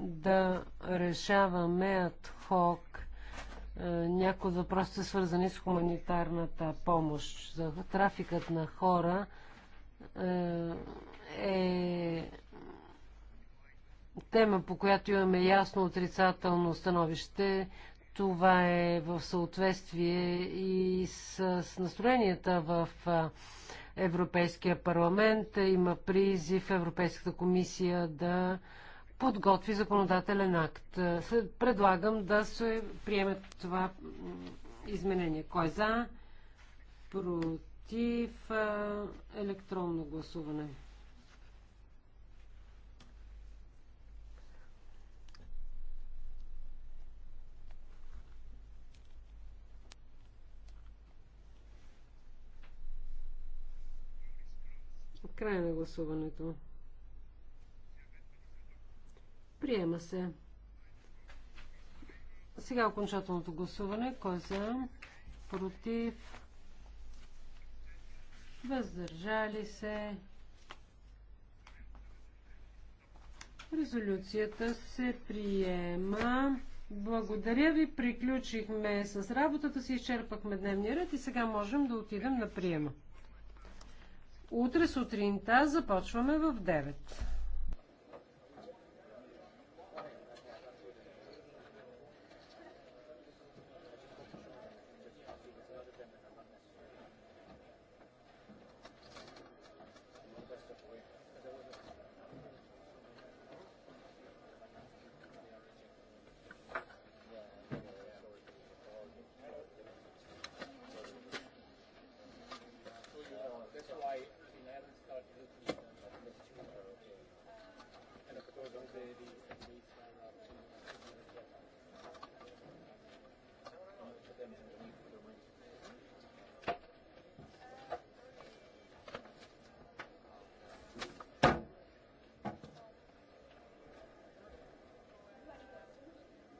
да решаваме адхок е, някои от въпросите свързани с хуманитарната помощ. За трафикът на хора е, е тема, по която имаме ясно отрицателно становище. Това е в съответствие и с, с настроенията в е, Европейския парламент. Има призив Европейската комисия да подготви законодателен акт. Предлагам да се приеме това изменение. Кой е за? Против електронно гласуване. Край на гласуването. Приема се. Сега окончателното гласуване. Кой за? Против? Въздържали се? Резолюцията се приема. Благодаря ви. Приключихме с работата си, изчерпахме дневния ред и сега можем да отидем на приема. Утре сутринта започваме в 9.